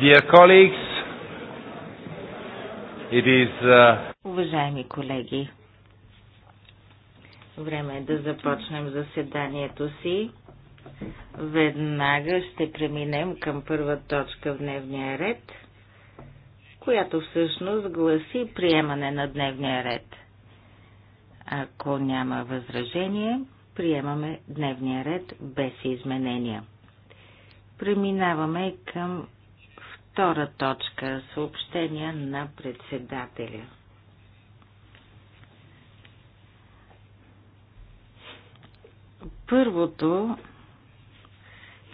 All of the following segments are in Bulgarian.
Dear colleagues, it is, uh... Уважаеми колеги, време е да започнем заседанието си. Веднага ще преминем към първа точка в дневния ред, която всъщност гласи приемане на дневния ред. Ако няма възражение, приемаме дневния ред без изменения. Преминаваме към Втора точка – съобщения на председателя. Първото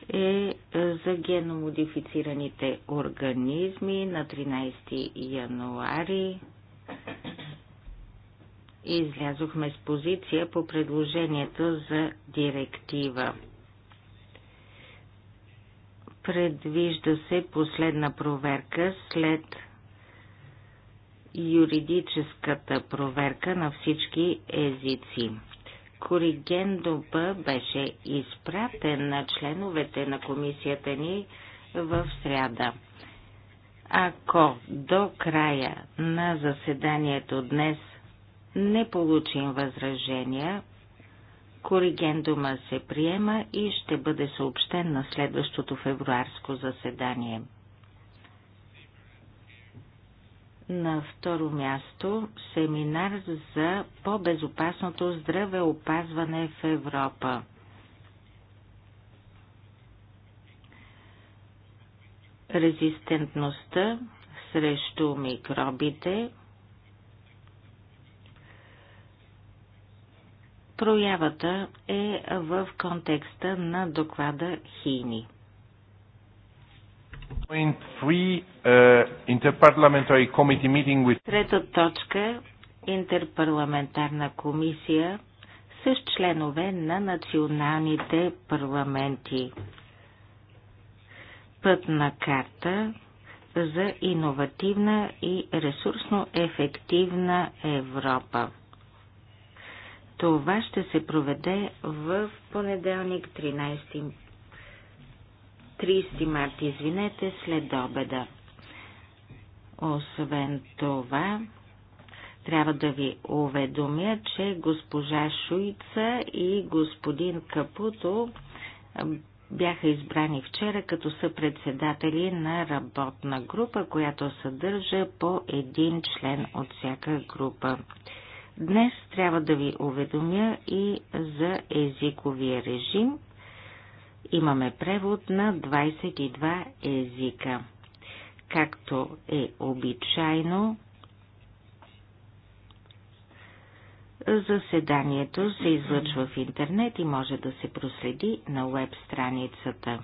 е за геномодифицираните организми на 13 януари. Излязохме с позиция по предложението за директива. Предвижда се последна проверка след юридическата проверка на всички езици. Коригендо беше изпратен на членовете на комисията ни в сряда. Ако до края на заседанието днес не получим възражения, Коригендума се приема и ще бъде съобщен на следващото февруарско заседание. На второ място семинар за по-безопасното здравеопазване в Европа. Резистентността срещу микробите Проявата е в контекста на доклада Хини. Uh, Трета точка интерпарламентарна комисия с членове на националните парламенти. Пътна карта за иновативна и ресурсно ефективна Европа. Това ще се проведе в понеделник 13 30 марта, извинете, след обеда. Освен това, трябва да ви уведомя, че госпожа Шуица и господин Капуто бяха избрани вчера като съпредседатели на работна група, която съдържа по един член от всяка група. Днес трябва да ви уведомя и за езиковия режим. Имаме превод на 22 езика. Както е обичайно, заседанието се излъчва в интернет и може да се проследи на веб страницата.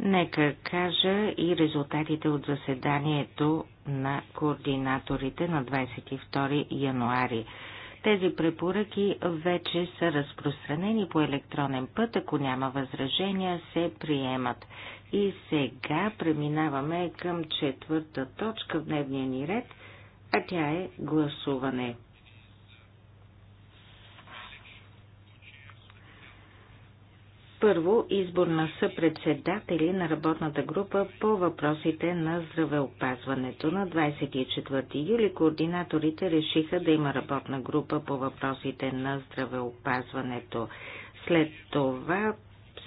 Нека кажа и резултатите от заседанието на координаторите на 22 януари. Тези препоръки вече са разпространени по електронен път, ако няма възражения, се приемат. И сега преминаваме към четвърта точка в дневния ни ред, а тя е гласуване. Първо, избор на съпредседатели на работната група по въпросите на здравеопазването. На 24 юли координаторите решиха да има работна група по въпросите на здравеопазването. След това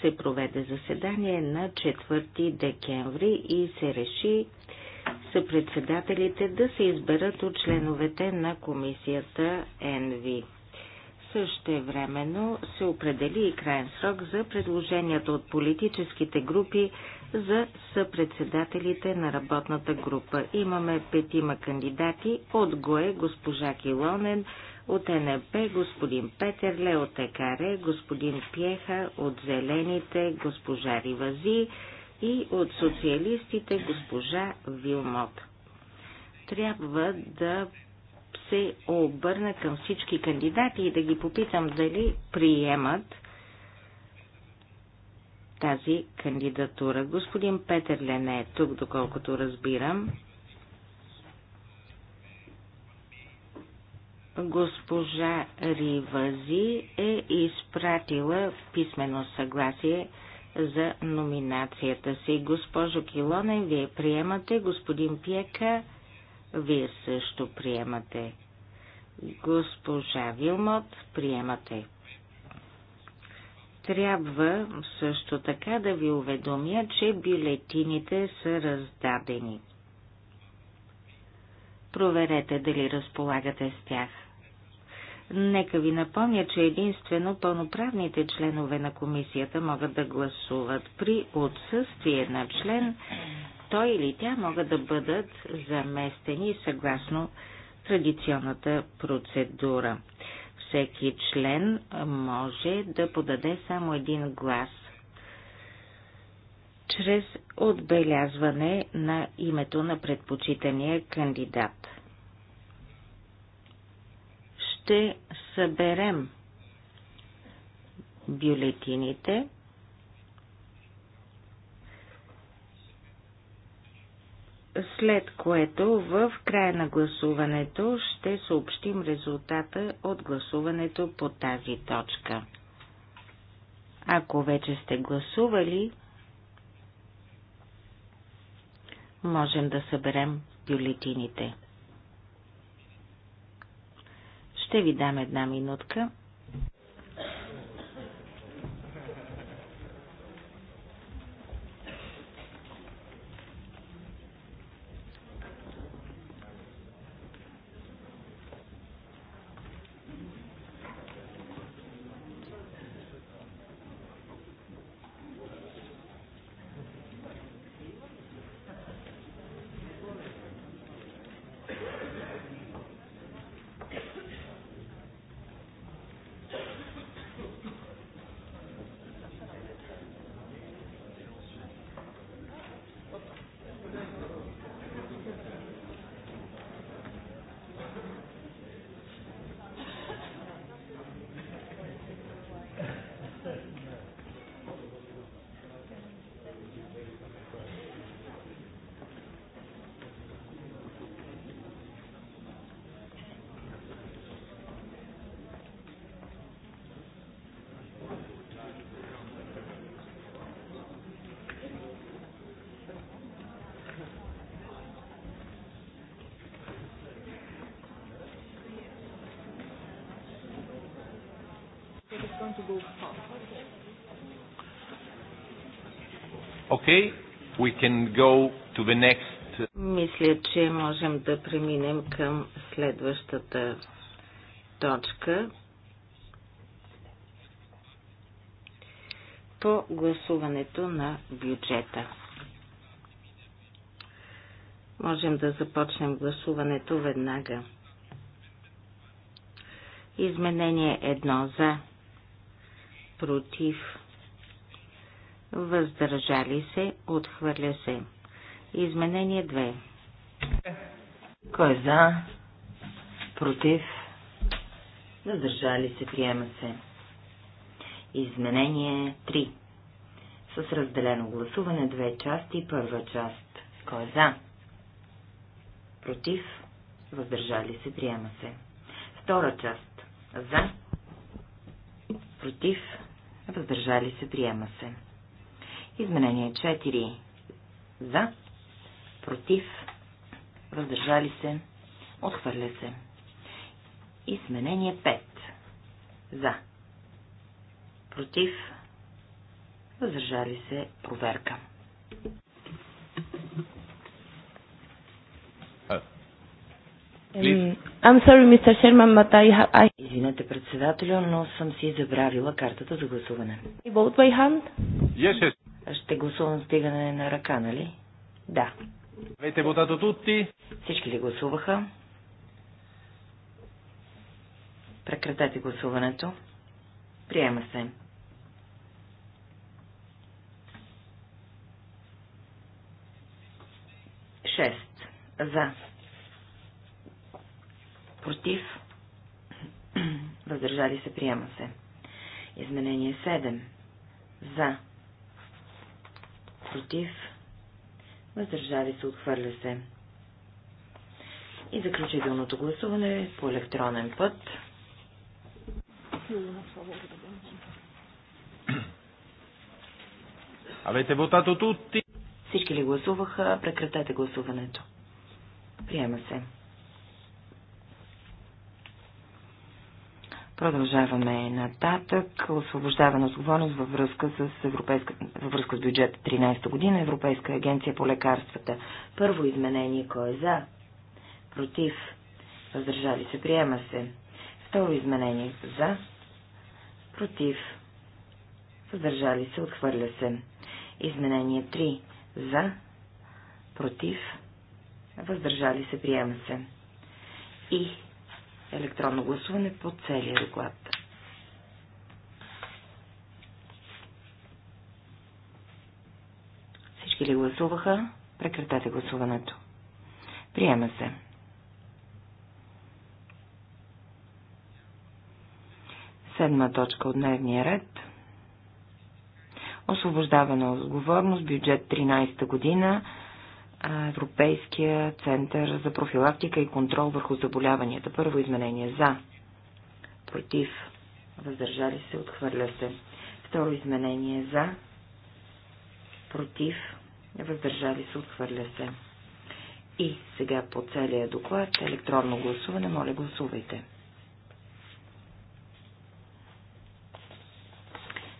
се проведе заседание на 4 декември и се реши съпредседателите да се изберат от членовете на комисията НВИ. Същевременно се определи и крайен срок за предложенията от политическите групи за съпредседателите на работната група. Имаме петима кандидати от ГОЕ госпожа Килонен, от НП господин Петерле, от ЕКАРЕ господин Пьеха, от Зелените госпожа Ривази и от социалистите госпожа Вилмот. Трябва да се обърна към всички кандидати и да ги попитам дали приемат тази кандидатура. Господин Петър Лене е тук, доколкото разбирам. Госпожа Ривази е изпратила писмено съгласие за номинацията си. Госпожо Килонен, вие приемате господин Пиека – вие също приемате. Госпожа Вилмот, приемате. Трябва също така да ви уведомя, че бюлетините са раздадени. Проверете дали разполагате с тях. Нека ви напомня, че единствено пълноправните членове на комисията могат да гласуват. При отсъствие на член той или тя могат да бъдат заместени съгласно традиционната процедура. Всеки член може да подаде само един глас чрез отбелязване на името на предпочитания кандидат. Ще съберем бюлетините след което в края на гласуването ще съобщим резултата от гласуването по тази точка. Ако вече сте гласували, можем да съберем бюлетините. Ще ви дам една минутка. it's going to go fast. Okay, we can go to the next. Мисля, че можем да преминем към следващата точка. По гласуването на бюджета. Можем да започнем гласуването веднага. Изменение 1 за против, въздържали се, отхвърля се. Изменение 2. Кой е за? Против? Въздържали се, приема се. Изменение 3. С разделено гласуване две части. Първа част. Кой е за? Против? Въздържали се, приема се. Втора част. За? Против? въздържали се, приема се. Изменение 4 за, против, въздържали се, отхвърля се. Изменение 5 за, против, въздържали се, проверка. Ами, I'm sorry, Mr. Sherman, but I, have, I имате председателя, но съм си забравила картата за гласуване. Both by hand? Yes, yes. Ще гласувам с дигане на ръка, нали? Да. Avete votato тути. Всички ли гласуваха? Прекратете гласуването. Приема се. Шест. За. Против. Въздържали се, приема се. Изменение 7. За. Против. Въздържали се, отхвърля се. И заключителното гласуване по електронен път. Avete votato tutti? Всички ли гласуваха? Прекратете гласуването. Приема се. Продължаваме нататък. Освобождаване отговорност във връзка с, европейска, във връзка с бюджет 13 година Европейска агенция по лекарствата. Първо изменение. Кой е за? Против. Въздържали се. Приема се. Второ изменение. За. Против. Въздържали се. Отхвърля се. Изменение 3. За. Против. Въздържали се. Приема се. И електронно гласуване по целия доклад. Всички ли гласуваха? Прекратете гласуването. Приема се. Седма точка от дневния ред. Освобождаване от отговорност, бюджет 13 година, Европейския център за профилактика и контрол върху заболяванията. Първо изменение за, против, въздържали се, отхвърля се. Второ изменение за, против, въздържали се, отхвърля се. И сега по целия доклад електронно гласуване, моля гласувайте.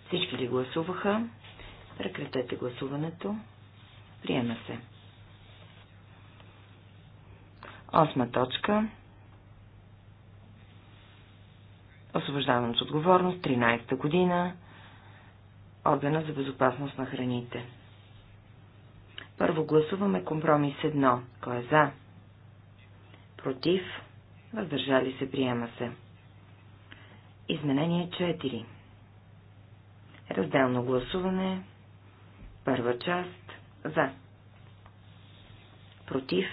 Всички ли гласуваха? Прекратете гласуването. Приема се. Осма точка. Освобождавам от отговорност. 13-та година. Органа за безопасност на храните. Първо гласуваме компромис 1. Кой е за? Против? Въздържали се, приема се. Изменение 4. Разделно гласуване. Първа част. За. Против.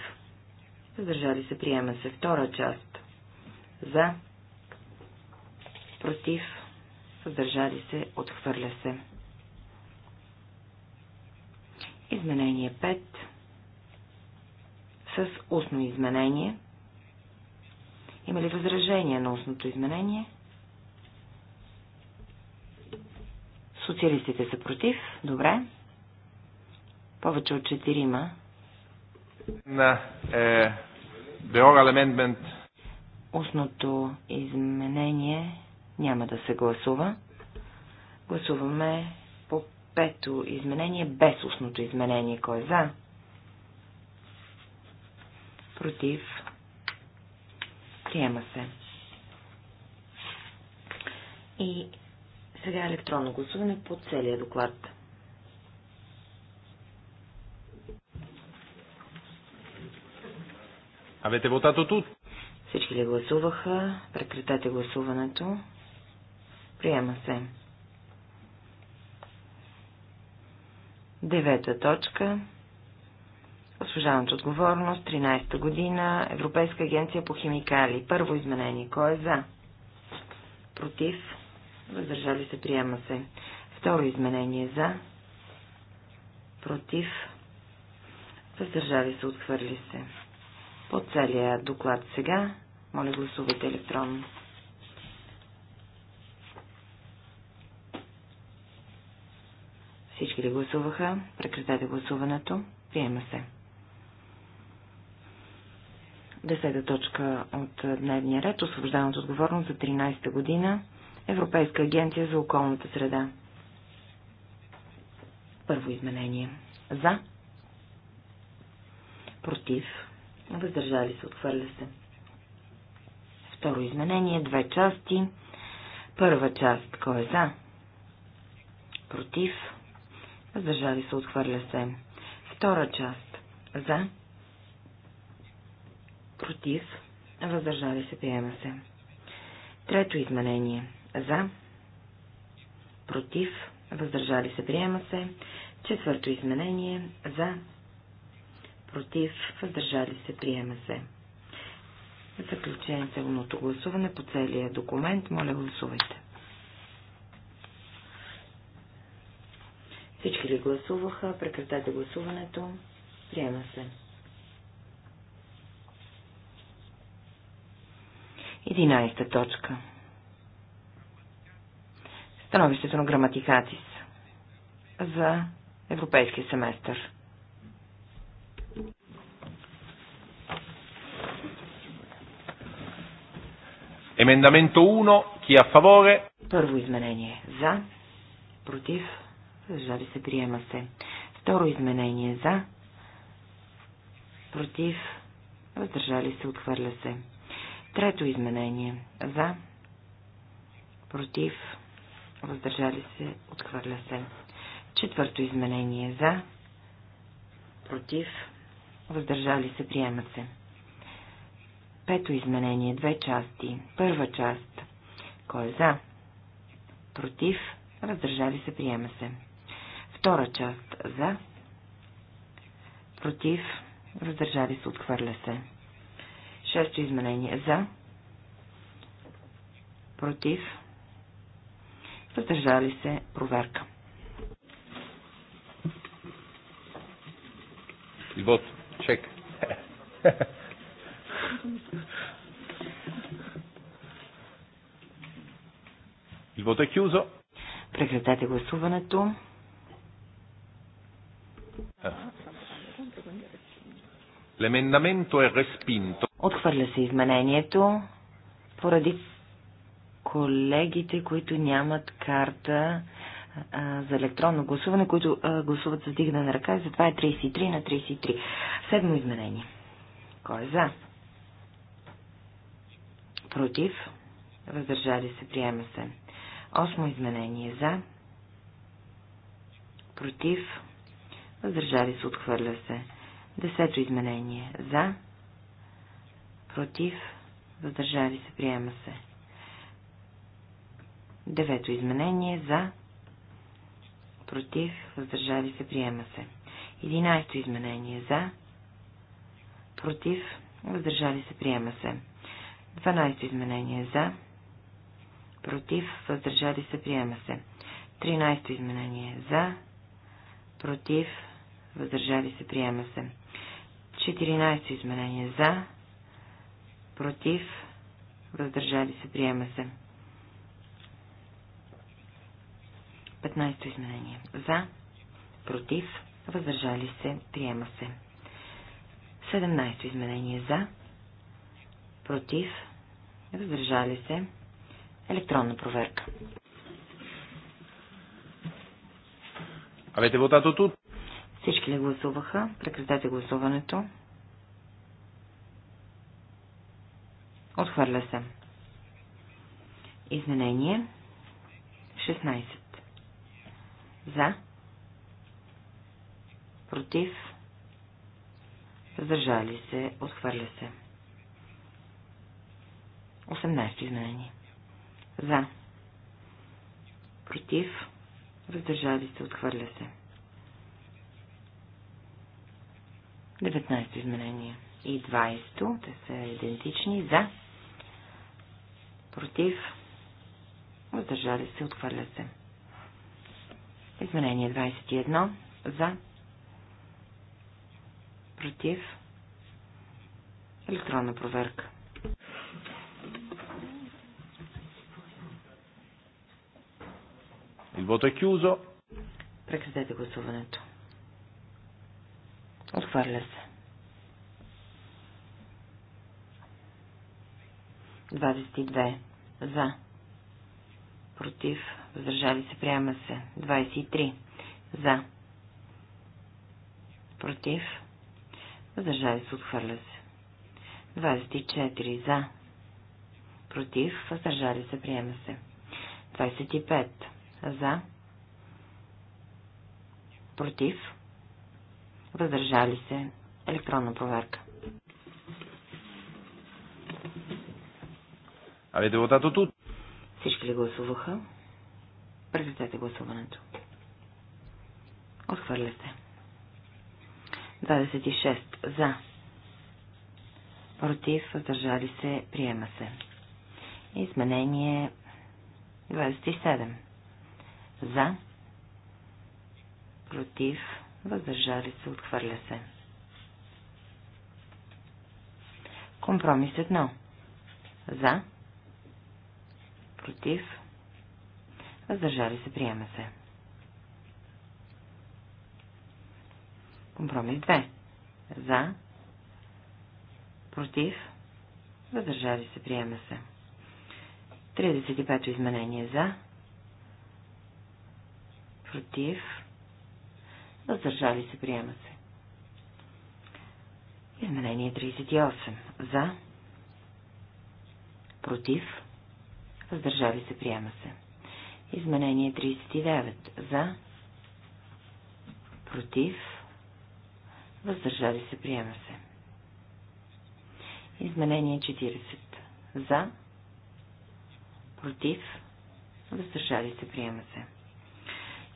Въздържали се, приема се. Втора част. За. Против. Въздържали се, отхвърля се. Изменение 5. С устно изменение. Има ли възражение на устното изменение? Социалистите са против. Добре. Повече от четирима. На, е, the oral amendment... Устното изменение няма да се гласува. Гласуваме по пето изменение без устното изменение. Кой е за? Против. Приема се. И сега електронно гласуване по целия доклад. Абете вотато тут. Всички ли гласуваха? Прекратете гласуването. Приема се. Девета точка. Освобождаването отговорност. 13-та година. Европейска агенция по химикали. Първо изменение. Кой е за? Против. Въздържали се. Приема се. Второ изменение. За. Против. Въздържали се. Отхвърли се по целия доклад сега. Моля, гласувайте електронно. Всички ли гласуваха? Прекратете гласуването. Приема се. Десета точка от дневния ред. Освобождаваме от отговорност за 13-та година. Европейска агенция за околната среда. Първо изменение. За. Против. Въздържали се, отхвърля се. Второ изменение, две части. Първа част, кой е за? Против. Въздържали се, отхвърля се. Втора част, за? Против. Въздържали се, приема се. Трето изменение, за? Против. Въздържали се, приема се. Четвърто изменение, за? против, въздържали се, приема се. Заключителното гласуване по целия документ. Моля, гласувайте. Всички ли гласуваха? Прекратете гласуването. Приема се. 11 точка. Становището на граматикатис за европейския семестър. Emendamento 1. Chi фаворе. a favore? Първо изменение. За. Против. Жали се. Приема се. Второ изменение. За. Против. Въздържали се. Отхвърля се. Трето изменение. За. Против. Въздържали се. Отхвърля се. Четвърто изменение. За. Против. Въздържали се. Приема се. Пето изменение. Две части. Първа част. Кой е за? Против. Раздържали се. Приема се. Втора част. За. Против. Раздържали се. Отхвърля се. Шесто изменение. За. Против. раздържали се. Проверка. Il Ха-ха. Il voto è chiuso. Прекратете гласуването. L'emendamento è respinto. Отхвърля се изменението поради колегите, които нямат карта а, за електронно гласуване, които а, гласуват с дигна на ръка и затова е 33 на 33. Седмо изменение. Кой е за? Против. Въздържали се. Приема се. Осмо изменение. За. Против. Въздържали се. Отхвърля се. Десето изменение. За. Против. Въздържали се. Приема се. Девето изменение. За. Против. Въздържали се. Приема се. Единайсто изменение. За. Против. Въздържали се. Приема се. 12 изменения за, против, въздържали се, приема се. 13 изменение за, против, въздържали се, приема се. 14 изменение за, против, въздържали се, приема се. 15 изменение за, против, въздържали се, приема се. 17 изменение за, против, въздържали се, електронна проверка. Авете вотато тут. Всички ли гласуваха? Прекратете гласуването. Отхвърля се. Изменение 16. За. Против. Задържали се. Отхвърля се. 18 изменения. За. Против. Въздържали се. Отхвърля се. 19 изменения. И 20. Те са идентични. За. Против. Въздържали се. Отхвърля се. Изменение 21. За. Против. Електронна проверка. Il voto е chiuso. Прекратете гласуването. Отхвърля се. 22. За. Против. Въздържали се. Приема се. 23. За. Против. Въздържали се. Отхвърля се. 24. За. Против. Въздържали се. Приема се. 25. За. Против. Въздържали се. Електронна проверка. Али votato тут? Всички ли гласуваха? Прекратете гласуването. Отхвърля се. 26. За. Против. Въздържали се. Приема се. Изменение 27. За. Против. Въздържали се. Отхвърля се. Компромис 1. За. Против. Въздържали се. Приема се. Компромис 2. За. Против. Въздържали се. Приема се. 35 изменение за против, въздържали се, приема се. Изменение 38. За, против, въздържали се, приема се. Изменение 39. За, против, въздържали се, приема се. Изменение 40. За, против, въздържали се, приема се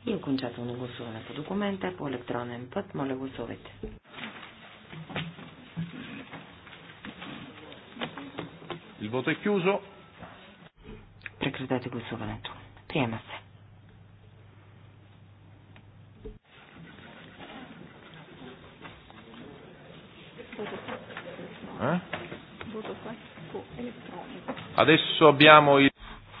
и окончателно гласуване по документа е по електронен път. Моля гласувайте. Il voto è Прекратете гласуването. Приема се. Е? Adesso abbiamo il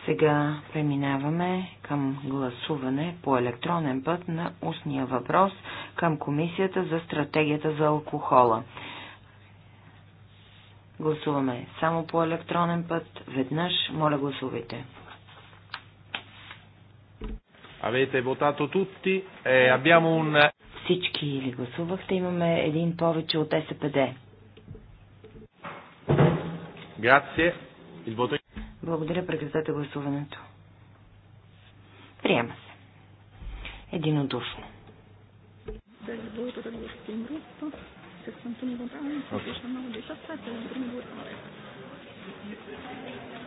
сега преминаваме към гласуване по електронен път на устния въпрос към Комисията за стратегията за алкохола. Гласуваме само по електронен път. Веднъж, моля гласувайте. Avete votato tutti e abbiamo un... Всички ли гласувахте, имаме един повече от СПД. Grazie. Il voto благодаря. Прекратете гласуването. Приема се. Единодушно.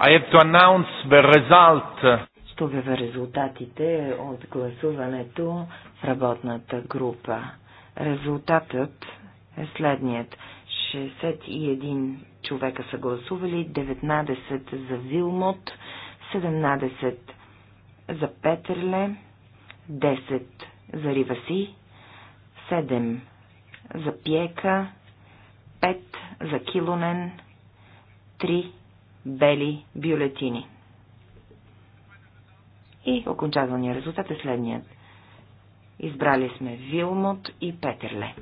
I have to announce the result. Ще обявя резултатите от гласуването в работната група. Резултатът е следният. 61 човека са гласували, 19 за Вилмот, 17 за Петерле, 10 за Риваси, 7 за Пиека, 5 за Килонен, 3 бели бюлетини. И окончателният резултат е следният. Избрали сме Вилмот и Петерле.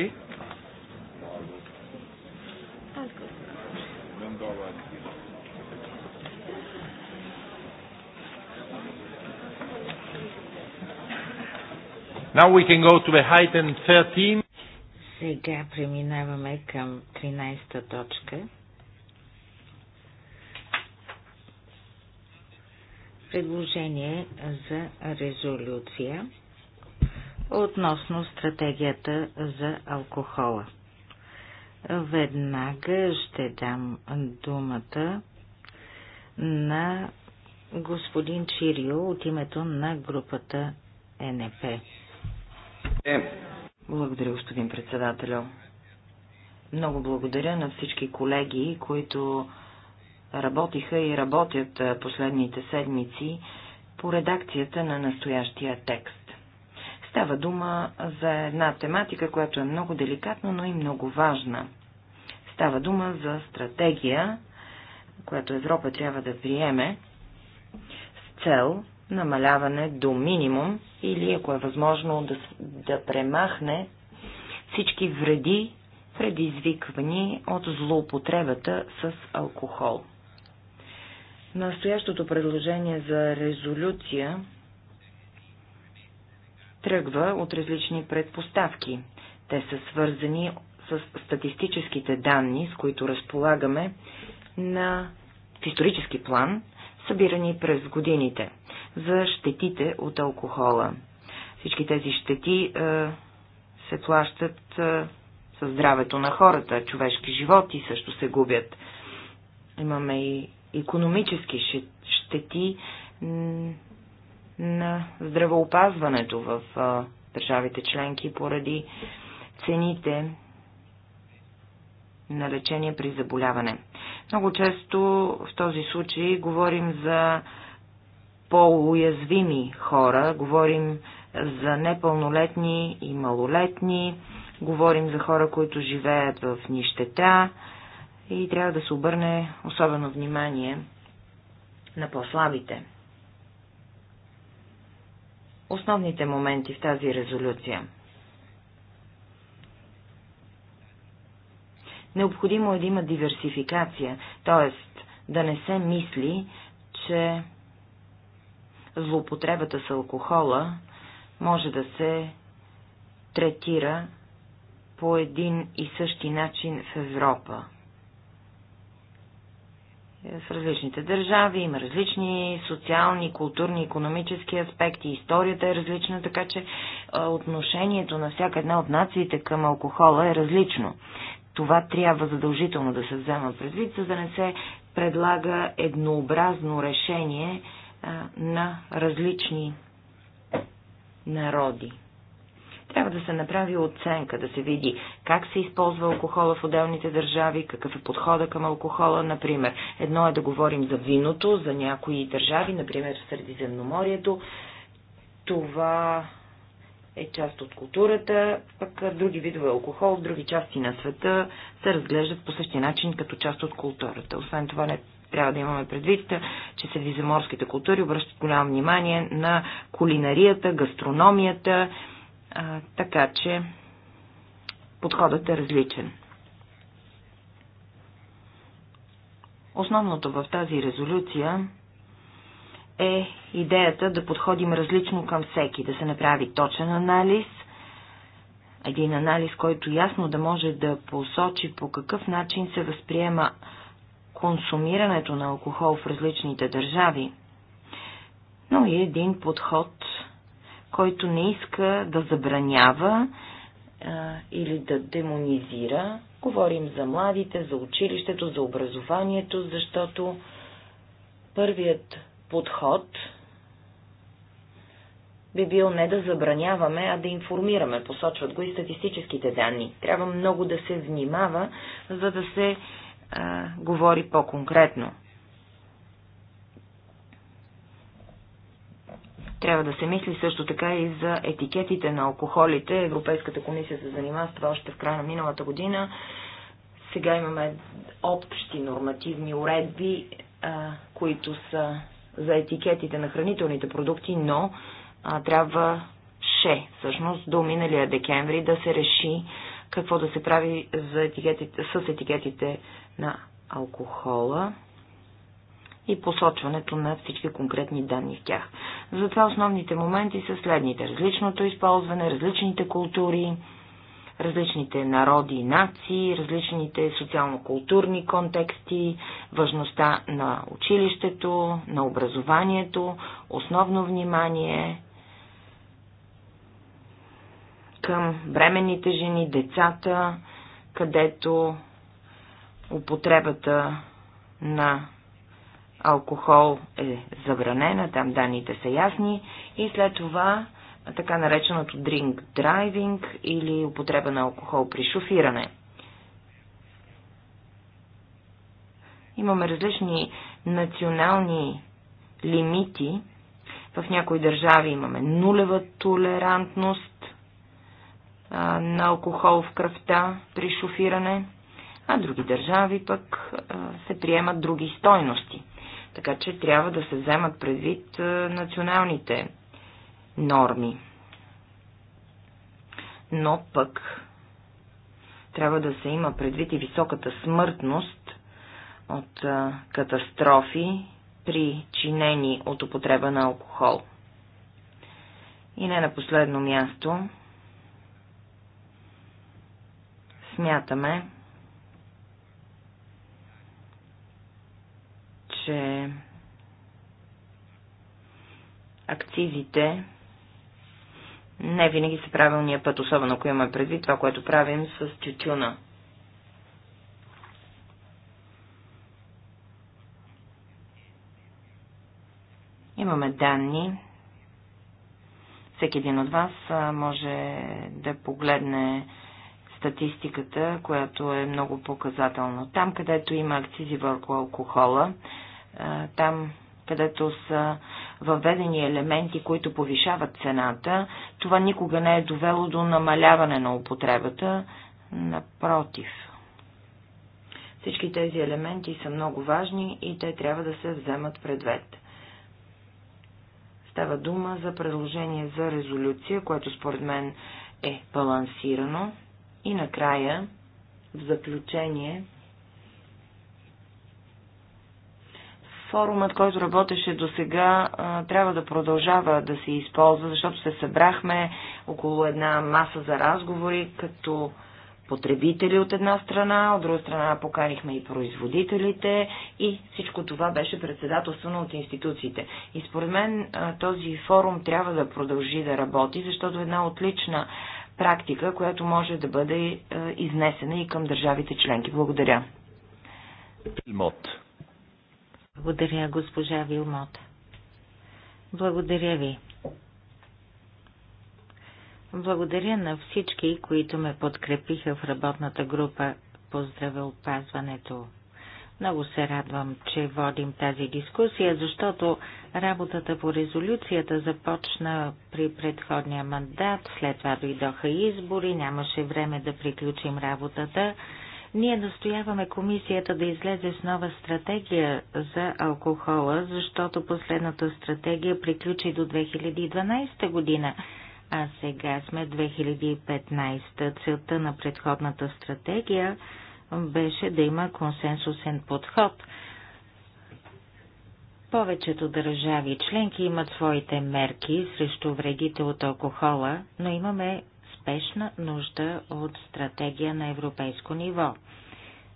Sì? Now we can go to the item 13. Сега преминаваме към 13-та точка. Предложение за резолюция относно стратегията за алкохола. Веднага ще дам думата на господин Чирио от името на групата НП. Е. Благодаря, господин председателю. Много благодаря на всички колеги, които работиха и работят последните седмици по редакцията на настоящия текст. Става дума за една тематика, която е много деликатна, но и много важна. Става дума за стратегия, която Европа трябва да приеме с цел намаляване до минимум или, ако е възможно, да, да премахне всички вреди, предизвиквани от злоупотребата с алкохол. Настоящото предложение за резолюция тръгва от различни предпоставки. Те са свързани с статистическите данни, с които разполагаме на в исторически план, събирани през годините за щетите от алкохола. Всички тези щети е, се плащат е, със здравето на хората, човешки животи също се губят. Имаме и економически щети на здравеопазването в държавите членки поради цените на лечение при заболяване. Много често в този случай говорим за по-уязвими хора, говорим за непълнолетни и малолетни, говорим за хора, които живеят в нищета и трябва да се обърне особено внимание на по-слабите основните моменти в тази резолюция. Необходимо е да има диверсификация, т.е. да не се мисли, че злоупотребата с алкохола може да се третира по един и същи начин в Европа в е, различните държави, има различни социални, културни, економически аспекти, историята е различна, така че отношението на всяка една от нациите към алкохола е различно. Това трябва задължително да се взема предвид, за да не се предлага еднообразно решение на различни народи. Трябва да се направи оценка, да се види как се използва алкохола в отделните държави, какъв е подхода към алкохола, например. Едно е да говорим за виното, за някои държави, например в Средиземноморието. Това е част от културата, пък други видове алкохол в други части на света се разглеждат по същия начин като част от културата. Освен това не трябва да имаме предвид, че средиземорските култури обръщат голямо внимание на кулинарията, гастрономията а, така че подходът е различен. Основното в тази резолюция е идеята да подходим различно към всеки, да се направи точен анализ, един анализ, който ясно да може да посочи по какъв начин се възприема консумирането на алкохол в различните държави, но и един подход – който не иска да забранява а, или да демонизира. Говорим за младите, за училището, за образованието, защото първият подход би бил не да забраняваме, а да информираме. Посочват го и статистическите данни. Трябва много да се внимава, за да се а, говори по-конкретно. Трябва да се мисли също така и за етикетите на алкохолите. Европейската комисия се занимава с това още в края на миналата година. Сега имаме общи нормативни уредби, които са за етикетите на хранителните продукти, но а, трябваше всъщност до миналия декември да се реши какво да се прави за етикетите, с етикетите на алкохола и посочването на всички конкретни данни в тях. Затова основните моменти са следните. Различното използване, различните култури, различните народи и нации, различните социално-културни контексти, важността на училището, на образованието, основно внимание към бременните жени, децата, където употребата на алкохол е забранена, там данните са ясни, и след това така нареченото drink driving или употреба на алкохол при шофиране. Имаме различни национални лимити. В някои държави имаме нулева толерантност на алкохол в кръвта при шофиране, а други държави пък се приемат други стойности. Така че трябва да се вземат предвид е, националните норми. Но пък трябва да се има предвид и високата смъртност от е, катастрофи, причинени от употреба на алкохол. И не на последно място, смятаме, че акцизите не винаги са правилния път, особено ако имаме предвид това, което правим с тютюна. Имаме данни. Всеки един от вас може да погледне статистиката, която е много показателна. Там, където има акцизи върху алкохола, там, където са въведени елементи, които повишават цената, това никога не е довело до намаляване на употребата, напротив. Всички тези елементи са много важни и те трябва да се вземат предвид. Става дума за предложение за резолюция, което според мен е балансирано. И накрая, в заключение, Форумът, който работеше до сега, трябва да продължава да се използва, защото се събрахме около една маса за разговори, като потребители от една страна, от друга страна поканихме и производителите и всичко това беше председателствено от институциите. И според мен този форум трябва да продължи да работи, защото е една отлична практика, която може да бъде изнесена и към държавите членки. Благодаря. Пилмот. Благодаря, госпожа Вилмот. Благодаря ви. Благодаря на всички, които ме подкрепиха в работната група по здравеопазването. Много се радвам, че водим тази дискусия, защото работата по резолюцията започна при предходния мандат, след това дойдоха избори, нямаше време да приключим работата. Ние настояваме комисията да излезе с нова стратегия за алкохола, защото последната стратегия приключи до 2012 година, а сега сме 2015. Целта на предходната стратегия беше да има консенсусен подход. Повечето държави членки имат своите мерки срещу вредите от алкохола, но имаме спешна нужда от стратегия на европейско ниво.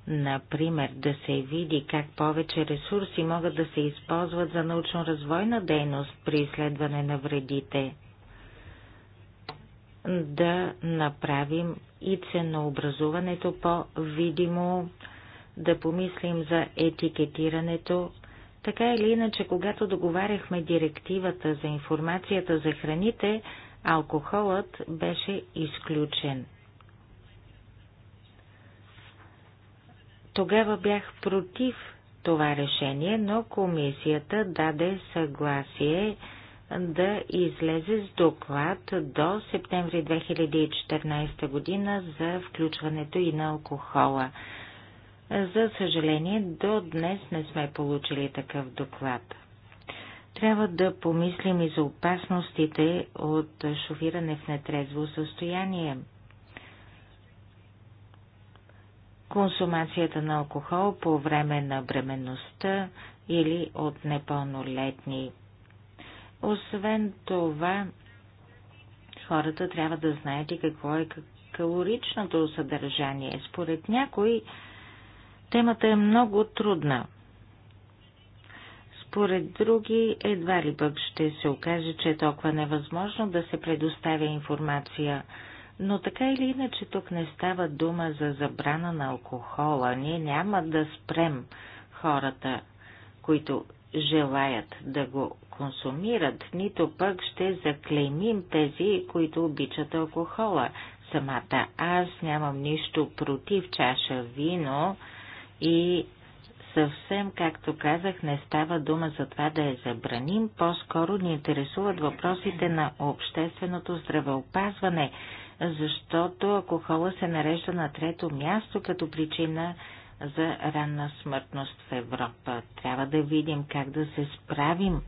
Например, да се види как повече ресурси могат да се използват за научно-развойна дейност при изследване на вредите. Да направим и ценообразуването по-видимо, да помислим за етикетирането. Така или иначе, когато договаряхме директивата за информацията за храните, алкохолът беше изключен. Тогава бях против това решение, но комисията даде съгласие да излезе с доклад до септември 2014 година за включването и на алкохола. За съжаление, до днес не сме получили такъв доклад. Трябва да помислим и за опасностите от шофиране в нетрезво състояние. Консумацията на алкохол по време на бременността или от непълнолетни. Освен това, хората трябва да знаят и какво е калоричното съдържание. Според някои темата е много трудна. Според други, едва ли пък ще се окаже, че е толкова невъзможно да се предоставя информация. Но така или иначе тук не става дума за забрана на алкохола. Ние няма да спрем хората, които желаят да го консумират, нито пък ще заклеймим тези, които обичат алкохола. Самата аз нямам нищо против чаша вино и Съвсем, както казах, не става дума за това да я забраним, по-скоро ни интересуват въпросите на общественото здравеопазване, защото алкохола се нарежда на трето място като причина за ранна смъртност в Европа. Трябва да видим как да се справим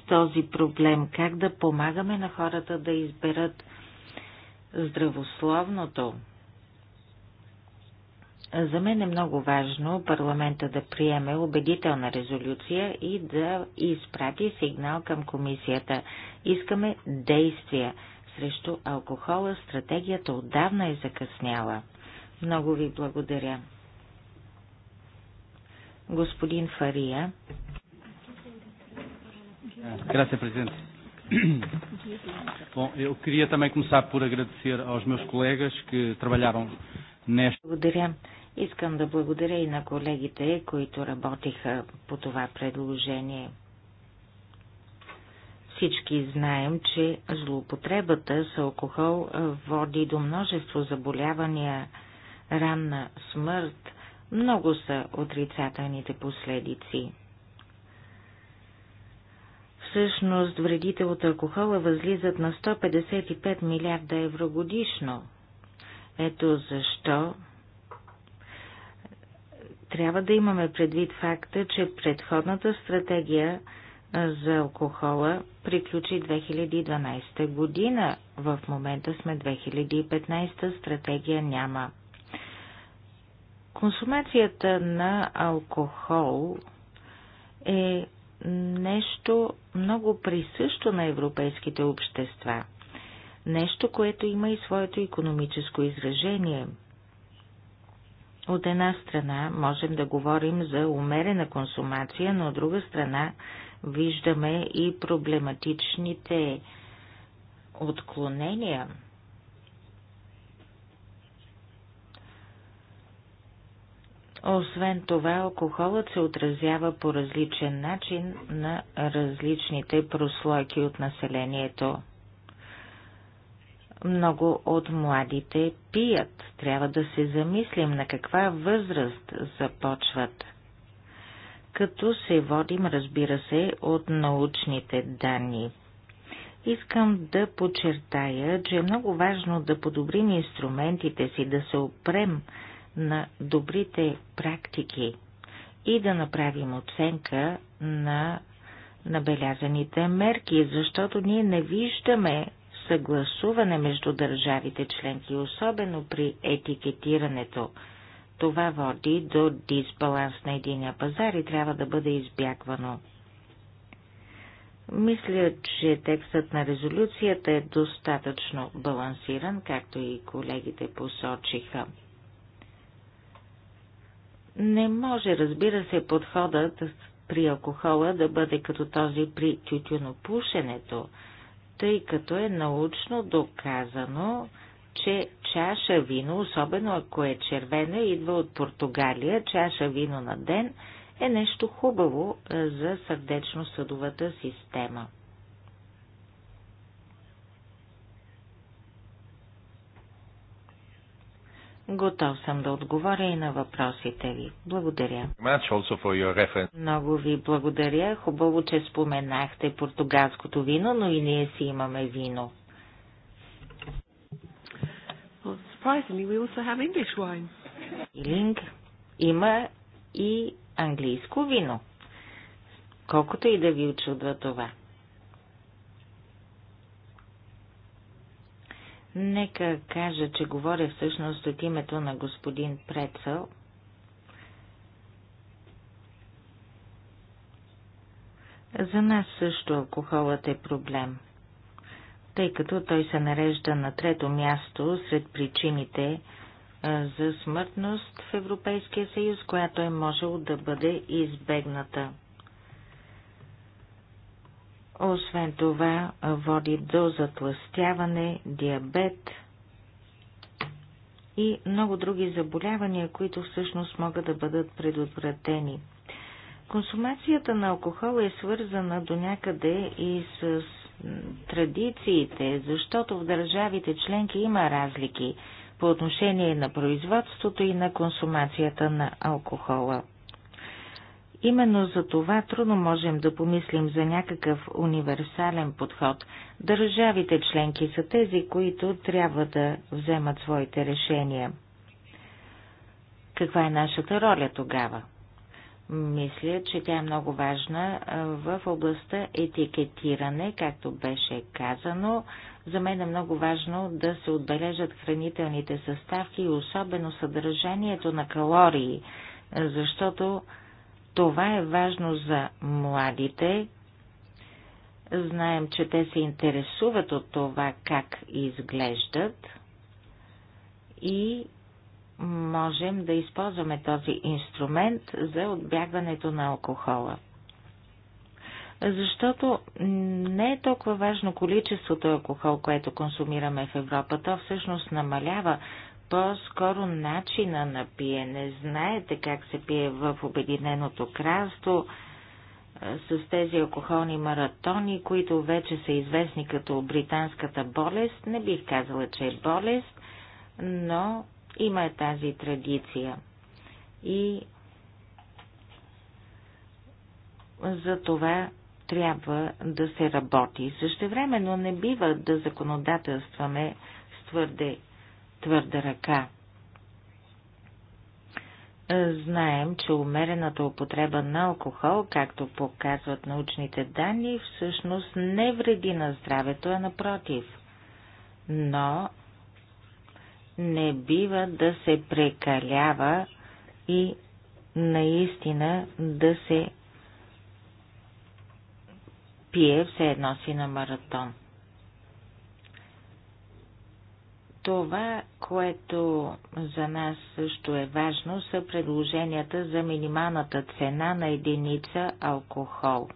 с този проблем, как да помагаме на хората да изберат здравословното за мен е много важно парламента да приеме убедителна резолюция и да изпрати сигнал към комисията. Искаме действия срещу алкохола. Стратегията отдавна е закъсняла. Много ви благодаря. Господин Фария. Graças, Presidente. Bom, eu queria também começar por agradecer aos meus colegas que trabalharam nesta. Благодаря. Искам да благодаря и на колегите, които работиха по това предложение. Всички знаем, че злоупотребата с алкохол води до множество заболявания, ранна смърт, много са отрицателните последици. Всъщност вредите от алкохола възлизат на 155 милиарда евро годишно. Ето защо трябва да имаме предвид факта, че предходната стратегия за алкохола приключи 2012 година. В момента сме 2015, стратегия няма. Консумацията на алкохол е нещо много присъщо на европейските общества. Нещо, което има и своето економическо изражение – от една страна можем да говорим за умерена консумация, но от друга страна виждаме и проблематичните отклонения. Освен това, алкохолът се отразява по различен начин на различните прослойки от населението. Много от младите пият. Трябва да се замислим на каква възраст започват. Като се водим, разбира се, от научните данни. Искам да подчертая, че е много важно да подобрим инструментите си, да се опрем на добрите практики и да направим оценка на набелязаните мерки, защото ние не виждаме съгласуване между държавите членки, особено при етикетирането. Това води до дисбаланс на единия пазар и трябва да бъде избягвано. Мисля, че текстът на резолюцията е достатъчно балансиран, както и колегите посочиха. Не може, разбира се, подходът при алкохола да бъде като този при тютюнопушенето. пушенето тъй като е научно доказано, че чаша вино, особено ако е червена, идва от Португалия, чаша вино на ден е нещо хубаво е, за сърдечно-съдовата система. Готов съм да отговоря и на въпросите ви. Благодаря. Много ви благодаря. Хубаво, че споменахте португалското вино, но и ние си имаме вино. Илинг има и английско вино. Колкото и да ви очудва това. Нека кажа, че говоря всъщност от името на господин Прецъл. За нас също алкохолът е проблем, тъй като той се нарежда на трето място сред причините за смъртност в Европейския съюз, която е можело да бъде избегната. Освен това води до затластяване, диабет и много други заболявания, които всъщност могат да бъдат предотвратени. Консумацията на алкохол е свързана до някъде и с традициите, защото в държавите членки има разлики по отношение на производството и на консумацията на алкохола. Именно за това трудно можем да помислим за някакъв универсален подход. Държавите членки са тези, които трябва да вземат своите решения. Каква е нашата роля тогава? Мисля, че тя е много важна в областта етикетиране, както беше казано. За мен е много важно да се отбележат хранителните съставки и особено съдържанието на калории, защото това е важно за младите. Знаем, че те се интересуват от това как изглеждат и можем да използваме този инструмент за отбягването на алкохола. Защото не е толкова важно количеството алкохол, което консумираме в Европа. То всъщност намалява, по-скоро начина на пиене. Знаете как се пие в Обединеното кралство е, с тези алкохолни маратони, които вече са известни като британската болест. Не бих казала, че е болест, но има е тази традиция. И за това трябва да се работи. времено не бива да законодателстваме с твърде твърда ръка. Е, знаем, че умерената употреба на алкохол, както показват научните данни, всъщност не вреди на здравето, а напротив. Но не бива да се прекалява и наистина да се пие все едно си на маратон. Това, което за нас също е важно, са предложенията за минималната цена на единица алкохол.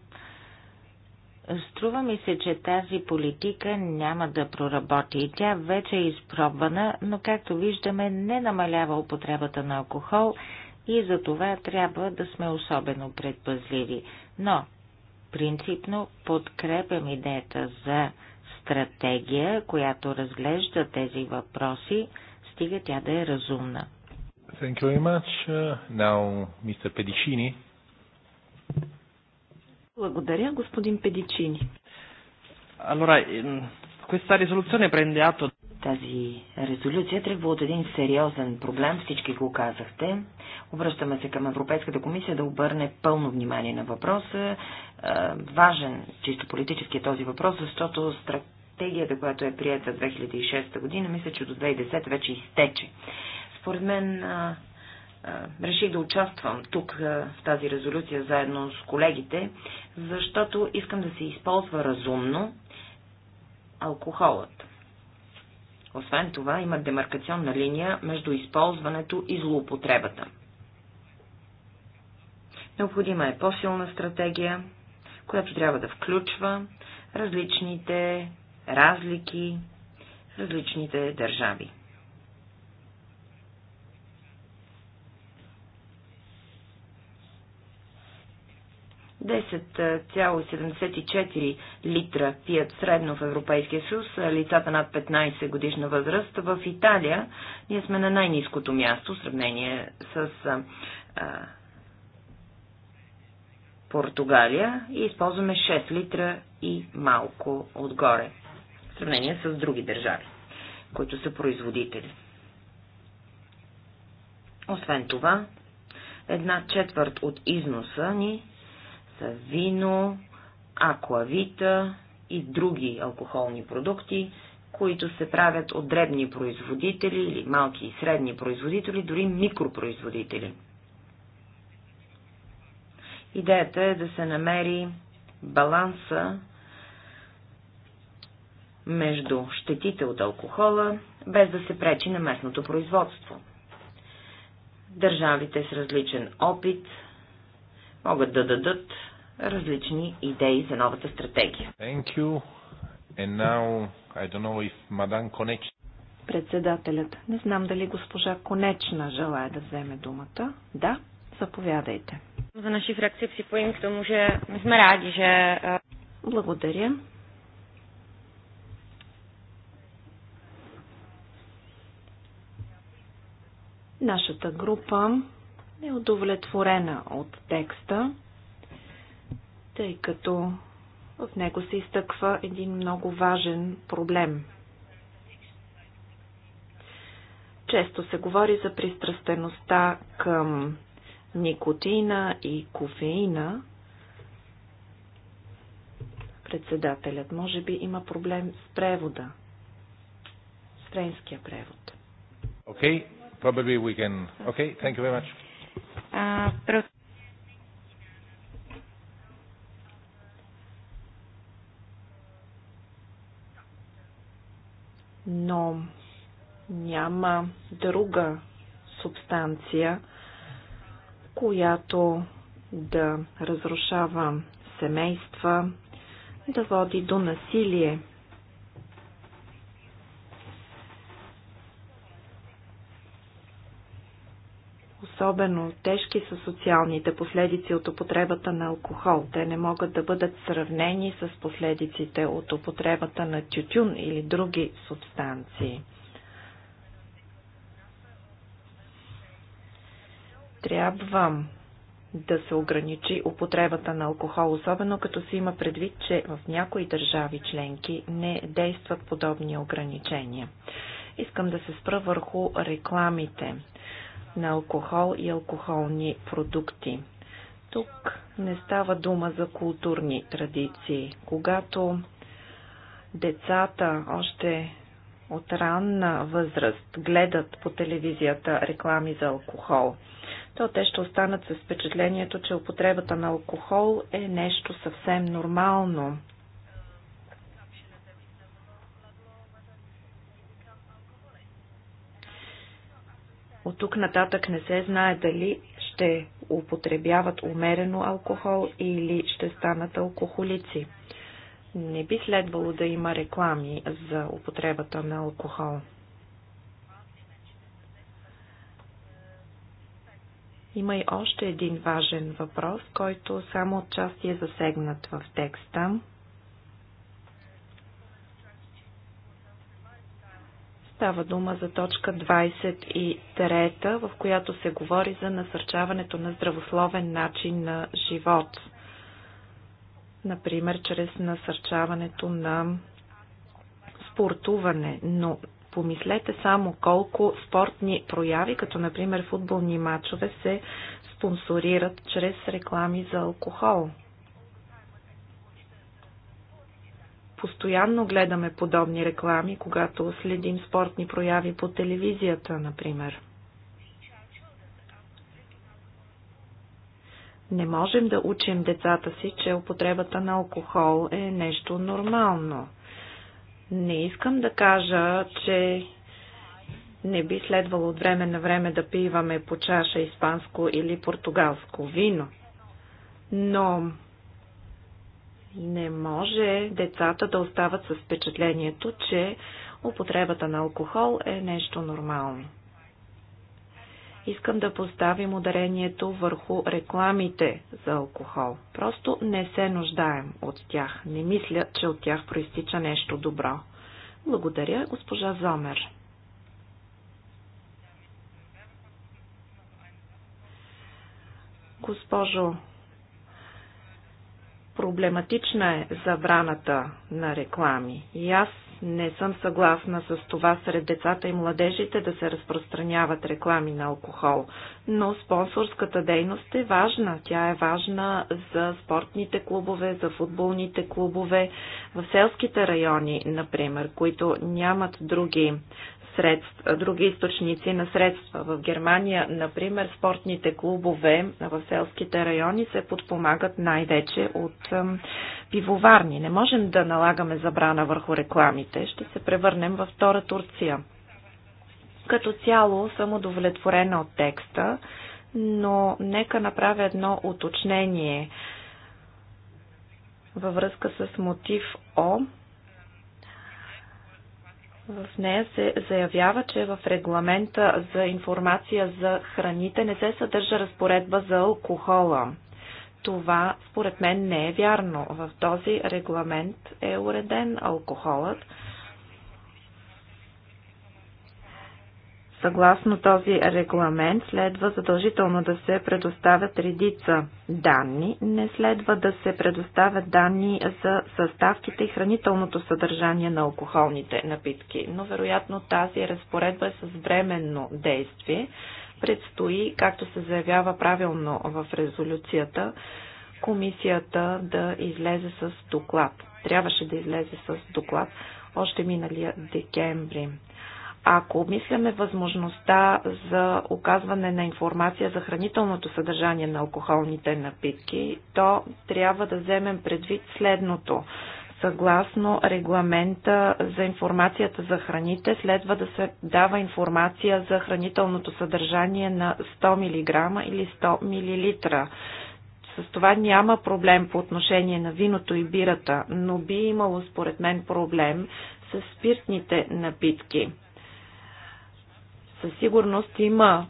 Струва ми се, че тази политика няма да проработи и тя вече е изпробвана, но както виждаме не намалява употребата на алкохол и за това трябва да сме особено предпазливи. Но принципно подкрепям идеята за стратегия, която разглежда тези въпроси, стига тя да е разумна. Thank you very much. Now, Mr. Pedicini. Благодаря, господин Педичини. Allora, questa risoluzione prende atto... Тази резолюция тръгва от един сериозен проблем, всички го казахте. Обръщаме се към Европейската комисия да обърне пълно внимание на въпроса. Е, важен чисто политически е този въпрос, защото стратегията, която е прията 2006 година, мисля, че до 2010 вече изтече. Според мен а, а, реших да участвам тук а, в тази резолюция заедно с колегите, защото искам да се използва разумно алкохолът. Освен това, има демаркационна линия между използването и злоупотребата. Необходима е по-силна стратегия, която трябва да включва различните разлики в различните държави. Десет цяло литра пият средно в Европейския съюз лицата над 15 годишна възраст. В Италия ние сме на най-низкото място в сравнение с Португалия и използваме 6 литра и малко отгоре в сравнение с други държави, които са производители. Освен това, една четвърт от износа ни са вино, аквавита и други алкохолни продукти, които се правят от дребни производители или малки и средни производители, дори микропроизводители. Идеята е да се намери баланса между щетите от алкохола, без да се пречи на местното производство. Държавите с различен опит могат да дадат различни идеи за новата стратегия. Thank you. And now, I don't know if Madame Председателят, не знам дали госпожа Конечна желая да вземе думата. Да, заповядайте. За наши фракции си поим тому, че сме ради, че... Благодаря. Нашата група е удовлетворена от текста, тъй като в него се изтъква един много важен проблем. Често се говори за пристрастеността към никотина и кофеина. Председателят може би има проблем с превода, с френския превод. Окей, Probably we can. Okay, thank you very much. Uh, но няма друга субстанция, която да разрушава семейства, да води до насилие Особено тежки са социалните последици от употребата на алкохол. Те не могат да бъдат сравнени с последиците от употребата на тютюн или други субстанции. Трябва да се ограничи употребата на алкохол, особено като се има предвид, че в някои държави членки не действат подобни ограничения. Искам да се спра върху рекламите на алкохол и алкохолни продукти. Тук не става дума за културни традиции. Когато децата още от ранна възраст гледат по телевизията реклами за алкохол, то те ще останат с впечатлението, че употребата на алкохол е нещо съвсем нормално. От тук нататък не се знае дали ще употребяват умерено алкохол или ще станат алкохолици. Не би следвало да има реклами за употребата на алкохол. Има и още един важен въпрос, който само отчасти е засегнат в текста. Става дума за точка 23, в която се говори за насърчаването на здравословен начин на живот. Например, чрез насърчаването на спортуване. Но помислете само колко спортни прояви, като например футболни матчове, се спонсорират чрез реклами за алкохол. Постоянно гледаме подобни реклами, когато следим спортни прояви по телевизията, например. Не можем да учим децата си, че употребата на алкохол е нещо нормално. Не искам да кажа, че не би следвало от време на време да пиваме по чаша испанско или португалско вино. Но не може децата да остават с впечатлението, че употребата на алкохол е нещо нормално. Искам да поставим ударението върху рекламите за алкохол. Просто не се нуждаем от тях. Не мисля, че от тях проистича нещо добро. Благодаря, госпожа Зомер. Госпожо Проблематична е забраната на реклами. И аз не съм съгласна с това сред децата и младежите да се разпространяват реклами на алкохол, но спонсорската дейност е важна. Тя е важна за спортните клубове, за футболните клубове, в селските райони, например, които нямат други средства, други източници на средства. В Германия, например, спортните клубове в селските райони се подпомагат най-вече от пивоварни. Не можем да налагаме забрана върху рекламите. Ще се превърнем във втора Турция. Като цяло съм удовлетворена от текста, но нека направя едно уточнение във връзка с мотив О в нея се заявява, че в регламента за информация за храните не се съдържа разпоредба за алкохола. Това според мен не е вярно. В този регламент е уреден алкохолът, Съгласно този регламент следва задължително да се предоставят редица данни. Не следва да се предоставят данни за съставките и хранителното съдържание на алкохолните напитки, но вероятно тази разпоредба е с временно действие. Предстои, както се заявява правилно в резолюцията, комисията да излезе с доклад. Трябваше да излезе с доклад още миналия декември. Ако обмисляме възможността за оказване на информация за хранителното съдържание на алкохолните напитки, то трябва да вземем предвид следното. Съгласно регламента за информацията за храните, следва да се дава информация за хранителното съдържание на 100 мг или 100 мл. С това няма проблем по отношение на виното и бирата, но би имало според мен проблем с спиртните напитки. Със сигурност има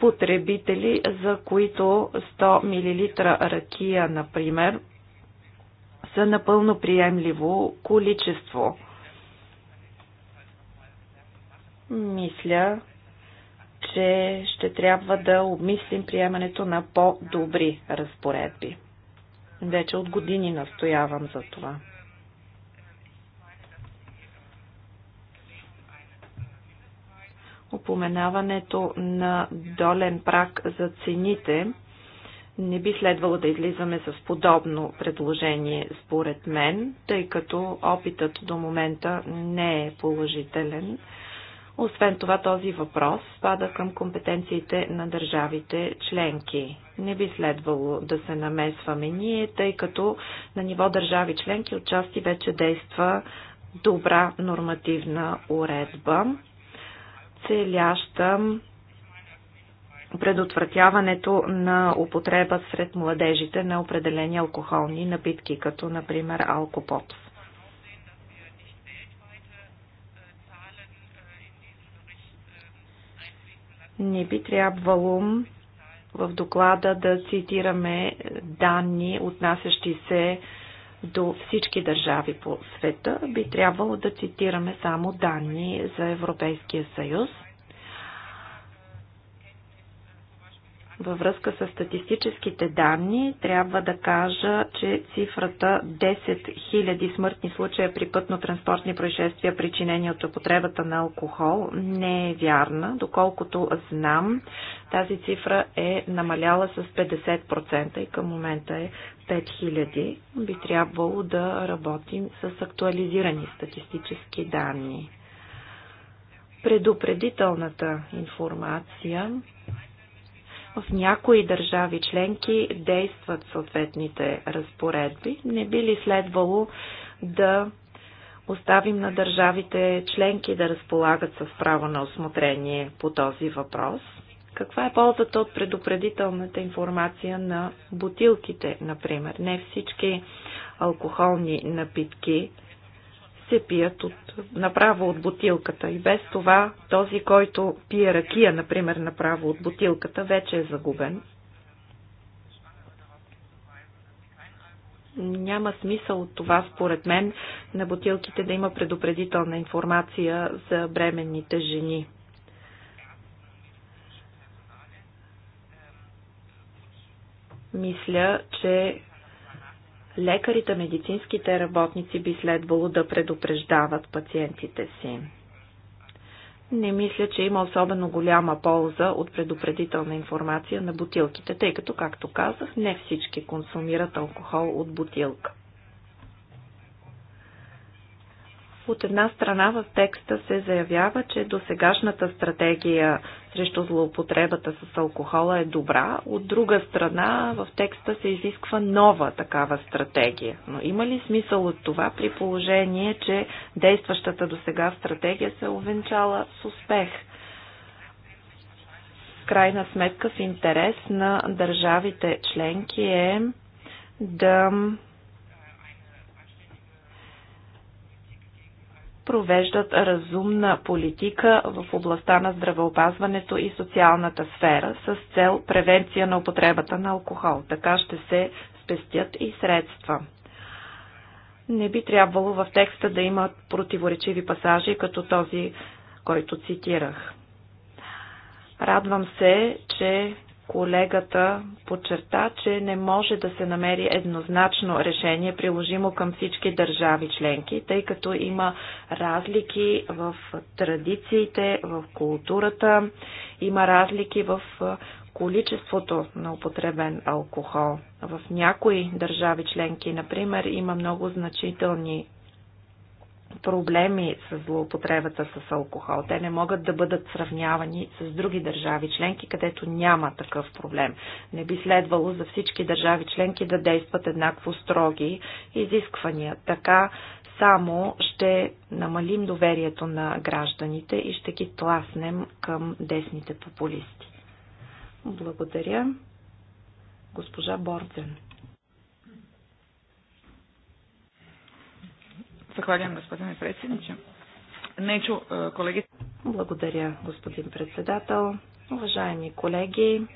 потребители, за които 100 мл ракия, например, са напълно приемливо количество. Мисля, че ще трябва да обмислим приемането на по-добри разпоредби. Вече от години настоявам за това. упоменаването на долен прак за цените. Не би следвало да излизаме с подобно предложение, според мен, тъй като опитът до момента не е положителен. Освен това, този въпрос пада към компетенциите на държавите членки. Не би следвало да се намесваме ние, тъй като на ниво държави членки отчасти вече действа добра нормативна уредба целяща предотвратяването на употреба сред младежите на определени алкохолни напитки, като например алкопот. Не би трябвало в доклада да цитираме данни, отнасящи се до всички държави по света, би трябвало да цитираме само данни за Европейския съюз. Във връзка с статистическите данни трябва да кажа, че цифрата 10 000 смъртни случая при пътно-транспортни происшествия, причинени от употребата на алкохол, не е вярна. Доколкото знам, тази цифра е намаляла с 50% и към момента е 5000. Би трябвало да работим с актуализирани статистически данни. Предупредителната информация в някои държави членки действат съответните разпоредби. Не би ли следвало да оставим на държавите членки да разполагат с право на осмотрение по този въпрос? Каква е ползата от предупредителната информация на бутилките, например? Не всички алкохолни напитки се пият от, направо от бутилката. И без това този, който пие ракия, например, направо от бутилката, вече е загубен. Няма смисъл от това, според мен, на бутилките да има предупредителна информация за бременните жени. Мисля, че лекарите, медицинските работници би следвало да предупреждават пациентите си. Не мисля, че има особено голяма полза от предупредителна информация на бутилките, тъй като, както казах, не всички консумират алкохол от бутилка. От една страна в текста се заявява, че досегашната стратегия срещу злоупотребата с алкохола е добра, от друга страна в текста се изисква нова такава стратегия. Но има ли смисъл от това при положение, че действащата досега стратегия се овенчала е с успех? В крайна сметка в интерес на държавите членки е да провеждат разумна политика в областта на здравеопазването и социалната сфера с цел превенция на употребата на алкохол. Така ще се спестят и средства. Не би трябвало в текста да има противоречиви пасажи, като този, който цитирах. Радвам се, че Колегата подчерта, че не може да се намери еднозначно решение, приложимо към всички държави членки, тъй като има разлики в традициите, в културата, има разлики в количеството на употребен алкохол. В някои държави членки, например, има много значителни проблеми с злоупотребата с алкохол. Те не могат да бъдат сравнявани с други държави членки, където няма такъв проблем. Не би следвало за всички държави членки да действат еднакво строги изисквания. Така само ще намалим доверието на гражданите и ще ги тласнем към десните популисти. Благодаря. Госпожа Борден. Zahvaljujem gospodine predsjedniče. Neću e, kolegi... Благодаря, господин председател. Уважаеми колеги,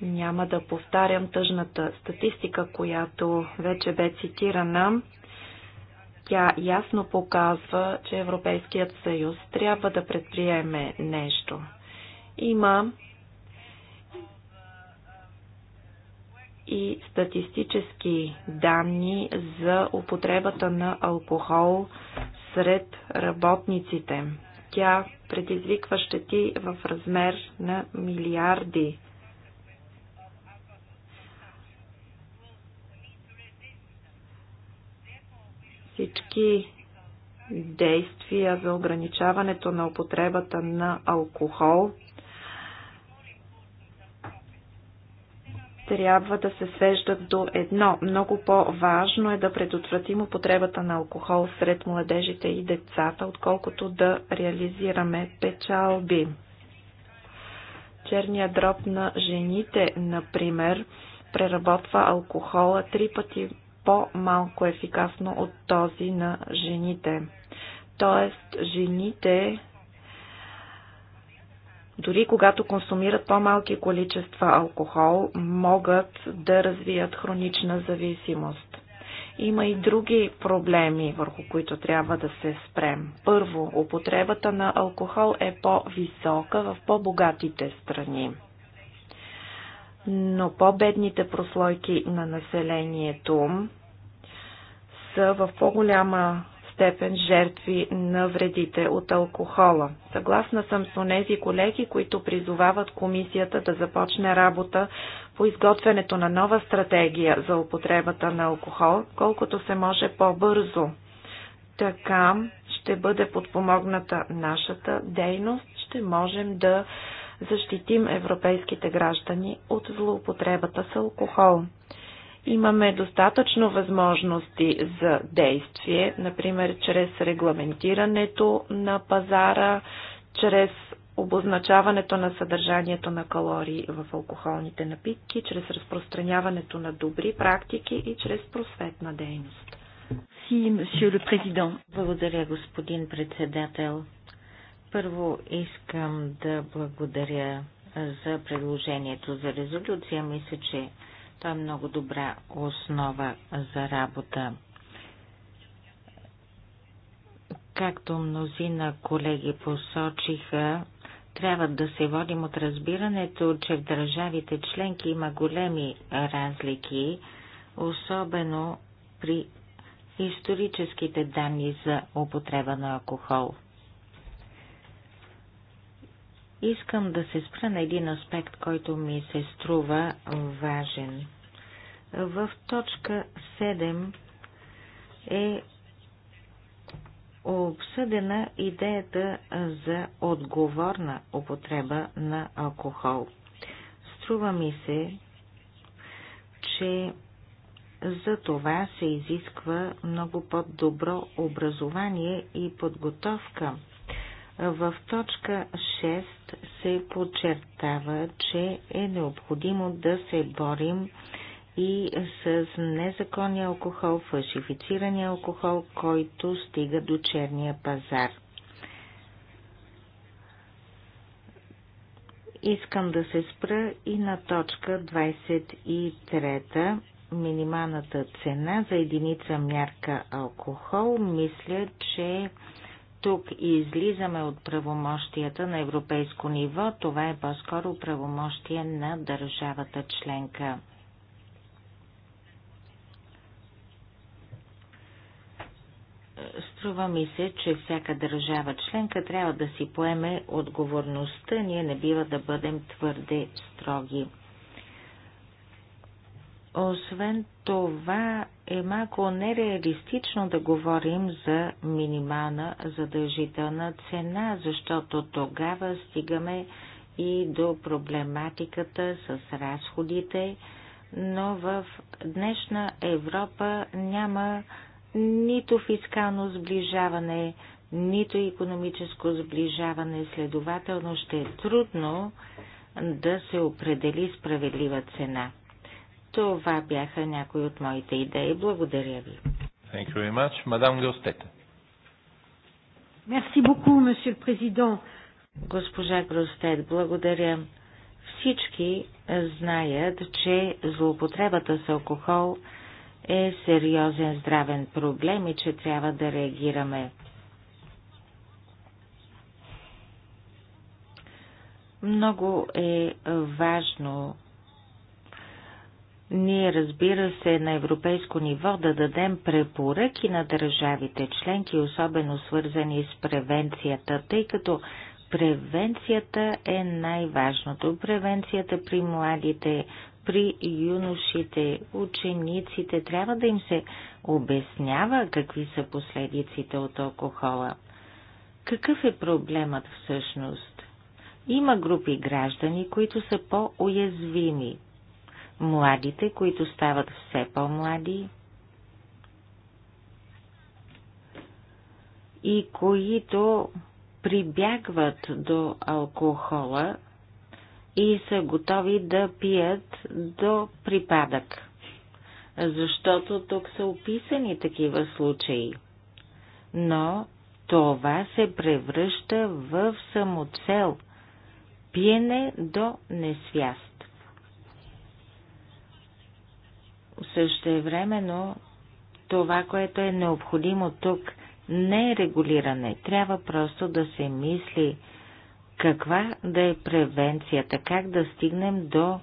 няма да повтарям тъжната статистика, която вече бе цитирана. Тя ясно показва, че Европейският съюз трябва да предприеме нещо. Има и статистически данни за употребата на алкохол сред работниците. Тя предизвиква щети в размер на милиарди. Всички действия за ограничаването на употребата на алкохол трябва да се свеждат до едно. Много по-важно е да предотвратим употребата на алкохол сред младежите и децата, отколкото да реализираме печалби. Черният дроб на жените, например, преработва алкохола три пъти по-малко ефикасно от този на жените. Тоест, жените дори когато консумират по-малки количества алкохол, могат да развият хронична зависимост. Има и други проблеми, върху които трябва да се спрем. Първо, употребата на алкохол е по-висока в по-богатите страни. Но по-бедните прослойки на населението са в по-голяма степен жертви на вредите от алкохола. Съгласна съм с онези колеги, които призовават комисията да започне работа по изготвянето на нова стратегия за употребата на алкохол, колкото се може по-бързо. Така ще бъде подпомогната нашата дейност, ще можем да защитим европейските граждани от злоупотребата с алкохол. Имаме достатъчно възможности за действие, например чрез регламентирането на пазара, чрез обозначаването на съдържанието на калории в алкохолните напитки, чрез разпространяването на добри практики и чрез просветна дейност. Си, Благодаря, господин председател. Първо искам да благодаря за предложението за резолюция. Мисля, че той е много добра основа за работа. Както мнозина колеги посочиха, трябва да се водим от разбирането, че в държавите членки има големи разлики, особено при историческите данни за употреба на алкохол – Искам да се спра на един аспект, който ми се струва важен. В точка 7 е обсъдена идеята за отговорна употреба на алкохол. Струва ми се, че за това се изисква много по-добро образование и подготовка в точка 6 се подчертава, че е необходимо да се борим и с незаконния алкохол, фалшифицирания алкохол, който стига до черния пазар. Искам да се спра и на точка 23 минималната цена за единица мярка алкохол. Мисля, че тук излизаме от правомощията на европейско ниво, това е по-скоро правомощие на държавата членка. Струва ми се, че всяка държава членка трябва да си поеме отговорността, ние не бива да бъдем твърде строги. Освен това е малко нереалистично да говорим за минимална задължителна цена, защото тогава стигаме и до проблематиката с разходите, но в днешна Европа няма нито фискално сближаване, нито економическо сближаване, следователно ще е трудно да се определи справедлива цена. Това бяха някои от моите идеи. Благодаря ви. Thank you very much. Мадам Гростета. Merci beaucoup, monsieur le président. Госпожа Гростет, благодаря. Всички знаят, че злоупотребата с алкохол е сериозен здравен проблем и че трябва да реагираме. Много е важно ние, разбира се, на европейско ниво да дадем препоръки на държавите членки, особено свързани с превенцията, тъй като превенцията е най-важното. Превенцията при младите, при юношите, учениците, трябва да им се обяснява какви са последиците от алкохола. Какъв е проблемът всъщност? Има групи граждани, които са по-уязвими, младите, които стават все по-млади и които прибягват до алкохола и са готови да пият до припадък. Защото тук са описани такива случаи. Но това се превръща в самоцел – пиене до несвяст. времено това, което е необходимо тук, не е регулиране. Трябва просто да се мисли каква да е превенцията, как да стигнем до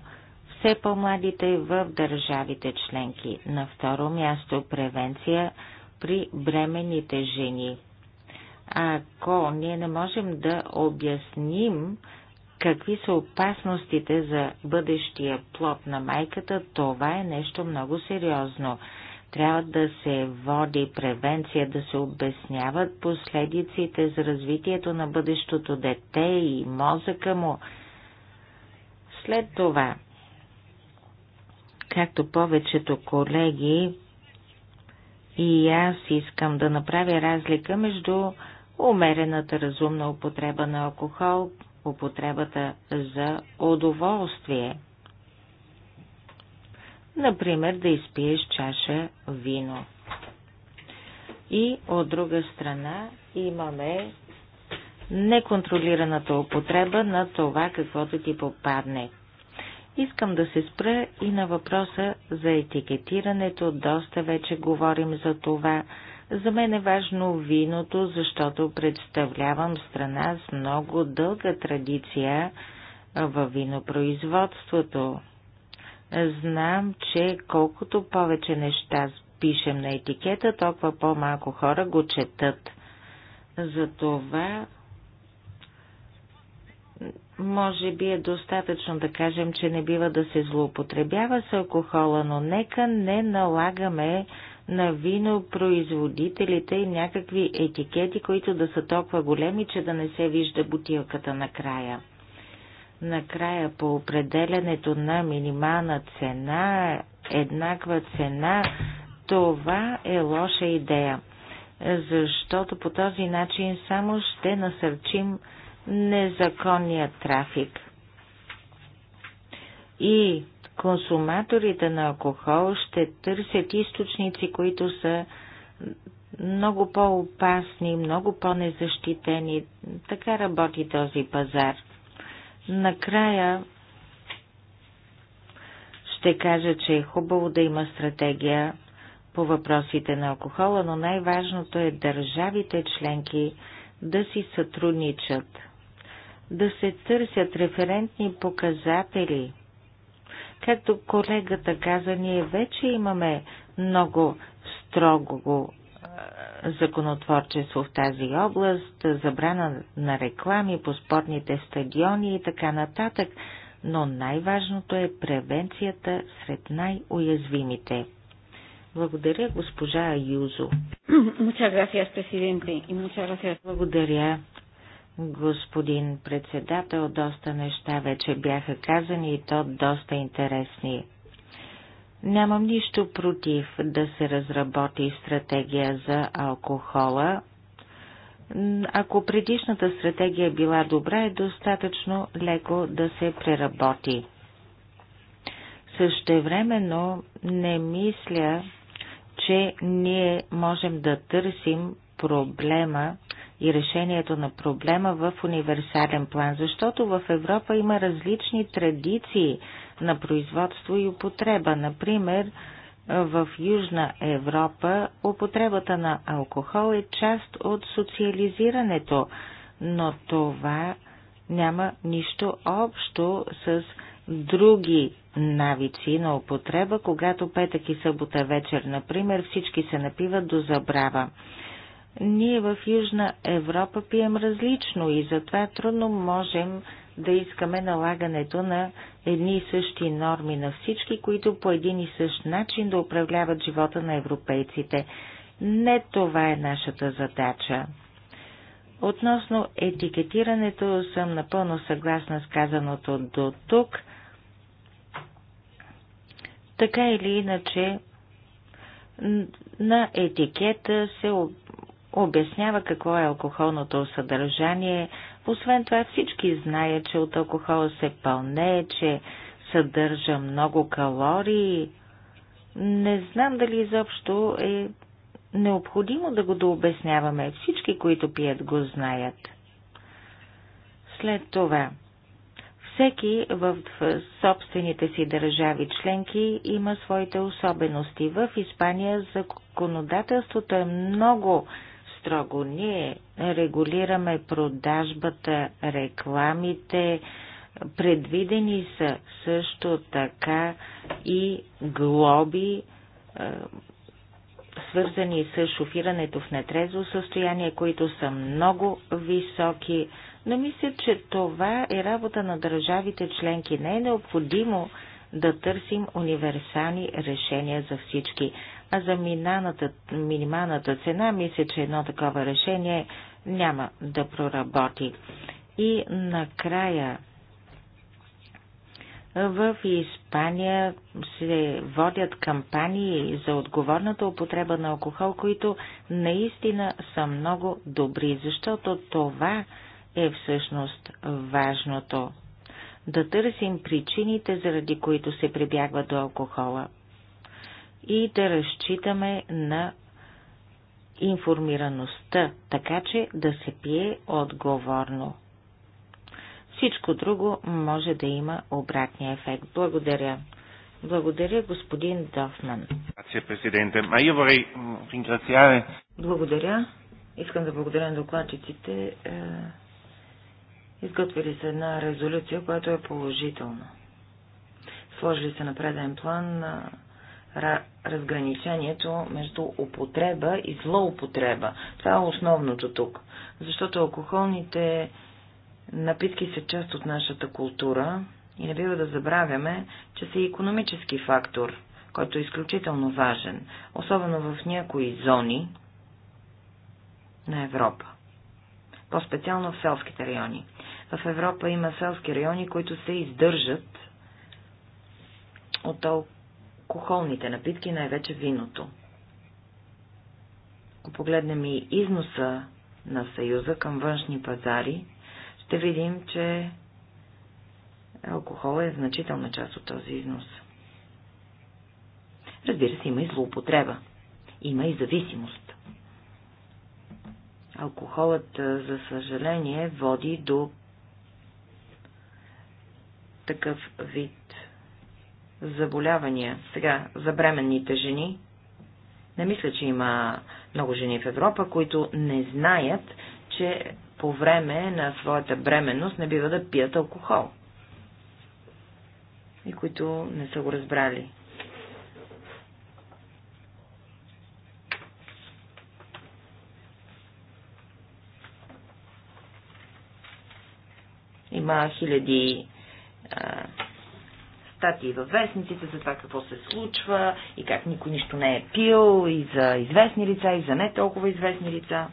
все по-младите в държавите членки. На второ място превенция при бременните жени. Ако ние не можем да обясним какви са опасностите за бъдещия плод на майката, това е нещо много сериозно. Трябва да се води превенция, да се обясняват последиците за развитието на бъдещото дете и мозъка му. След това, както повечето колеги, и аз искам да направя разлика между умерената разумна употреба на алкохол, употребата за удоволствие. Например, да изпиеш чаша вино. И от друга страна имаме неконтролираната употреба на това, каквото ти попадне. Искам да се спра и на въпроса за етикетирането. Доста вече говорим за това. За мен е важно виното, защото представлявам страна с много дълга традиция във винопроизводството. Знам, че колкото повече неща пишем на етикета, толкова по-малко хора го четат. Затова може би е достатъчно да кажем, че не бива да се злоупотребява с алкохола, но нека не налагаме на винопроизводителите и някакви етикети, които да са толкова големи, че да не се вижда бутилката накрая. Накрая по определенето на минимална цена, еднаква цена, това е лоша идея, защото по този начин само ще насърчим незаконния трафик. И консуматорите на алкохол ще търсят източници, които са много по-опасни, много по-незащитени. Така работи този пазар. Накрая ще кажа, че е хубаво да има стратегия по въпросите на алкохола, но най-важното е държавите членки да си сътрудничат, да се търсят референтни показатели, Както колегата каза, ние вече имаме много строго законотворчество в тази област, забрана на реклами по спортните стадиони и така нататък, но най-важното е превенцията сред най-уязвимите. Благодаря, госпожа Юзо. Благодаря господин председател. Доста неща вече бяха казани и то доста интересни. Нямам нищо против да се разработи стратегия за алкохола. Ако предишната стратегия е била добра, е достатъчно леко да се преработи. Същевременно не мисля, че ние можем да търсим проблема и решението на проблема в универсален план, защото в Европа има различни традиции на производство и употреба. Например, в Южна Европа употребата на алкохол е част от социализирането, но това няма нищо общо с други навици на употреба, когато петък и събота вечер, например, всички се напиват до забрава. Ние в Южна Европа пием различно и затова трудно можем да искаме налагането на едни и същи норми на всички, които по един и същ начин да управляват живота на европейците. Не това е нашата задача. Относно етикетирането съм напълно съгласна с казаното до тук. Така или иначе, на етикета се обяснява какво е алкохолното съдържание. Освен това всички знаят, че от алкохола се пълне, че съдържа много калории. Не знам дали изобщо е необходимо да го дообясняваме. Всички, които пият, го знаят. След това, всеки в собствените си държави членки има своите особености. В Испания законодателството е много строго. Ние регулираме продажбата, рекламите, предвидени са също така и глоби, е, свързани с шофирането в нетрезво състояние, които са много високи. Но мисля, че това е работа на държавите членки. Не е необходимо да търсим универсални решения за всички. А за минималната цена, мисля, че едно такова решение няма да проработи. И накрая в Испания се водят кампании за отговорната употреба на алкохол, които наистина са много добри, защото това е всъщност важното. Да търсим причините, заради които се прибягва до алкохола и да разчитаме на информираността, така че да се пие отговорно. Всичко друго може да има обратния ефект. Благодаря. Благодаря, господин Дофман. Благодаря. Искам да благодаря на докладчиците. Е, изготвили се една резолюция, която е положителна. Сложили се на преден план на разграничението между употреба и злоупотреба. Това е основното тук. Защото алкохолните напитки са част от нашата култура и не бива да забравяме, че са и економически фактор, който е изключително важен, особено в някои зони на Европа. По-специално в селските райони. В Европа има селски райони, които се издържат от толкова алкохолните напитки, най-вече виното. Ако погледнем и износа на Съюза към външни пазари, ще видим, че алкохол е значителна част от този износ. Разбира се, има и злоупотреба. Има и зависимост. Алкохолът, за съжаление, води до такъв вид заболявания. Сега, за бременните жени. Не мисля, че има много жени в Европа, които не знаят, че по време на своята бременност не бива да пият алкохол. И които не са го разбрали. Има хиляди а, статии във вестниците за това какво се случва и как никой нищо не е пил и за известни лица, и за не толкова известни лица.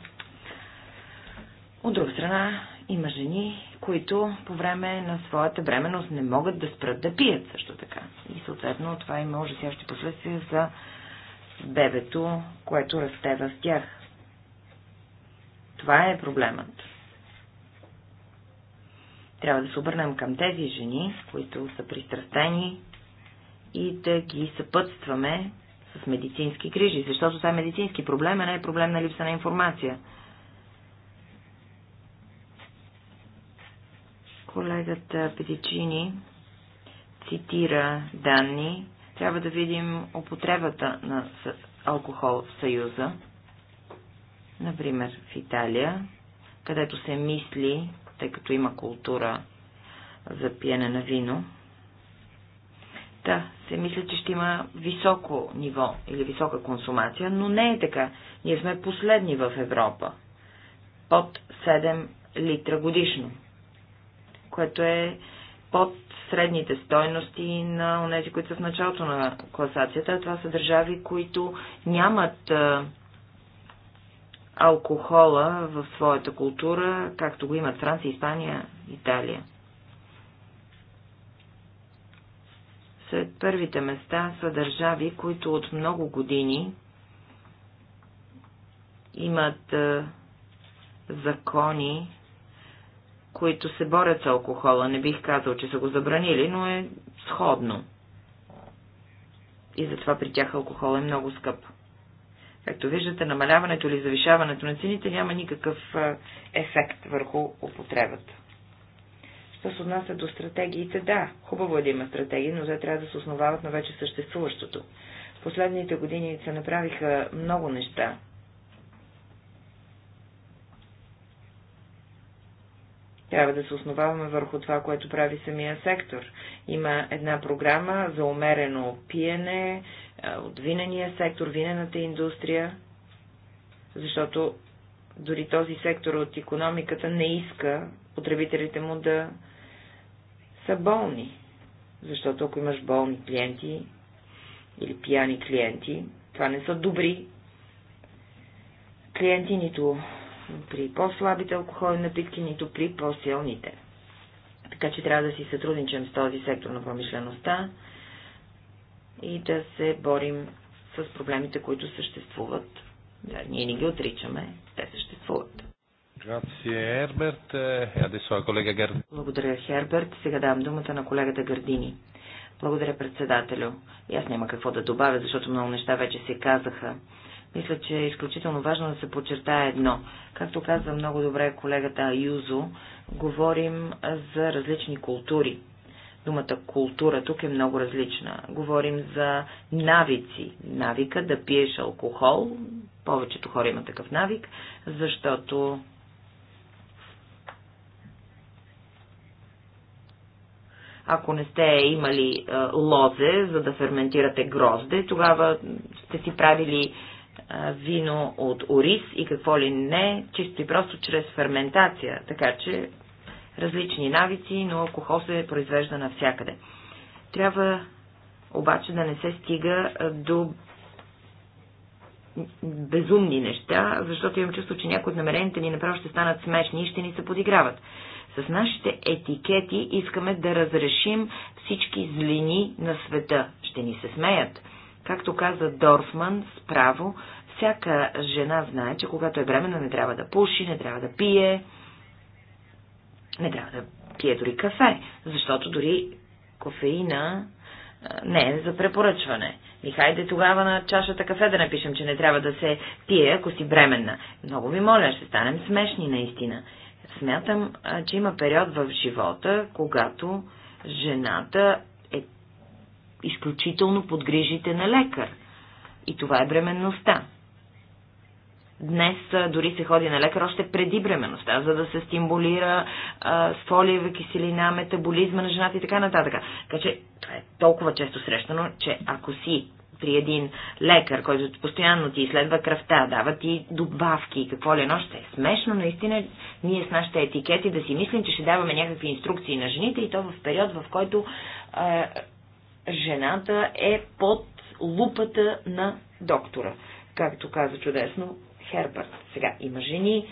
От друга страна, има жени, които по време на своята бременност не могат да спрат да пият също така. И съответно това има ужасяващи последствия за бебето, което расте в тях. Това е проблемът. Трябва да се обърнем към тези жени, които са пристрастени и да ги съпътстваме с медицински грижи, защото това е медицински проблем, а не е проблем на липса на информация. Колегата Петичини цитира данни. Трябва да видим употребата на алкохол в Съюза. Например, в Италия, където се мисли тъй като има култура за пиене на вино. Да, се мисля, че ще има високо ниво или висока консумация, но не е така. Ние сме последни в Европа. Под 7 литра годишно, което е под средните стойности на тези, които са в началото на класацията. Това са държави, които нямат алкохола в своята култура, както го имат Франция, Испания, Италия. Сред първите места са държави, които от много години имат закони, които се борят с алкохола. Не бих казал, че са го забранили, но е сходно. И затова при тях алкохол е много скъп. Както виждате, намаляването или завишаването на цените няма никакъв ефект върху употребата. Що се отнася до стратегиите, да, хубаво е да има стратегии, но те трябва да се основават на вече съществуващото. В последните години се направиха много неща. Трябва да се основаваме върху това, което прави самия сектор. Има една програма за умерено пиене, от винения сектор, винената индустрия, защото дори този сектор от економиката не иска потребителите му да са болни. Защото ако имаш болни клиенти или пияни клиенти, това не са добри клиенти нито при по-слабите алкохолни напитки, нито при по-силните. Така че трябва да си сътрудничам с този сектор на промишлеността и да се борим с проблемите, които съществуват. Да, ние не ги отричаме, те съществуват. Е, Благодаря, Херберт. Сега давам думата на колегата Гардини. Благодаря, председателю. И аз няма какво да добавя, защото много неща вече се казаха. Мисля, че е изключително важно да се подчертая едно. Както каза много добре колегата Юзо, говорим за различни култури. Думата култура тук е много различна. Говорим за навици. Навика да пиеш алкохол. Повечето хора има такъв навик, защото ако не сте имали лозе, за да ферментирате грозде, тогава сте си правили вино от ориз и какво ли не, чисто и просто чрез ферментация. Така че различни навици, но алкохол се произвежда навсякъде. Трябва обаче да не се стига до безумни неща, защото имам чувство, че някои от намерените ни направо ще станат смешни и ще ни се подиграват. С нашите етикети искаме да разрешим всички злини на света. Ще ни се смеят. Както каза Дорфман, справо, всяка жена знае, че когато е бременна не трябва да пуши, не трябва да пие, не трябва да пие дори кафе, защото дори кофеина не е за препоръчване. И хайде тогава на чашата кафе да напишем, че не трябва да се пие, ако си бременна. Много ви моля, ще станем смешни наистина. Смятам, че има период в живота, когато жената е изключително под грижите на лекар. И това е бременността. Днес дори се ходи на лекар още преди бременността, за да се стимулира с фолиева киселина, метаболизма на жената и така нататък. Така че това е толкова често срещано, че ако си при един лекар, който постоянно ти изследва кръвта, дава ти добавки и какво ли едно, ще е смешно наистина ние с нашите етикети да си мислим, че ще даваме някакви инструкции на жените и то в период, в който а, жената е под лупата на доктора. Както каза чудесно Хербърт. Сега има жени,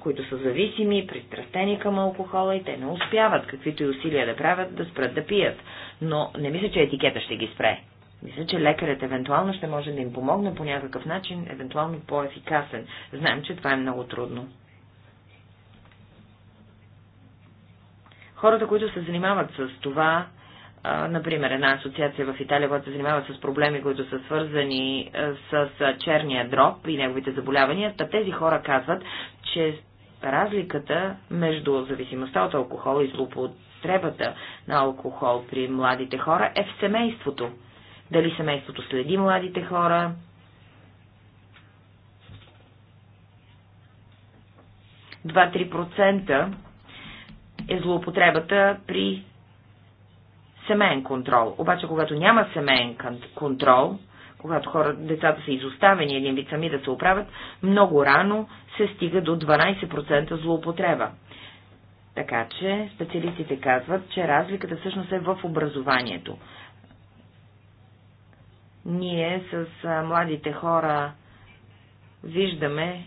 които са зависими, пристрастени към алкохола и те не успяват, каквито и усилия да правят, да спрат да пият. Но не мисля, че етикета ще ги спре. Мисля, че лекарят евентуално ще може да им помогне по някакъв начин, евентуално по-ефикасен. Знаем, че това е много трудно. Хората, които се занимават с това, например, една асоциация в Италия, която се занимава с проблеми, които са свързани с черния дроб и неговите заболявания, та тези хора казват, че разликата между зависимостта от алкохол и злоупотребата на алкохол при младите хора е в семейството. Дали семейството следи младите хора, Два-три процента е злоупотребата при семейен контрол. Обаче, когато няма семейен контрол, когато хора, децата са изоставени един вид сами да се оправят, много рано се стига до 12% злоупотреба. Така че специалистите казват, че разликата всъщност е в образованието. Ние с младите хора виждаме,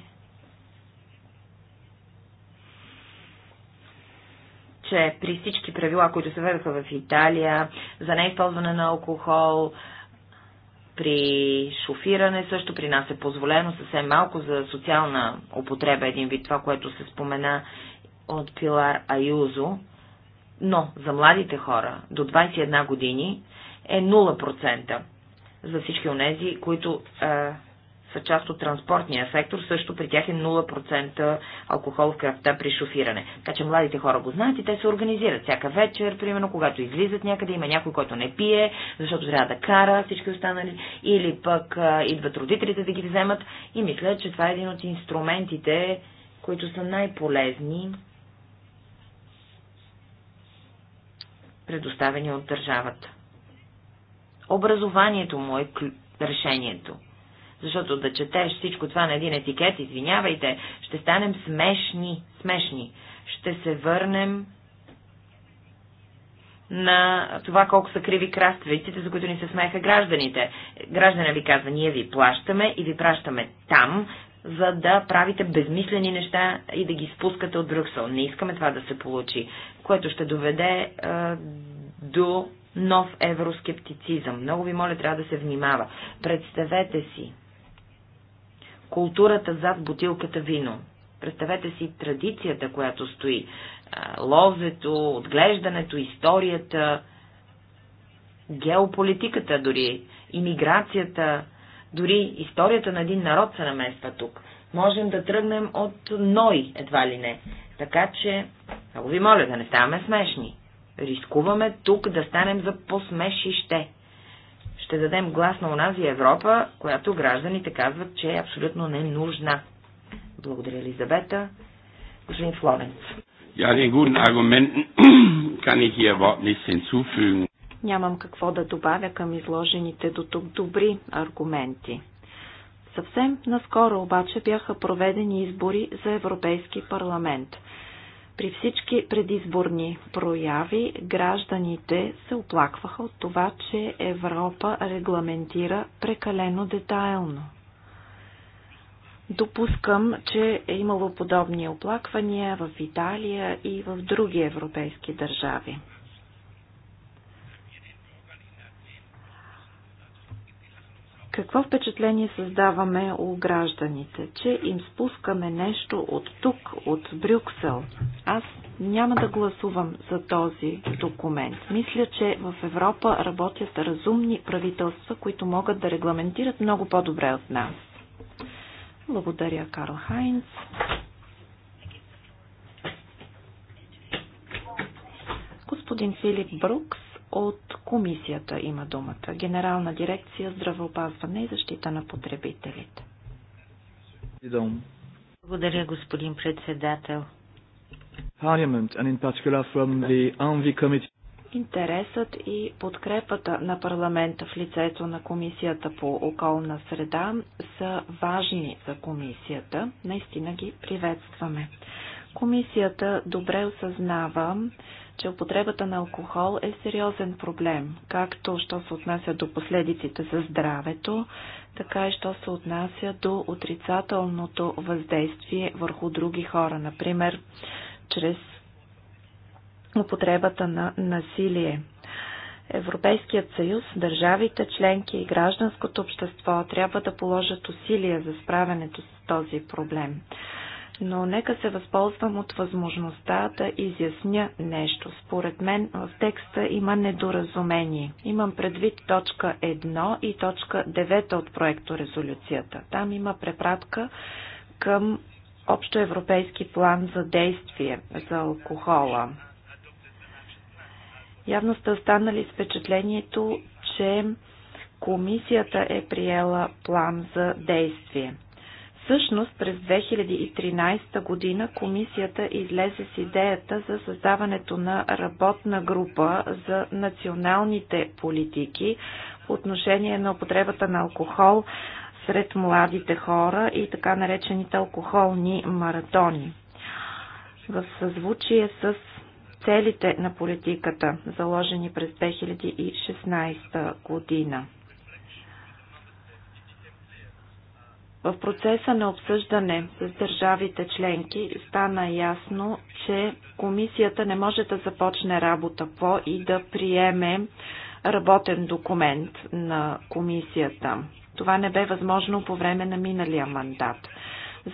че при всички правила, които се ведоха в Италия, за неизползване на алкохол, при шофиране също при нас е позволено съвсем малко за социална употреба, един вид това, което се спомена от Пилар Аюзо, но за младите хора до 21 години е 0% за всички онези, които са част от транспортния сектор, също при тях е 0% алкохол в кръвта при шофиране. Така че младите хора го знаят и те се организират. Всяка вечер, примерно, когато излизат някъде, има някой, който не пие, защото трябва да кара всички останали, или пък а, идват родителите да ги вземат. И мисля, че това е един от инструментите, които са най-полезни, предоставени от държавата. Образованието му е решението. Защото да четеш всичко това на един етикет, извинявайте, ще станем смешни, смешни. Ще се върнем на това колко са криви краставиците, за които ни се смеха гражданите. Граждана ви казва, ние ви плащаме и ви пращаме там, за да правите безмислени неща и да ги спускате от Брюксел. Не искаме това да се получи, което ще доведе а, до нов евроскептицизъм. Много ви моля, трябва да се внимава. Представете си, културата зад бутилката вино. Представете си традицията, която стои. Лозето, отглеждането, историята, геополитиката дори, имиграцията, дори историята на един народ се намества тук. Можем да тръгнем от Ной, едва ли не. Така че, много ви моля да не ставаме смешни. Рискуваме тук да станем за посмешище. Ще дадем глас на онази Европа, която гражданите казват, че е абсолютно ненужна. Благодаря, Елизабета. Господин Флоренц. Ja, den guten Argumenten kann ich hier überhaupt nichts hinzufügen. Нямам какво да добавя към изложените до тук добри аргументи. Съвсем наскоро обаче бяха проведени избори за Европейски парламент – при всички предизборни прояви гражданите се оплакваха от това, че Европа регламентира прекалено детайлно. Допускам, че е имало подобни оплаквания в Италия и в други европейски държави. Какво впечатление създаваме у гражданите? Че им спускаме нещо от тук, от Брюксел. Аз няма да гласувам за този документ. Мисля, че в Европа работят разумни правителства, които могат да регламентират много по-добре от нас. Благодаря, Карл Хайнц. Господин Филип Брукс от комисията има думата. Генерална дирекция здравеопазване и защита на потребителите. Благодаря, господин председател. Интересът и подкрепата на парламента в лицето на Комисията по околна среда са важни за комисията. Наистина ги приветстваме. Комисията добре осъзнава, че употребата на алкохол е сериозен проблем, както що се отнася до последиците за здравето, така и що се отнася до отрицателното въздействие върху други хора, например, чрез употребата на насилие. Европейският съюз, държавите, членки и гражданското общество трябва да положат усилия за справянето с този проблем но нека се възползвам от възможността да изясня нещо. Според мен в текста има недоразумение. Имам предвид точка 1 и точка 9 от проекто резолюцията. Там има препратка към общоевропейски план за действие за алкохола. Явно сте останали с впечатлението, че комисията е приела план за действие. Всъщност през 2013 година комисията излезе с идеята за създаването на работна група за националните политики по отношение на употребата на алкохол сред младите хора и така наречените алкохолни маратони. В съзвучие с целите на политиката, заложени през 2016 година. В процеса на обсъждане с държавите членки стана ясно, че комисията не може да започне работа по и да приеме работен документ на комисията. Това не бе възможно по време на миналия мандат.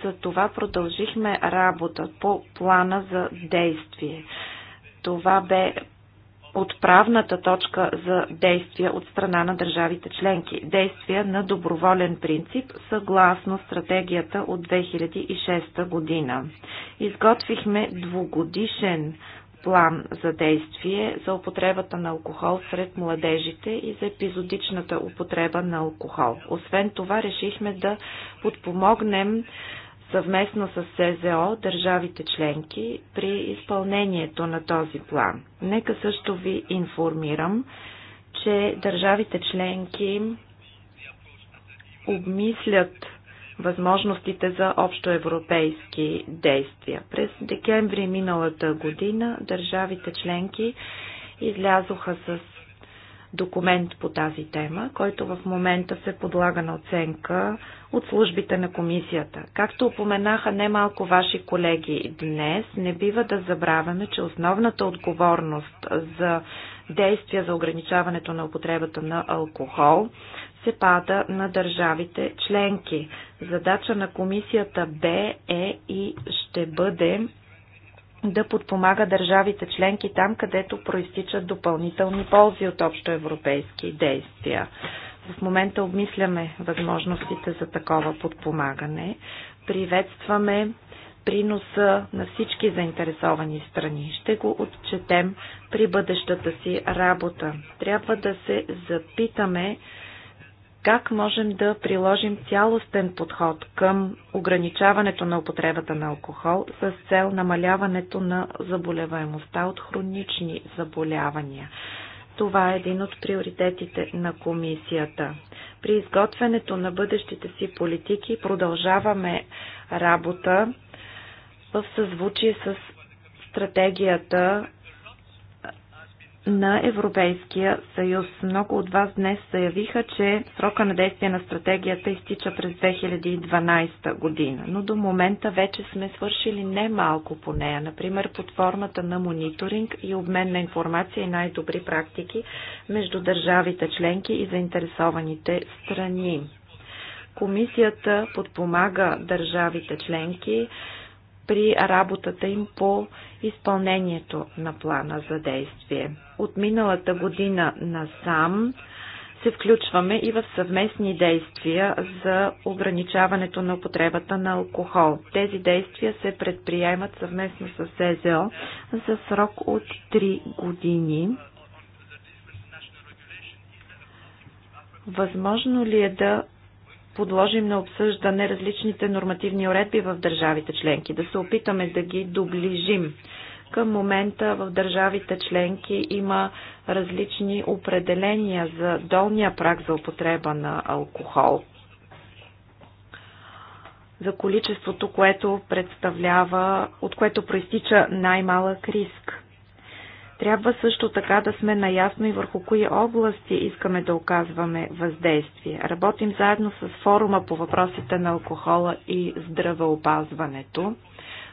Затова продължихме работа по плана за действие. Това бе отправната точка за действия от страна на държавите членки. Действия на доброволен принцип, съгласно стратегията от 2006 година. Изготвихме двугодишен план за действие за употребата на алкохол сред младежите и за епизодичната употреба на алкохол. Освен това, решихме да подпомогнем съвместно с СЗО държавите членки при изпълнението на този план. Нека също ви информирам, че държавите членки обмислят възможностите за общоевропейски действия. През декември миналата година държавите членки излязоха с документ по тази тема, който в момента се подлага на оценка от службите на комисията. Както упоменаха немалко ваши колеги днес, не бива да забравяме, че основната отговорност за действия за ограничаването на употребата на алкохол се пада на държавите членки. Задача на комисията Б е и ще бъде да подпомага държавите членки там, където проистичат допълнителни ползи от общоевропейски действия. В момента обмисляме възможностите за такова подпомагане. Приветстваме приноса на всички заинтересовани страни. Ще го отчетем при бъдещата си работа. Трябва да се запитаме как можем да приложим цялостен подход към ограничаването на употребата на алкохол с цел намаляването на заболеваемостта от хронични заболявания. Това е един от приоритетите на комисията. При изготвянето на бъдещите си политики продължаваме работа в съзвучие с стратегията на Европейския съюз. Много от вас днес заявиха, че срока на действие на стратегията изтича през 2012 година, но до момента вече сме свършили немалко по нея, например под формата на мониторинг и обмен на информация и най-добри практики между държавите членки и заинтересованите страни. Комисията подпомага държавите членки при работата им по изпълнението на плана за действие. От миналата година насам се включваме и в съвместни действия за ограничаването на употребата на алкохол. Тези действия се предприемат съвместно с СЗО за срок от 3 години. Възможно ли е да подложим на обсъждане различните нормативни уредби в държавите членки, да се опитаме да ги доближим. Към момента в държавите членки има различни определения за долния праг за употреба на алкохол. За количеството, което представлява, от което проистича най-малък риск. Трябва също така да сме наясно и върху кои области искаме да оказваме въздействие. Работим заедно с форума по въпросите на алкохола и здравеопазването.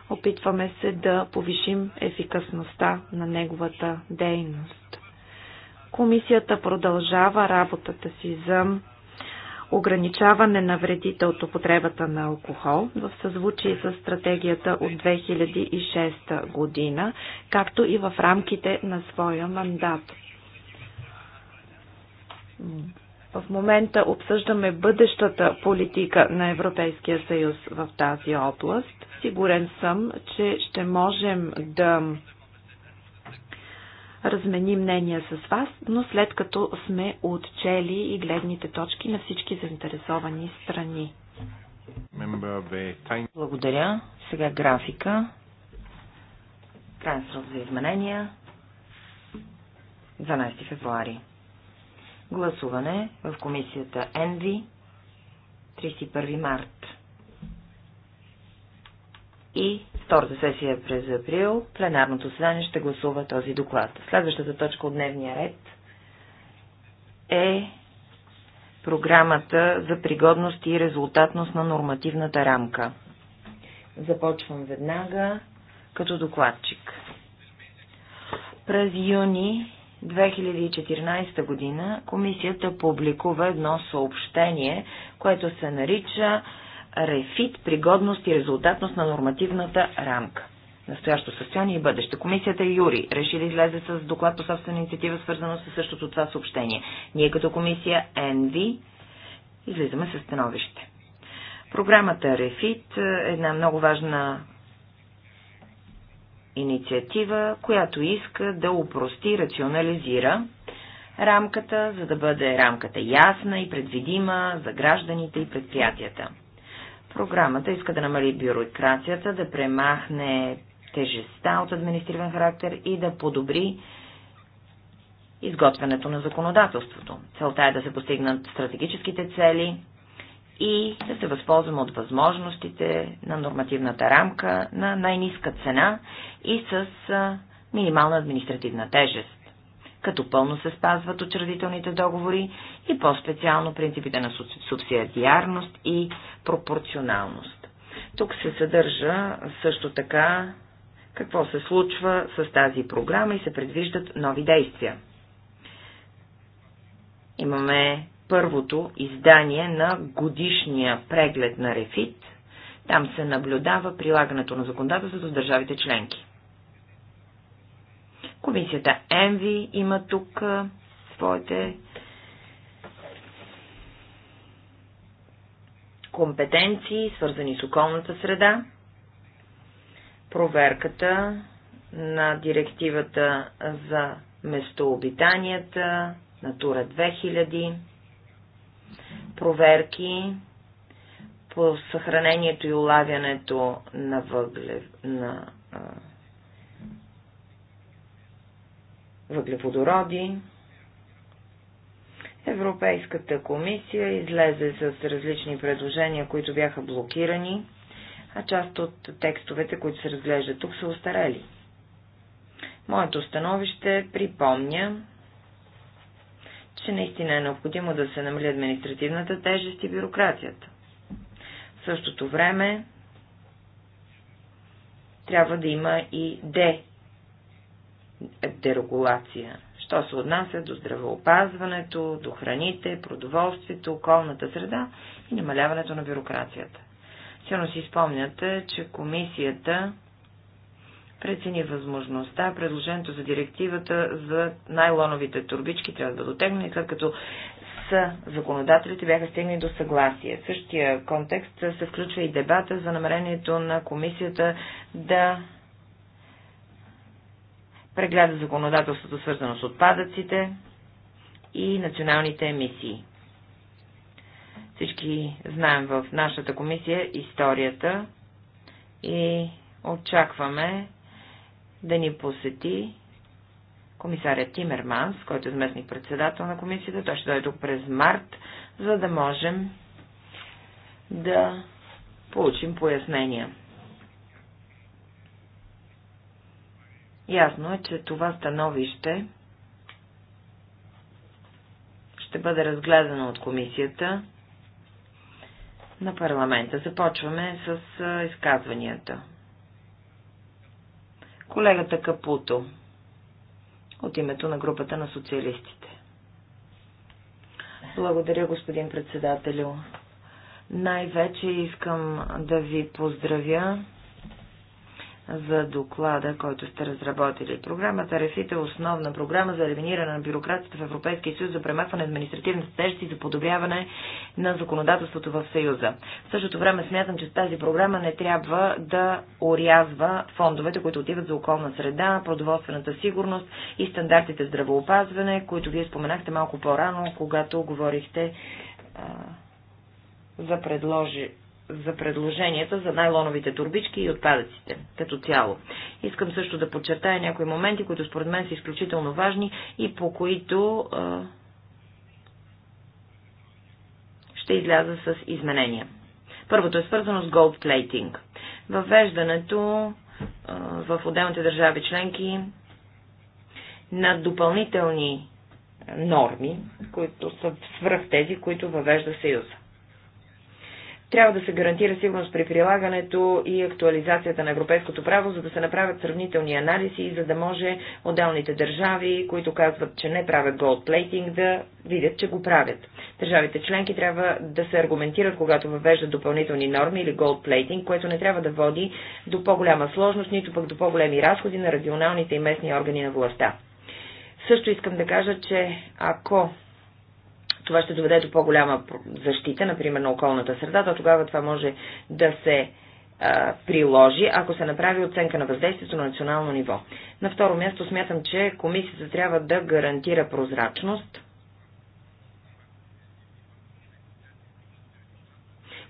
Опитваме се да повишим ефикасността на неговата дейност. Комисията продължава работата си за ограничаване на вредите от употребата на алкохол в съзвучие с стратегията от 2006 година, както и в рамките на своя мандат. В момента обсъждаме бъдещата политика на Европейския съюз в тази област. Сигурен съм, че ще можем да размени мнения с вас, но след като сме отчели и гледните точки на всички заинтересовани страни. Благодаря. Сега графика. Крайен срок за изменения. 12 февруари. Гласуване в комисията ЕНВИ 31 март. И Втората сесия е през април. Пленарното седание ще гласува този доклад. Следващата точка от дневния ред е програмата за пригодност и резултатност на нормативната рамка. Започвам веднага като докладчик. През юни 2014 година комисията публикува едно съобщение, което се нарича рефит, пригодност и резултатност на нормативната рамка. Настоящо състояние и бъдеще. Комисията Юри реши да излезе с доклад по собствена инициатива, свързано с същото това съобщение. Ние като комисия НВ излизаме със становище. Програмата Рефит е една много важна инициатива, която иска да упрости, рационализира рамката, за да бъде рамката ясна и предвидима за гражданите и предприятията. Програмата иска да намали бюрокрацията, да премахне тежестта от административен характер и да подобри изготвянето на законодателството. Целта е да се постигнат стратегическите цели и да се възползваме от възможностите на нормативната рамка на най-низка цена и с минимална административна тежест като пълно се спазват учредителните договори и по-специално принципите на субсидиарност и пропорционалност. Тук се съдържа също така какво се случва с тази програма и се предвиждат нови действия. Имаме първото издание на годишния преглед на Рефит. Там се наблюдава прилагането на законодателството в държавите членки. Комисията ЕНВИ има тук своите компетенции, свързани с околната среда, проверката на директивата за местообитанията, Натура 2000, проверки по съхранението и улавянето на, въглев, на въглеводороди. Европейската комисия излезе с различни предложения, които бяха блокирани, а част от текстовете, които се разглеждат тук, са устарели. Моето становище припомня, че наистина е необходимо да се намали административната тежест и бюрокрацията. В същото време трябва да има и де дерегулация, що се отнася до здравеопазването, до храните, продоволствието, околната среда и намаляването на бюрокрацията. Силно си спомняте, че комисията прецени възможността, предложението за директивата за най-лоновите турбички трябва да бъде отегнани, след като с законодателите бяха стигнали до съгласие. В същия контекст се включва и дебата за намерението на комисията да прегледа законодателството свързано с отпадъците и националните емисии. Всички знаем в нашата комисия историята и очакваме да ни посети комисаря Тимерманс, който е заместник председател на комисията. Той ще дойде тук през март, за да можем да получим пояснения. Ясно е, че това становище ще бъде разгледано от комисията на парламента. Започваме с изказванията. Колегата Капуто от името на групата на социалистите. Благодаря, господин председателю. Най-вече искам да ви поздравя за доклада, който сте разработили. Програмата Рефит е основна програма за елиминиране на бюрокрацията в Европейския съюз, за премахване на административните тежести и за подобряване на законодателството в Съюза. В същото време смятам, че тази програма не трябва да орязва фондовете, които отиват за околна среда, продоволствената сигурност и стандартите здравоопазване, които вие споменахте малко по-рано, когато говорихте а, за предложи, за предложенията за найлоновите турбички и отпадъците като цяло. Искам също да подчертая някои моменти, които според мен са изключително важни и по които а, ще изляза с изменения. Първото е свързано с gold plating. Въвеждането в отделните държави членки на допълнителни норми, които са свръх тези, които въвежда Съюза. Трябва да се гарантира сигурност при прилагането и актуализацията на европейското право, за да се направят сравнителни анализи и за да може отделните държави, които казват, че не правят голдплейтинг, да видят, че го правят. Държавите членки трябва да се аргументират, когато въвеждат допълнителни норми или голдплейтинг, което не трябва да води до по-голяма сложност, нито пък до по-големи разходи на регионалните и местни органи на властта. Също искам да кажа, че ако това ще доведе до по-голяма защита, например на околната среда, то тогава това може да се а, приложи, ако се направи оценка на въздействието на национално ниво. На второ място смятам, че комисията трябва да гарантира прозрачност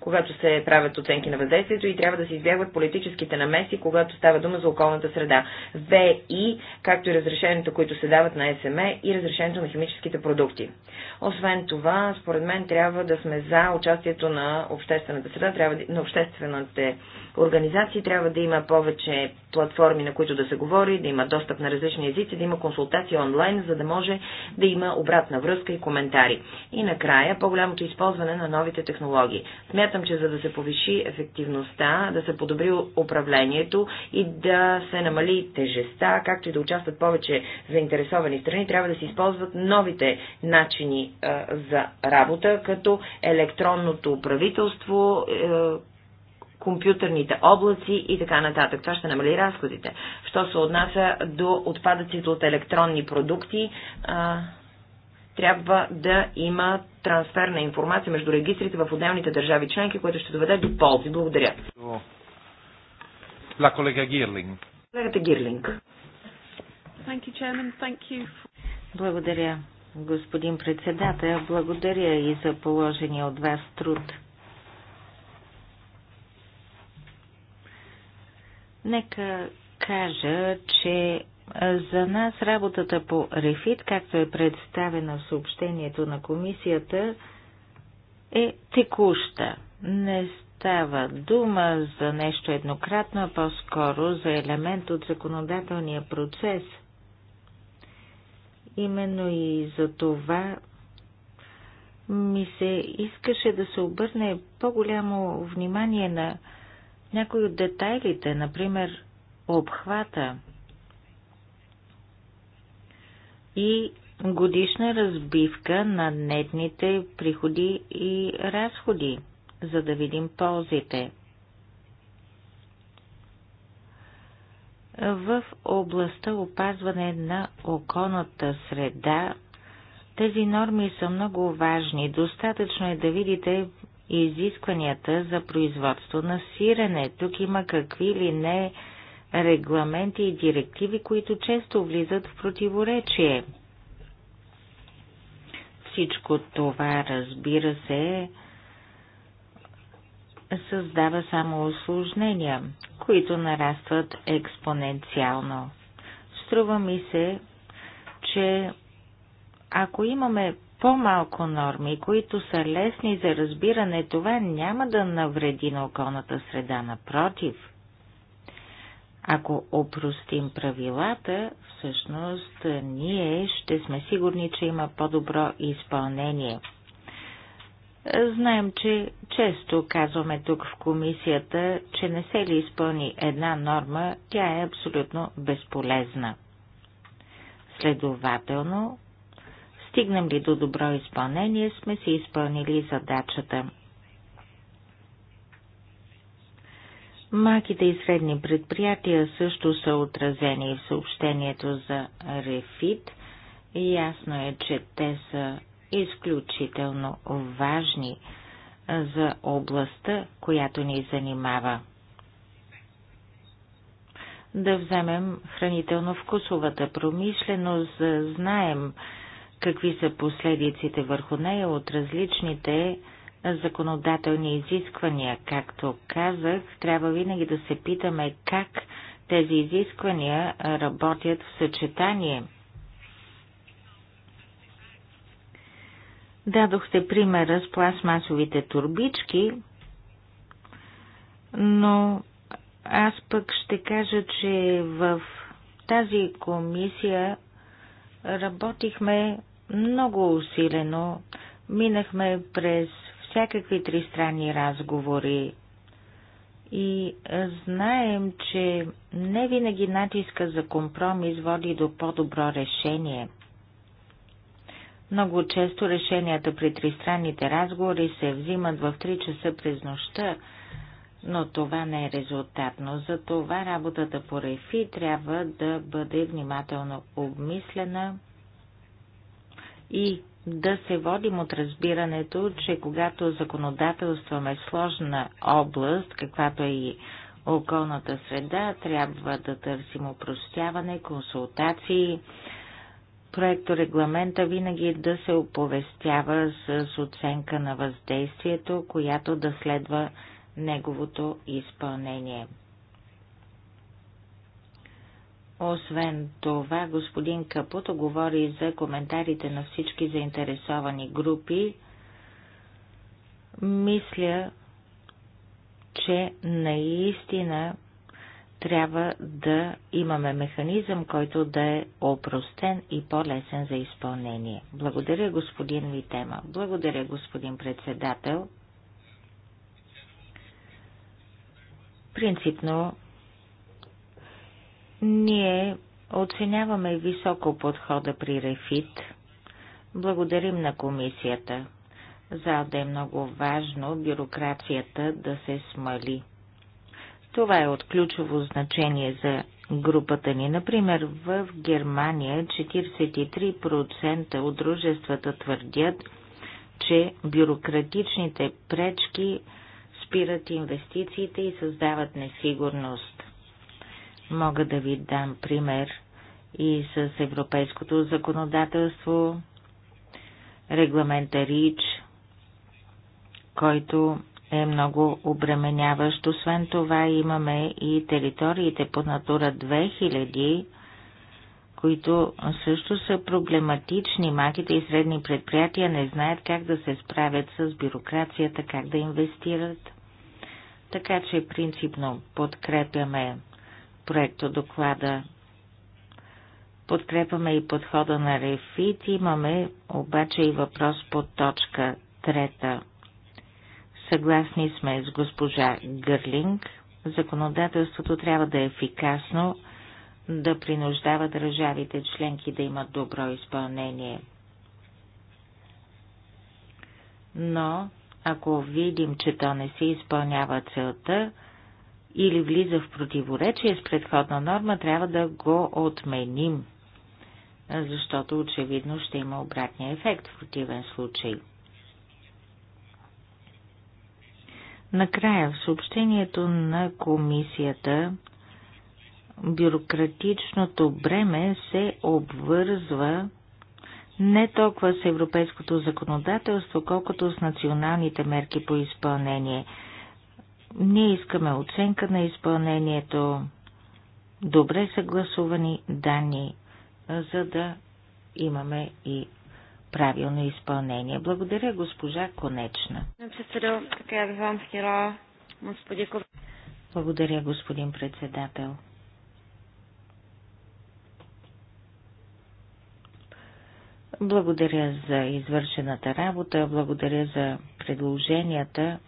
когато се правят оценки на въздействието и трябва да се избягват политическите намеси, когато става дума за околната среда. и, както и разрешението, които се дават на СМЕ и разрешението на химическите продукти. Освен това, според мен трябва да сме за участието на обществената среда, трябва да, на обществените организации, трябва да има повече платформи, на които да се говори, да има достъп на различни езици, да има консултации онлайн, за да може да има обратна връзка и коментари. И накрая, по-голямото използване на новите технологии. Смятам, Смятам, че за да се повиши ефективността, да се подобри управлението и да се намали тежеста, както и да участват повече заинтересовани страни, трябва да се използват новите начини за работа, като електронното правителство, е, компютърните облаци и така нататък. Това ще намали разходите. Що се отнася до отпадъците от електронни продукти, а, трябва да имат трансфер на информация между регистрите в отделните държави членки, което ще доведе до ползи. Благодаря. La колега Гирлинг. Колегата Гирлинг. Thank you, Chairman. Thank you Благодаря, господин председател. Благодаря и за положения от вас труд. Нека кажа, че за нас работата по Рефит, както е представена в съобщението на комисията, е текуща. Не става дума за нещо еднократно, а по-скоро за елемент от законодателния процес. Именно и за това ми се искаше да се обърне по-голямо внимание на някои от детайлите, например обхвата – и годишна разбивка на нетните приходи и разходи, за да видим ползите. В областта опазване на околната среда тези норми са много важни. Достатъчно е да видите изискванията за производство на сирене. Тук има какви ли не регламенти и директиви, които често влизат в противоречие. Всичко това, разбира се, създава само осложнения, които нарастват експоненциално. Струва ми се, че ако имаме по-малко норми, които са лесни за разбиране, това няма да навреди на околната среда, напротив – ако опростим правилата, всъщност е, ние ще сме сигурни, че има по-добро изпълнение. Е, знаем, че често казваме тук в комисията, че не се ли изпълни една норма, тя е абсолютно безполезна. Следователно, стигнем ли до добро изпълнение, сме си изпълнили задачата – Малките и средни предприятия също са отразени в съобщението за Рефит. Ясно е, че те са изключително важни за областта, която ни занимава. Да вземем хранително-вкусовата промишленост, знаем какви са последиците върху нея от различните законодателни изисквания. Както казах, трябва винаги да се питаме как тези изисквания работят в съчетание. Дадохте примера с пластмасовите турбички, но аз пък ще кажа, че в тази комисия работихме много усилено. Минахме през всякакви тристранни разговори. И знаем, че не винаги натиска за компромис води до по-добро решение. Много често решенията при тристранните разговори се взимат в 3 часа през нощта, но това не е резултатно. Затова работата по рефи трябва да бъде внимателно обмислена и да се водим от разбирането, че когато законодателстваме сложна област, каквато е и околната среда, трябва да търсим упростяване, консултации. Проекто регламента винаги да се оповестява с оценка на въздействието, която да следва неговото изпълнение. Освен това, господин Капуто говори за коментарите на всички заинтересовани групи. Мисля, че наистина трябва да имаме механизъм, който да е опростен и по-лесен за изпълнение. Благодаря, господин Витема. Благодаря, господин председател. Принципно ние оценяваме високо подхода при Рефит. Благодарим на комисията. За да е много важно бюрокрацията да се смали. Това е от ключово значение за групата ни. Например, в Германия 43% от дружествата твърдят, че бюрократичните пречки спират инвестициите и създават несигурност. Мога да ви дам пример и с европейското законодателство, регламента РИЧ, който е много обременяващ. Освен това имаме и териториите по Натура 2000, които също са проблематични. маките и средни предприятия не знаят как да се справят с бюрокрацията, как да инвестират. Така че принципно подкрепяме проекто доклада. Подкрепаме и подхода на Рефит, имаме обаче и въпрос по точка трета. Съгласни сме с госпожа Гърлинг, законодателството трябва да е ефикасно, да принуждава държавите членки да имат добро изпълнение. Но, ако видим, че то не се изпълнява целта, или влиза в противоречие с предходна норма, трябва да го отменим, защото очевидно ще има обратния ефект в противен случай. Накрая в съобщението на комисията бюрократичното бреме се обвързва не толкова с европейското законодателство, колкото с националните мерки по изпълнение – ние искаме оценка на изпълнението, добре съгласувани данни, за да имаме и правилно изпълнение. Благодаря, госпожа Конечна. Благодаря, господин председател. Благодаря за извършената работа, благодаря за предложенията,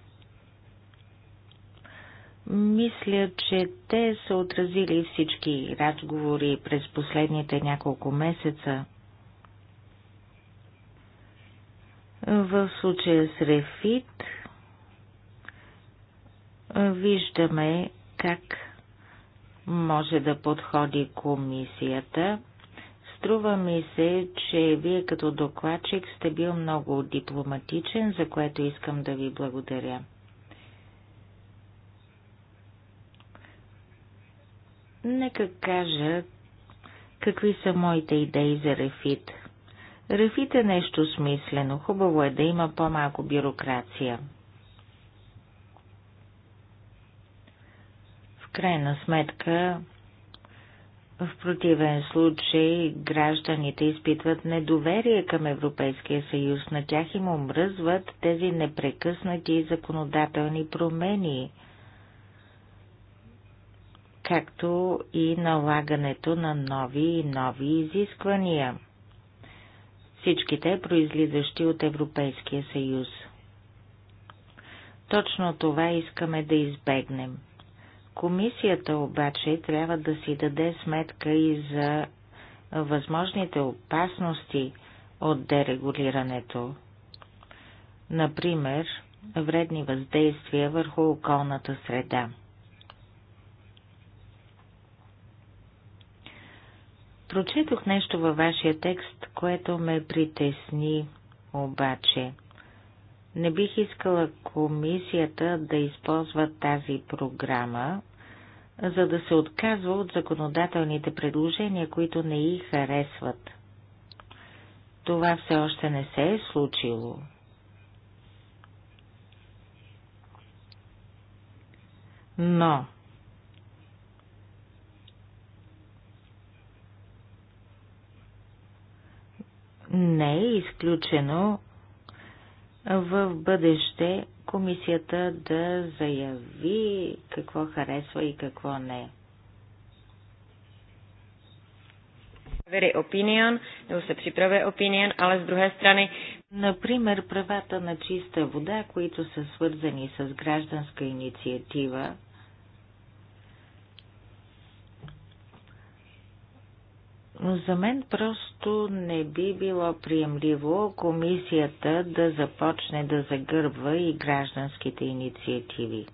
мисля, че те са отразили всички разговори през последните няколко месеца. В случая с Рефит виждаме как може да подходи комисията. Струва ми се, че вие като докладчик сте бил много дипломатичен, за което искам да ви благодаря. Нека кажа какви са моите идеи за Рефит. Рефит е нещо смислено. Хубаво е да има по-малко бюрокрация. В крайна сметка, в противен случай гражданите изпитват недоверие към Европейския съюз. На тях им омръзват тези непрекъснати законодателни промени – както и налагането на нови и нови изисквания, всичките произлизащи от Европейския съюз. Точно това искаме да избегнем. Комисията обаче трябва да си даде сметка и за възможните опасности от дерегулирането. Например, вредни въздействия върху околната среда. Прочетох нещо във вашия текст, което ме притесни, обаче. Не бих искала комисията да използва тази програма, за да се отказва от законодателните предложения, които не й харесват. Това все още не се е случило. Но не е изключено в бъдеще комисията да заяви какво харесва и какво не. opinion, да се připravuje opinion, ale с друга страна. Например, правата на чиста вода, които са свързани с гражданска инициатива, За мен просто не би било приемливо комисията да започне да загърбва и гражданските инициативи.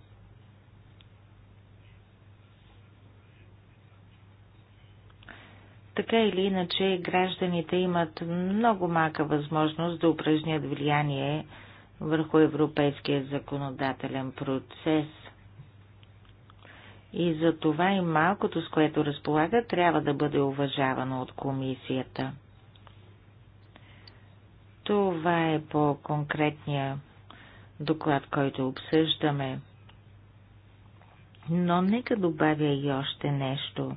Така или иначе, гражданите имат много малка възможност да упражнят влияние върху европейския законодателен процес – и за това и малкото, с което разполага, трябва да бъде уважавано от комисията. Това е по конкретния доклад, който обсъждаме. Но нека добавя и още нещо.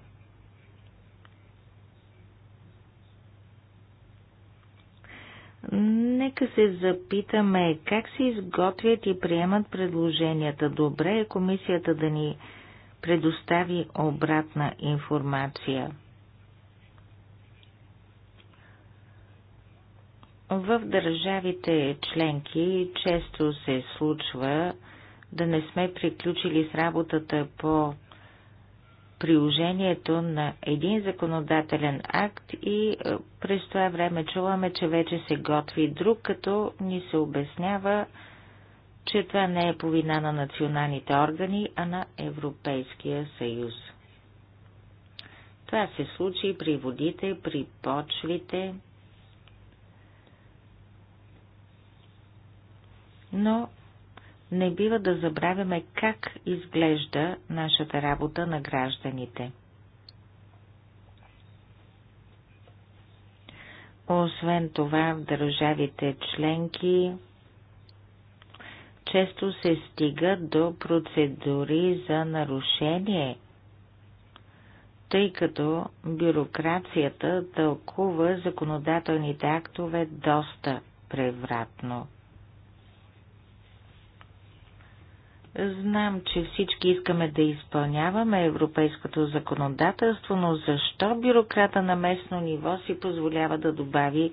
Нека се запитаме как се изготвят и приемат предложенията. Добре е комисията да ни предостави обратна информация. В държавите членки често се случва да не сме приключили с работата по приложението на един законодателен акт и е, през това време чуваме, че вече се готви друг, като ни се обяснява, че това не е по вина на националните органи, а на Европейския съюз. Това се случи при водите, при почвите, но не бива да забравяме как изглежда нашата работа на гражданите. Освен това, в държавите членки често се стига до процедури за нарушение, тъй като бюрокрацията тълкува законодателните актове доста превратно. Знам, че всички искаме да изпълняваме европейското законодателство, но защо бюрократа на местно ниво си позволява да добави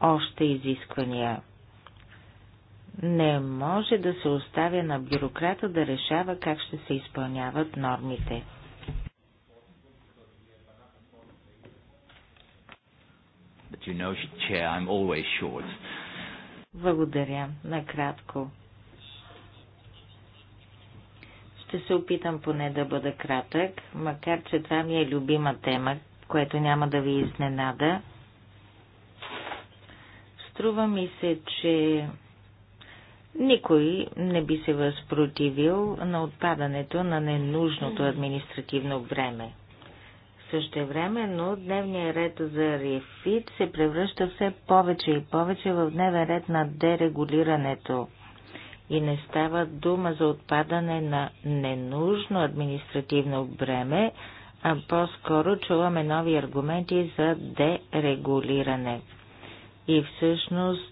още изисквания? Не може да се оставя на бюрократа да решава как ще се изпълняват нормите. You know, chair, Благодаря. Накратко. Ще се опитам поне да бъда кратък, макар че това ми е любима тема, което няма да ви изненада. Струва ми се, че никой не би се възпротивил на отпадането на ненужното административно време. Същевременно дневният ред за рефит се превръща все повече и повече в дневен ред на дерегулирането. И не става дума за отпадане на ненужно административно бреме, а по-скоро чуваме нови аргументи за дерегулиране. И всъщност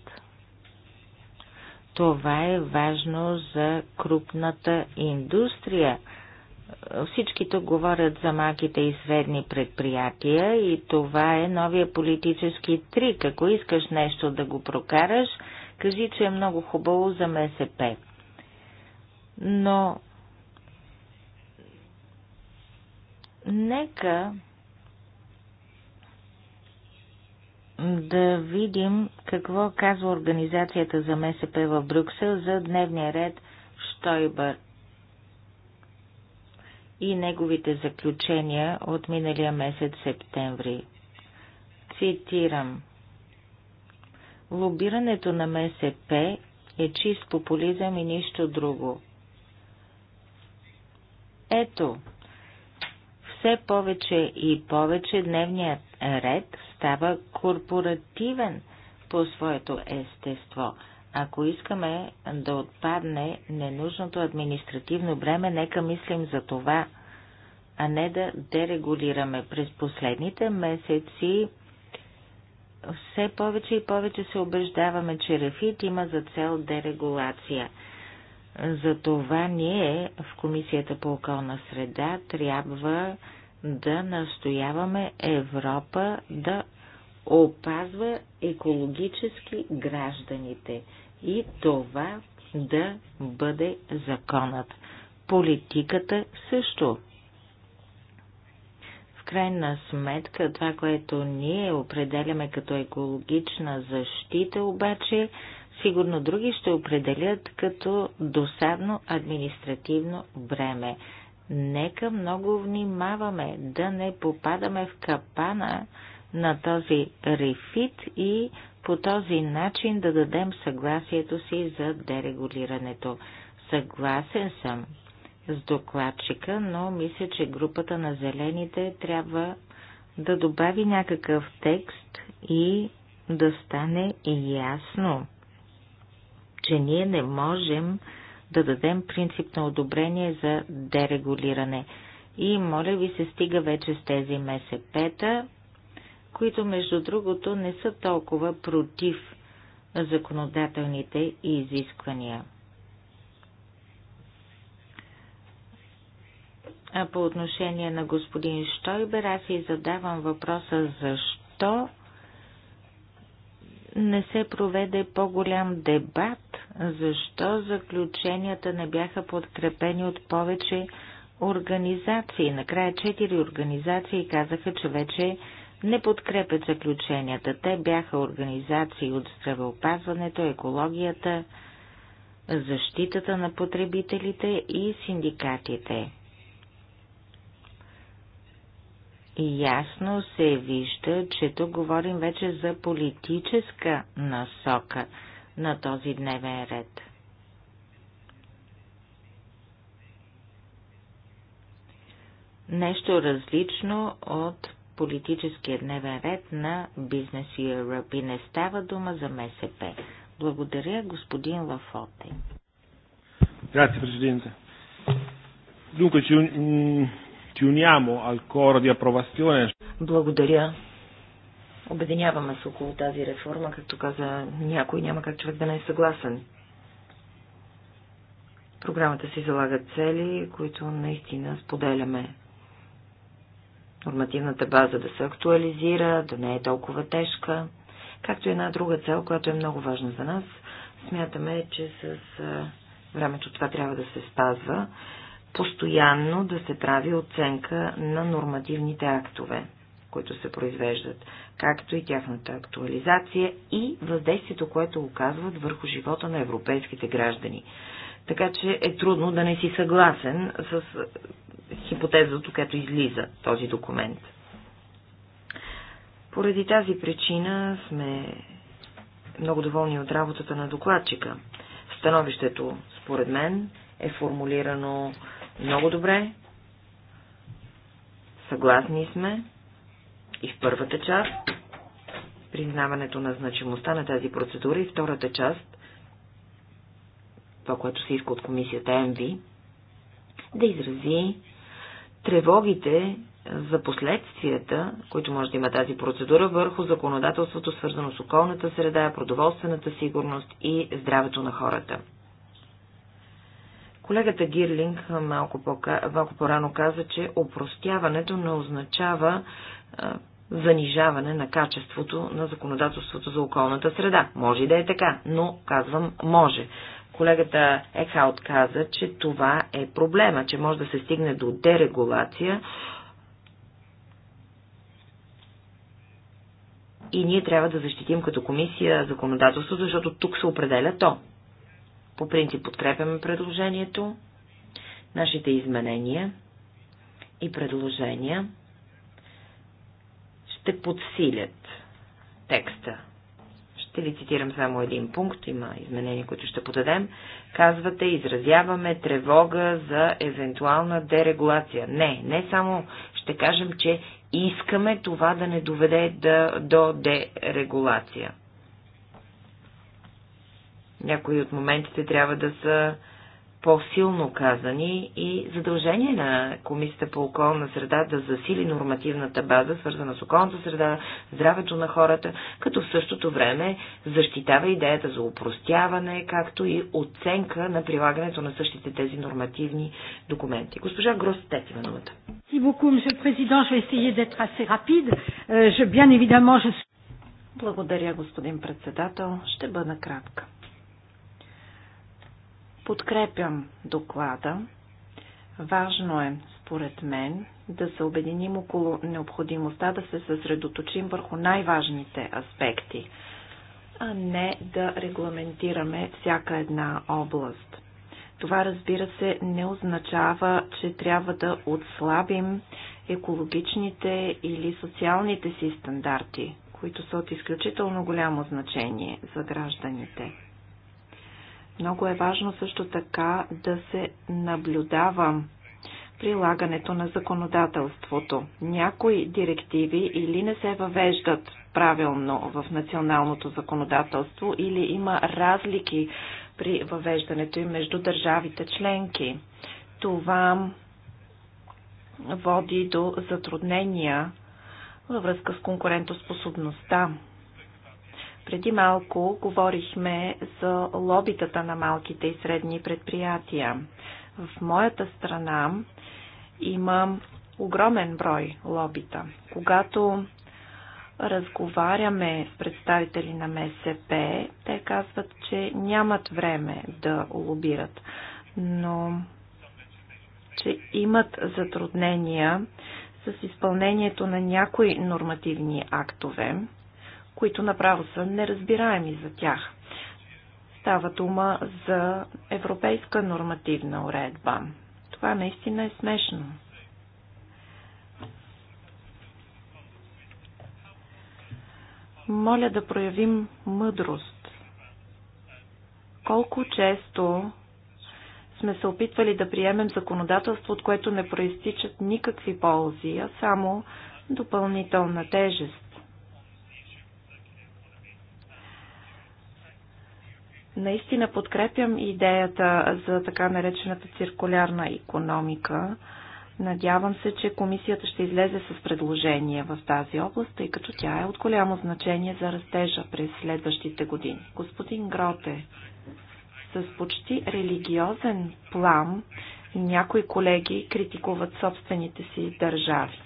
това е важно за крупната индустрия. Всички говорят за малките и средни предприятия и това е новия политически трик. Ако искаш нещо да го прокараш, кажи, че е много хубаво за МСП. Но нека да видим какво казва Организацията за МСП в Брюксел за дневния ред Штойбър и неговите заключения от миналия месец септември. Цитирам. Лобирането на МСП е чист популизъм и нищо друго. Ето, все повече и повече дневният ред става корпоративен по своето естество. Ако искаме да отпадне ненужното административно бреме, нека мислим за това, а не да дерегулираме. През последните месеци все повече и повече се убеждаваме, че Рефит има за цел дерегулация. За това ние в Комисията по околна среда трябва да настояваме Европа да опазва екологически гражданите и това да бъде законът. Политиката също. В крайна сметка, това, което ние определяме като екологична защита, обаче, сигурно други ще определят като досадно административно бреме. Нека много внимаваме да не попадаме в капана на този рефит и по този начин да дадем съгласието си за дерегулирането. Съгласен съм с докладчика, но мисля, че групата на зелените трябва да добави някакъв текст и да стане ясно, че ние не можем да дадем принципно одобрение за дерегулиране. И моля ви се стига вече с тези МСП-та, които между другото не са толкова против законодателните изисквания. А по отношение на господин Штойбер, аз и задавам въпроса защо не се проведе по-голям дебат, защо заключенията не бяха подкрепени от повече организации. Накрая четири организации казаха, че вече не подкрепят заключенията. Те бяха организации от здравеопазването, екологията, защитата на потребителите и синдикатите. ясно се вижда, че тук говорим вече за политическа насока на този дневен ред. Нещо различно от политическия дневен ред на бизнес Europe и не става дума за МСП. Благодаря, господин Лафоте. президента. Думка, че Ci uniamo al coro Благодаря. Обединяваме се около тази реформа, както каза някой, няма как човек да не е съгласен. Програмата си залага цели, които наистина споделяме. Нормативната база да се актуализира, да не е толкова тежка, както и една друга цел, която е много важна за нас. Смятаме, че с времето това трябва да се спазва постоянно да се прави оценка на нормативните актове, които се произвеждат, както и тяхната актуализация и въздействието, което оказват върху живота на европейските граждани. Така че е трудно да не си съгласен с хипотезата, която излиза този документ. Поради тази причина сме много доволни от работата на докладчика. Становището, според мен, е формулирано много добре. Съгласни сме и в първата част признаването на значимостта на тази процедура и втората част това, което се иска от комисията МВ, да изрази тревогите за последствията, които може да има тази процедура върху законодателството, свързано с околната среда, продоволствената сигурност и здравето на хората. Колегата Гирлинг малко, по- малко по-рано каза, че опростяването не означава а, занижаване на качеството на законодателството за околната среда. Може и да е така, но казвам може. Колегата Екхаут каза, че това е проблема, че може да се стигне до дерегулация, и ние трябва да защитим като комисия законодателството, защото тук се определя то. По принцип подкрепяме предложението. Нашите изменения и предложения ще подсилят текста. Ще ви цитирам само един пункт, има изменения, които ще подадем. Казвате, изразяваме тревога за евентуална дерегулация. Не, не само ще кажем, че искаме това да не доведе да, до дерегулация. Някои от моментите трябва да са по-силно казани и задължение на Комисията по околна среда да засили нормативната база, свързана с околната среда, здравето на хората, като в същото време защитава идеята за упростяване, както и оценка на прилагането на същите тези нормативни документи. Госпожа Грос, тет има думата. Euh, Благодаря, господин председател. Ще бъда кратка. Подкрепям доклада. Важно е, според мен, да се обединим около необходимостта да се съсредоточим върху най-важните аспекти, а не да регламентираме всяка една област. Това, разбира се, не означава, че трябва да отслабим екологичните или социалните си стандарти, които са от изключително голямо значение за гражданите. Много е важно също така да се наблюдава прилагането на законодателството. Някои директиви или не се въвеждат правилно в националното законодателство или има разлики при въвеждането им между държавите членки. Това води до затруднения във връзка с конкурентоспособността преди малко говорихме за лобитата на малките и средни предприятия. В моята страна има огромен брой лобита. Когато разговаряме с представители на МСП, те казват, че нямат време да лобират, но че имат затруднения с изпълнението на някои нормативни актове, които направо са неразбираеми за тях. Става дума за европейска нормативна уредба. Това наистина е смешно. Моля да проявим мъдрост. Колко често сме се опитвали да приемем законодателство, от което не проистичат никакви ползи, а само допълнителна тежест. Наистина подкрепям идеята за така наречената циркулярна економика. Надявам се, че комисията ще излезе с предложение в тази област, тъй като тя е от голямо значение за растежа през следващите години. Господин Гроте, с почти религиозен плам някои колеги критикуват собствените си държави.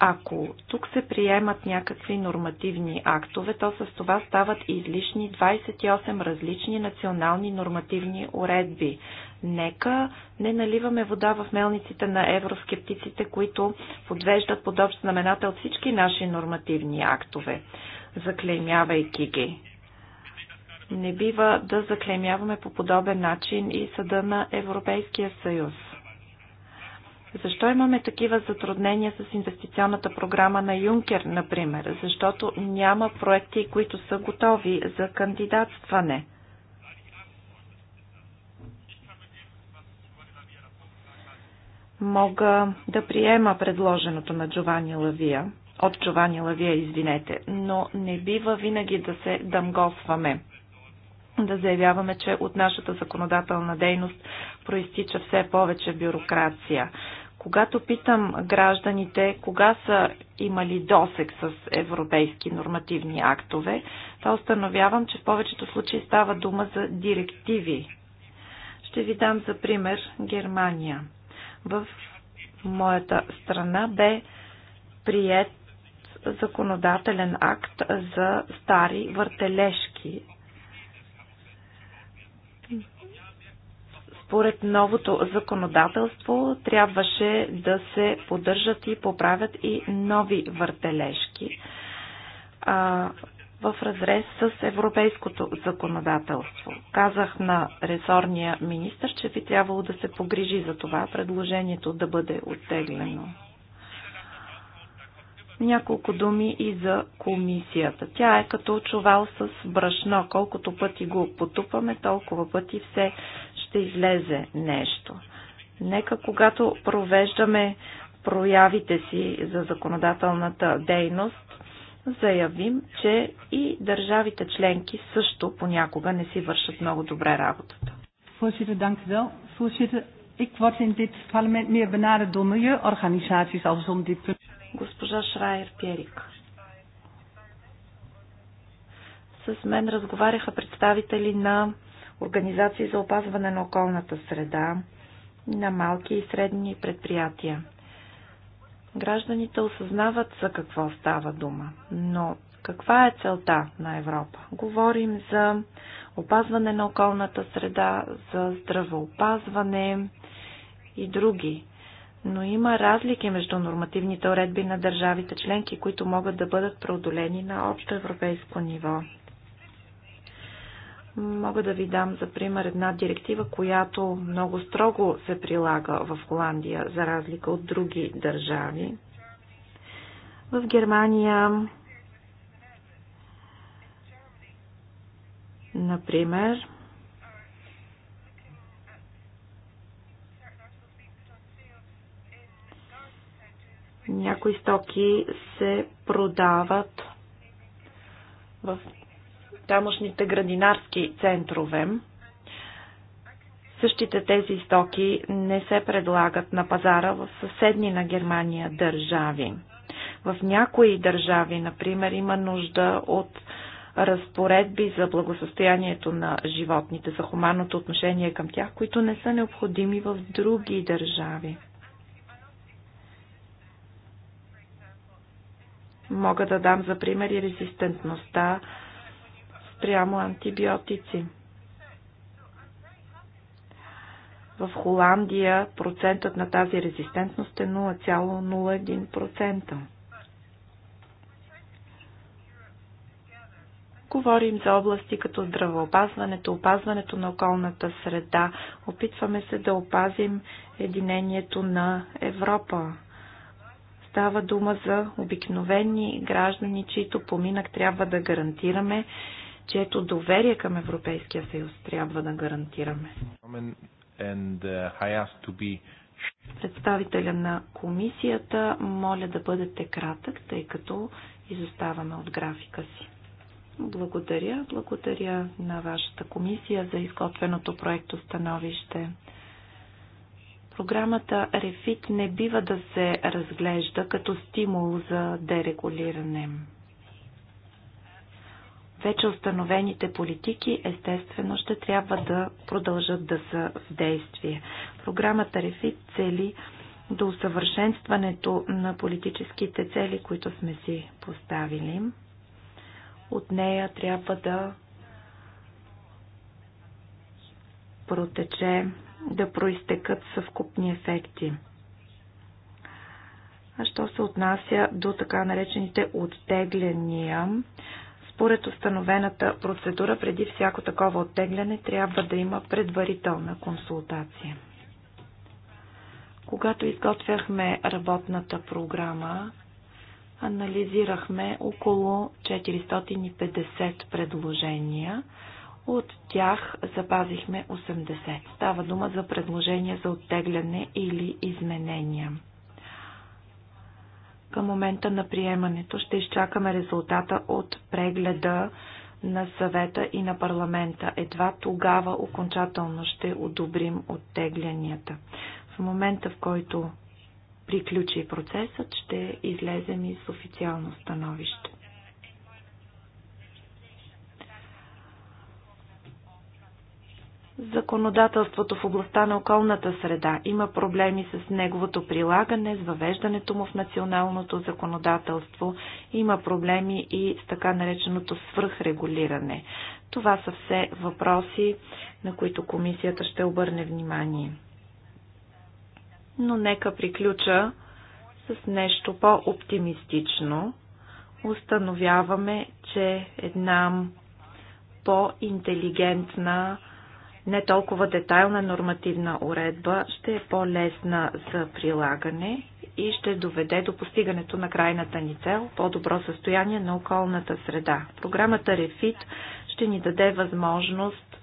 Ако тук се приемат някакви нормативни актове, то с това стават излишни 28 различни национални нормативни уредби. Нека не наливаме вода в мелниците на евроскептиците, които подвеждат под общ знаменател всички наши нормативни актове, заклеймявайки ги. Не бива да заклеймяваме по подобен начин и съда на Европейския съюз. Защо имаме такива затруднения с инвестиционната програма на Юнкер, например? Защото няма проекти, които са готови за кандидатстване. Мога да приема предложеното на Джовани Лавия, от Джовани Лавия, извинете, но не бива винаги да се дъмгосваме да заявяваме, че от нашата законодателна дейност проистича все повече бюрокрация. Когато питам гражданите кога са имали досек с европейски нормативни актове, това установявам, че в повечето случаи става дума за директиви. Ще ви дам за пример Германия. В моята страна бе прият законодателен акт за стари въртележки, Според новото законодателство трябваше да се поддържат и поправят и нови въртележки а, в разрез с европейското законодателство. Казах на ресорния министр, че би трябвало да се погрижи за това предложението да бъде оттеглено. Няколко думи и за комисията. Тя е като чувал с брашно. Колкото пъти го потупаме, толкова пъти все ще излезе нещо. Нека когато провеждаме проявите си за законодателната дейност, заявим, че и държавите членки също понякога не си вършат много добре работата. Voorzitter, dank u wel. Voorzitter, ik word in dit parlement meer benaderd door milieuorganisaties als om dit punt госпожа Шрайер Пьерик. С мен разговаряха представители на организации за опазване на околната среда, на малки и средни предприятия. Гражданите осъзнават за какво става дума, но каква е целта на Европа? Говорим за опазване на околната среда, за здравеопазване и други но има разлики между нормативните уредби на държавите членки, които могат да бъдат преодолени на общо европейско ниво. Мога да ви дам за пример една директива, която много строго се прилага в Холандия, за разлика от други държави. В Германия, например, Някои стоки се продават в тамошните градинарски центрове. Същите тези стоки не се предлагат на пазара в съседни на Германия държави. В някои държави, например, има нужда от разпоредби за благосъстоянието на животните, за хуманното отношение към тях, които не са необходими в други държави. Мога да дам за пример и резистентността спрямо антибиотици. В Холандия процентът на тази резистентност е 0,01%. Говорим за области като здравеопазването, опазването на околната среда. Опитваме се да опазим единението на Европа. Става дума за обикновени граждани, чието поминък трябва да гарантираме, чието доверие към Европейския съюз трябва да гарантираме. Uh, Представителя на комисията моля да бъдете кратък, тъй като изоставаме от графика си. Благодаря. Благодаря на вашата комисия за изготвеното проекто становище. Програмата Рефит не бива да се разглежда като стимул за дерегулиране. Вече установените политики естествено ще трябва да продължат да са в действие. Програмата Рефит цели до усъвършенстването на политическите цели, които сме си поставили. От нея трябва да протече да проистекат съвкупни ефекти. А що се отнася до така наречените оттегляния, според установената процедура, преди всяко такова оттегляне трябва да има предварителна консултация. Когато изготвяхме работната програма, анализирахме около 450 предложения. От тях запазихме 80. Става дума за предложения за оттегляне или изменения. Към момента на приемането ще изчакаме резултата от прегледа на съвета и на парламента. Едва тогава окончателно ще одобрим оттеглянията. В момента, в който приключи процесът, ще излезем и с официално становище. законодателството в областта на околната среда. Има проблеми с неговото прилагане, с въвеждането му в националното законодателство. Има проблеми и с така нареченото свръхрегулиране. Това са все въпроси, на които комисията ще обърне внимание. Но нека приключа с нещо по-оптимистично. Установяваме, че една по-интелигентна не толкова детайлна нормативна уредба ще е по-лесна за прилагане и ще доведе до постигането на крайната ни цел по-добро състояние на околната среда. Програмата Рефит ще ни даде възможност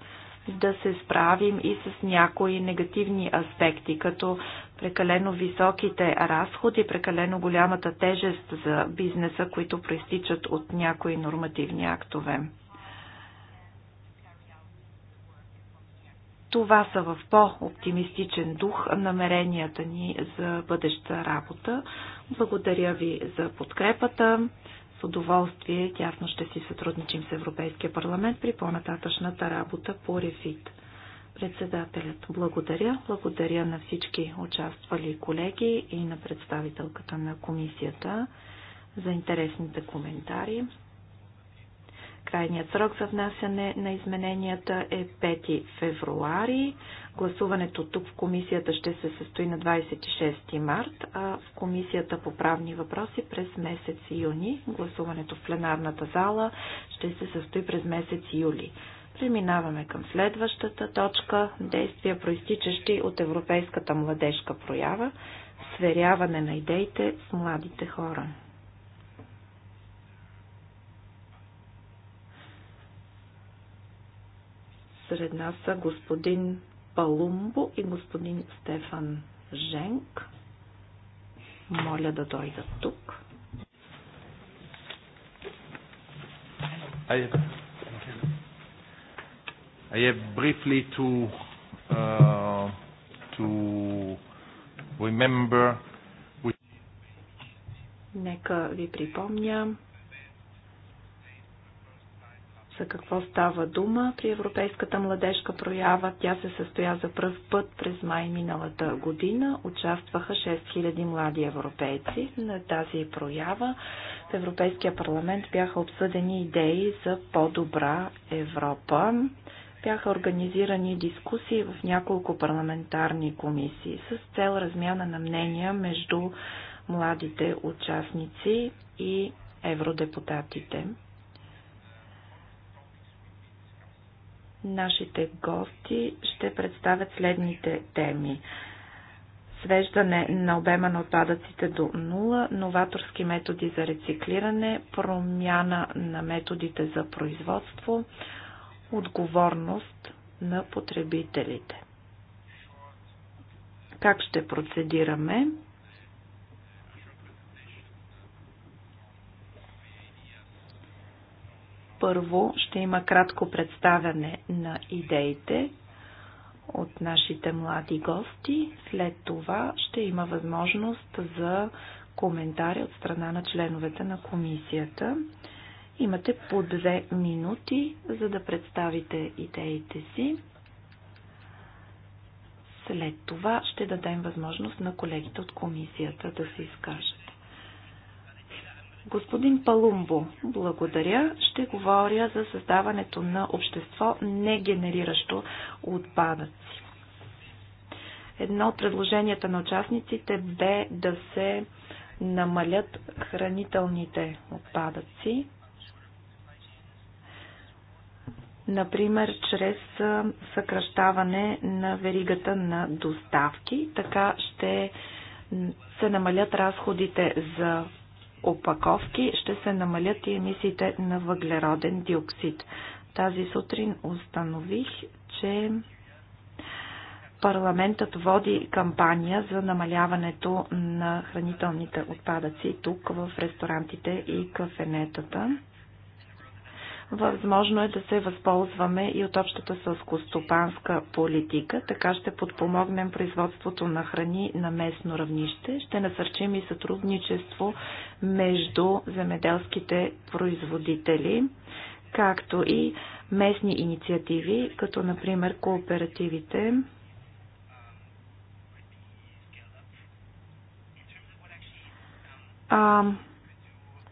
да се справим и с някои негативни аспекти, като прекалено високите разходи, прекалено голямата тежест за бизнеса, които проистичат от някои нормативни актове. Това са в по-оптимистичен дух намеренията ни за бъдеща работа. Благодаря ви за подкрепата. С удоволствие тясно ще си сътрудничим с Европейския парламент при по-нататъчната работа по Рефит. Председателят, благодаря. Благодаря на всички участвали колеги и на представителката на комисията за интересните коментари. Крайният срок за внасяне на измененията е 5 февруари. Гласуването тук в комисията ще се състои на 26 март, а в комисията по правни въпроси през месец юни. Гласуването в пленарната зала ще се състои през месец юли. Преминаваме към следващата точка – действия, проистичащи от Европейската младежка проява, сверяване на идеите с младите хора. Сред нас са господин Палумбо и господин Стефан Женк. Моля да дойдат тук. I have, I have briefly to uh, to remember. Нека ви припомня за какво става дума. При Европейската младежка проява тя се състоя за пръв път през май миналата година. Участваха 6000 млади европейци на тази проява. В Европейския парламент бяха обсъдени идеи за по-добра Европа. Бяха организирани дискусии в няколко парламентарни комисии с цел размяна на мнения между младите участници и евродепутатите. Нашите гости ще представят следните теми. Свеждане на обема на отпадъците до нула, новаторски методи за рециклиране, промяна на методите за производство, отговорност на потребителите. Как ще процедираме? Първо ще има кратко представяне на идеите от нашите млади гости. След това ще има възможност за коментари от страна на членовете на комисията. Имате по две минути, за да представите идеите си. След това ще дадем възможност на колегите от комисията да се изкажат. Господин Палумбо, благодаря. Ще говоря за създаването на общество, не генериращо отпадъци. Едно от предложенията на участниците бе да се намалят хранителните отпадъци, например чрез съкръщаване на веригата на доставки. Така ще се намалят разходите за опаковки ще се намалят и емисиите на въглероден диоксид. Тази сутрин установих, че парламентът води кампания за намаляването на хранителните отпадъци тук в ресторантите и кафенетата възможно е да се възползваме и от общата сълскостопанска политика. Така ще подпомогнем производството на храни на местно равнище. Ще насърчим и сътрудничество между земеделските производители, както и местни инициативи, като например кооперативите, А,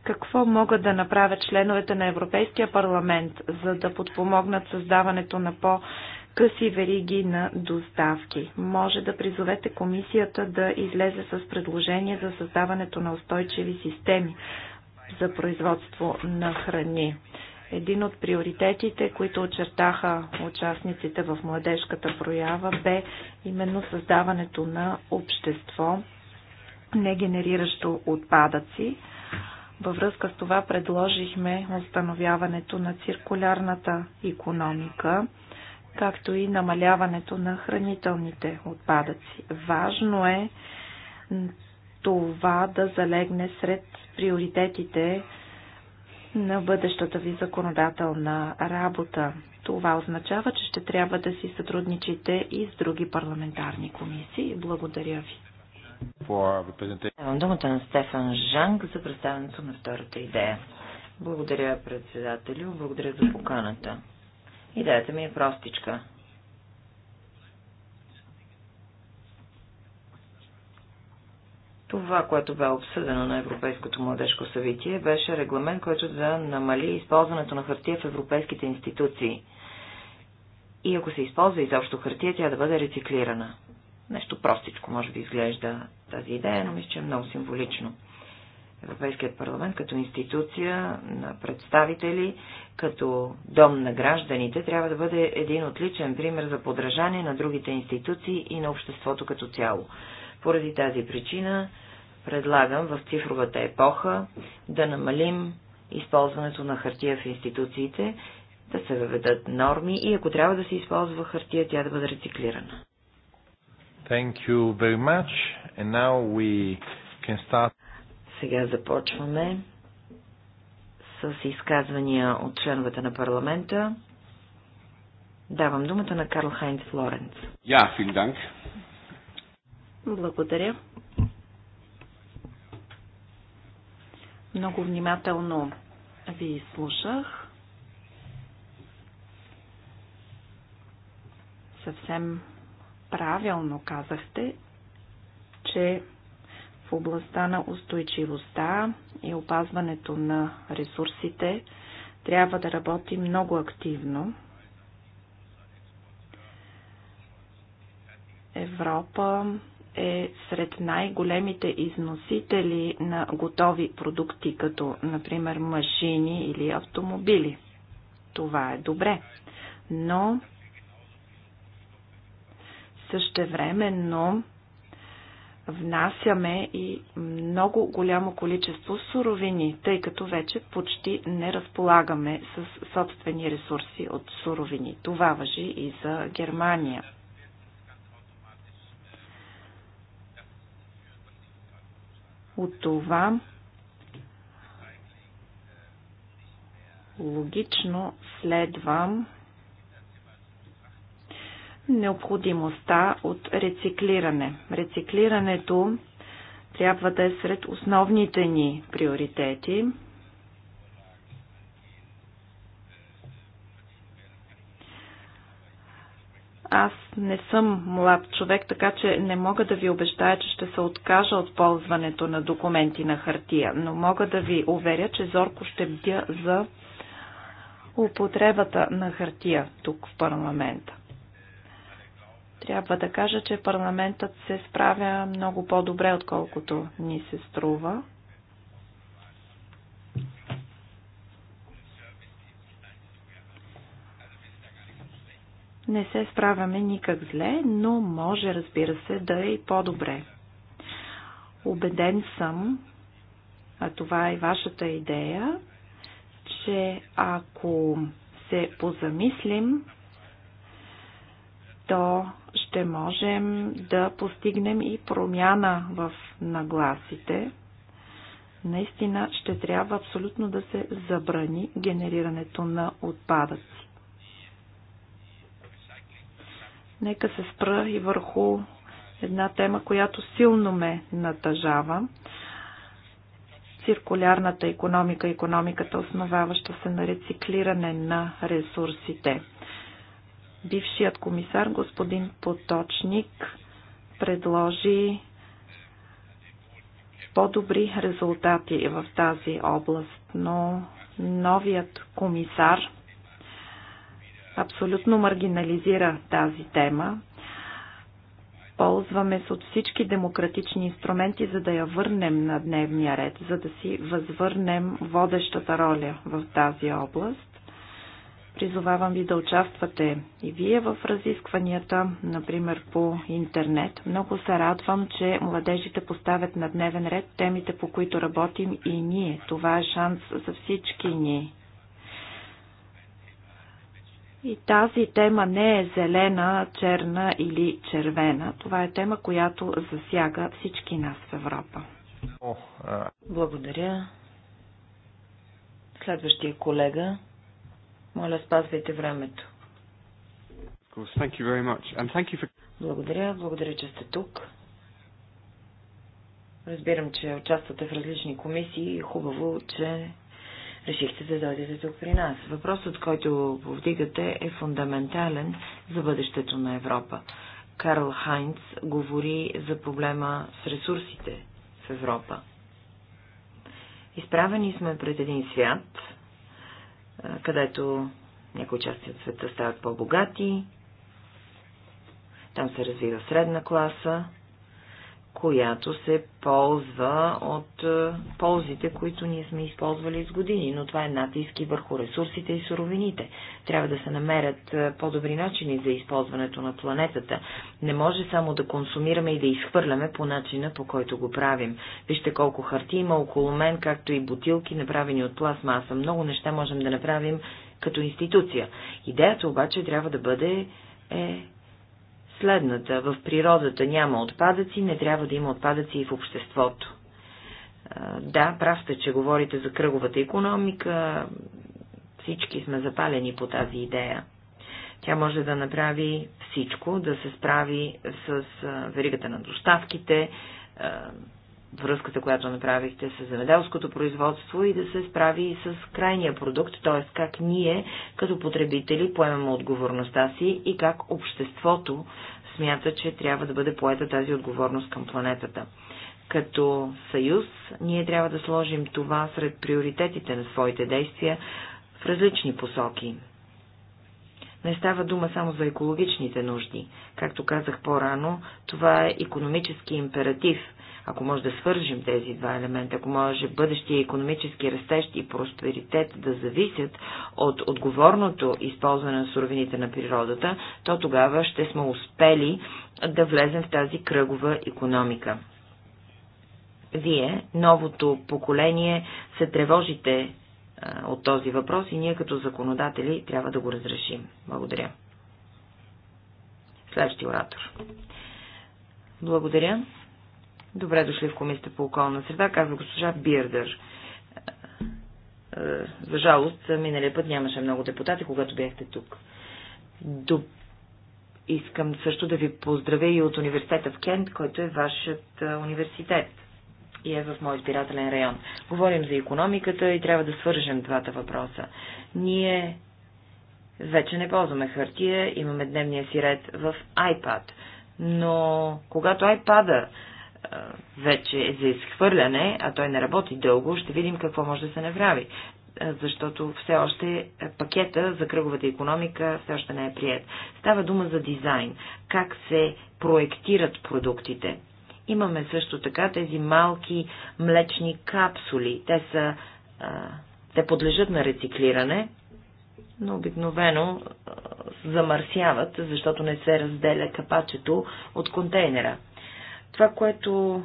какво могат да направят членовете на Европейския парламент, за да подпомогнат създаването на по- къси вериги на доставки. Може да призовете комисията да излезе с предложение за създаването на устойчиви системи за производство на храни. Един от приоритетите, които очертаха участниците в младежката проява, бе именно създаването на общество, не генериращо отпадъци. Във връзка с това предложихме установяването на циркулярната економика, както и намаляването на хранителните отпадъци. Важно е това да залегне сред приоритетите на бъдещата ви законодателна работа. Това означава, че ще трябва да си сътрудничите и с други парламентарни комисии. Благодаря ви думата на Стефан Жанг за представянето на втората идея. Благодаря, председателю, благодаря за поканата. Идеята ми е простичка. Това, което бе обсъдено на Европейското младежко събитие, беше регламент, който да намали използването на хартия в европейските институции. И ако се използва изобщо хартия, тя да бъде рециклирана. Нещо простичко може би изглежда тази идея, но мисля, че е много символично. Европейският парламент като институция на представители, като дом на гражданите, трябва да бъде един отличен пример за подражание на другите институции и на обществото като цяло. Поради тази причина предлагам в цифровата епоха да намалим използването на хартия в институциите, да се въведат норми и ако трябва да се използва хартия, тя да бъде рециклирана. Thank you very much. And now we can start. Сега започваме с изказвания от членовете на парламента. Давам думата на Карл Хайнц Флоренц. Я, yeah, Благодаря. Много внимателно ви слушах. Съвсем Правилно казахте, че в областта на устойчивостта и опазването на ресурсите трябва да работи много активно. Европа е сред най-големите износители на готови продукти, като например машини или автомобили. Това е добре, но Същевременно внасяме и много голямо количество суровини, тъй като вече почти не разполагаме с собствени ресурси от суровини. Това въжи и за Германия. От това логично следвам, необходимостта от рециклиране. Рециклирането трябва да е сред основните ни приоритети. Аз не съм млад човек, така че не мога да ви обещая, че ще се откажа от ползването на документи на хартия, но мога да ви уверя, че зорко ще бдя за употребата на хартия тук в парламента. Трябва да кажа, че парламентът се справя много по-добре, отколкото ни се струва. Не се справяме никак зле, но може, разбира се, да е и по-добре. Обеден съм, а това е вашата идея, че ако се позамислим, то ще можем да постигнем и промяна в нагласите. Наистина ще трябва абсолютно да се забрани генерирането на отпадъци. Нека се спра и върху една тема, която силно ме натъжава. Циркулярната економика, економиката основаваща се на рециклиране на ресурсите – бившият комисар господин Поточник предложи по-добри резултати в тази област, но новият комисар абсолютно маргинализира тази тема. Ползваме се от всички демократични инструменти, за да я върнем на дневния ред, за да си възвърнем водещата роля в тази област. Призовавам ви да участвате и вие в разискванията, например по интернет. Много се радвам, че младежите поставят на дневен ред темите, по които работим и ние. Това е шанс за всички ни. И тази тема не е зелена, черна или червена. Това е тема, която засяга всички нас в Европа. Благодаря. Следващия колега. Моля, спазвайте времето. Благодаря, благодаря, че сте тук. Разбирам, че участвате в различни комисии и хубаво, че решихте да дойдете тук при нас. Въпросът, който повдигате, е фундаментален за бъдещето на Европа. Карл Хайнц говори за проблема с ресурсите в Европа. Изправени сме пред един свят, където някои части от света стават по-богати, там се развива средна класа, която се ползва от е, ползите, които ние сме използвали с години, но това е натиски върху ресурсите и суровините. Трябва да се намерят е, по-добри начини за използването на планетата. Не може само да консумираме и да изхвърляме по начина, по който го правим. Вижте колко харти има около мен, както и бутилки, направени от пластмаса. Много неща можем да направим като институция. Идеята обаче трябва да бъде е следната. В природата няма отпадъци, не трябва да има отпадъци и в обществото. Да, прав сте, че говорите за кръговата економика. Всички сме запалени по тази идея. Тя може да направи всичко, да се справи с веригата на доставките, връзката, която направихте с земеделското производство и да се справи и с крайния продукт, т.е. как ние като потребители поемаме отговорността си и как обществото смята, че трябва да бъде поета тази отговорност към планетата. Като съюз ние трябва да сложим това сред приоритетите на своите действия в различни посоки. Не става дума само за екологичните нужди. Както казах по-рано, това е економически императив – ако може да свържим тези два елемента, ако може бъдещия економически растеж и просперитет да зависят от отговорното използване на суровините на природата, то тогава ще сме успели да влезем в тази кръгова економика. Вие, новото поколение, се тревожите от този въпрос и ние като законодатели трябва да го разрешим. Благодаря. Следващи оратор. Благодаря. Добре дошли в Комисията по околна среда, казва госпожа Бирдър. Е, за жалост, миналия път нямаше много депутати, когато бяхте тук. До... Искам също да ви поздравя и от университета в Кент, който е вашият е, университет и е в мой избирателен район. Говорим за економиката и трябва да свържем двата въпроса. Ние вече не ползваме хартия, имаме дневния си ред в iPad, но когато iPad-а вече е за изхвърляне, а той не работи дълго, ще видим какво може да се направи. Защото все още е, пакета за кръговата економика все още не е прият. Става дума за дизайн. Как се проектират продуктите. Имаме също така тези малки млечни капсули. Те са. те подлежат на рециклиране, но обикновено замърсяват, защото не се разделя капачето от контейнера. Това, което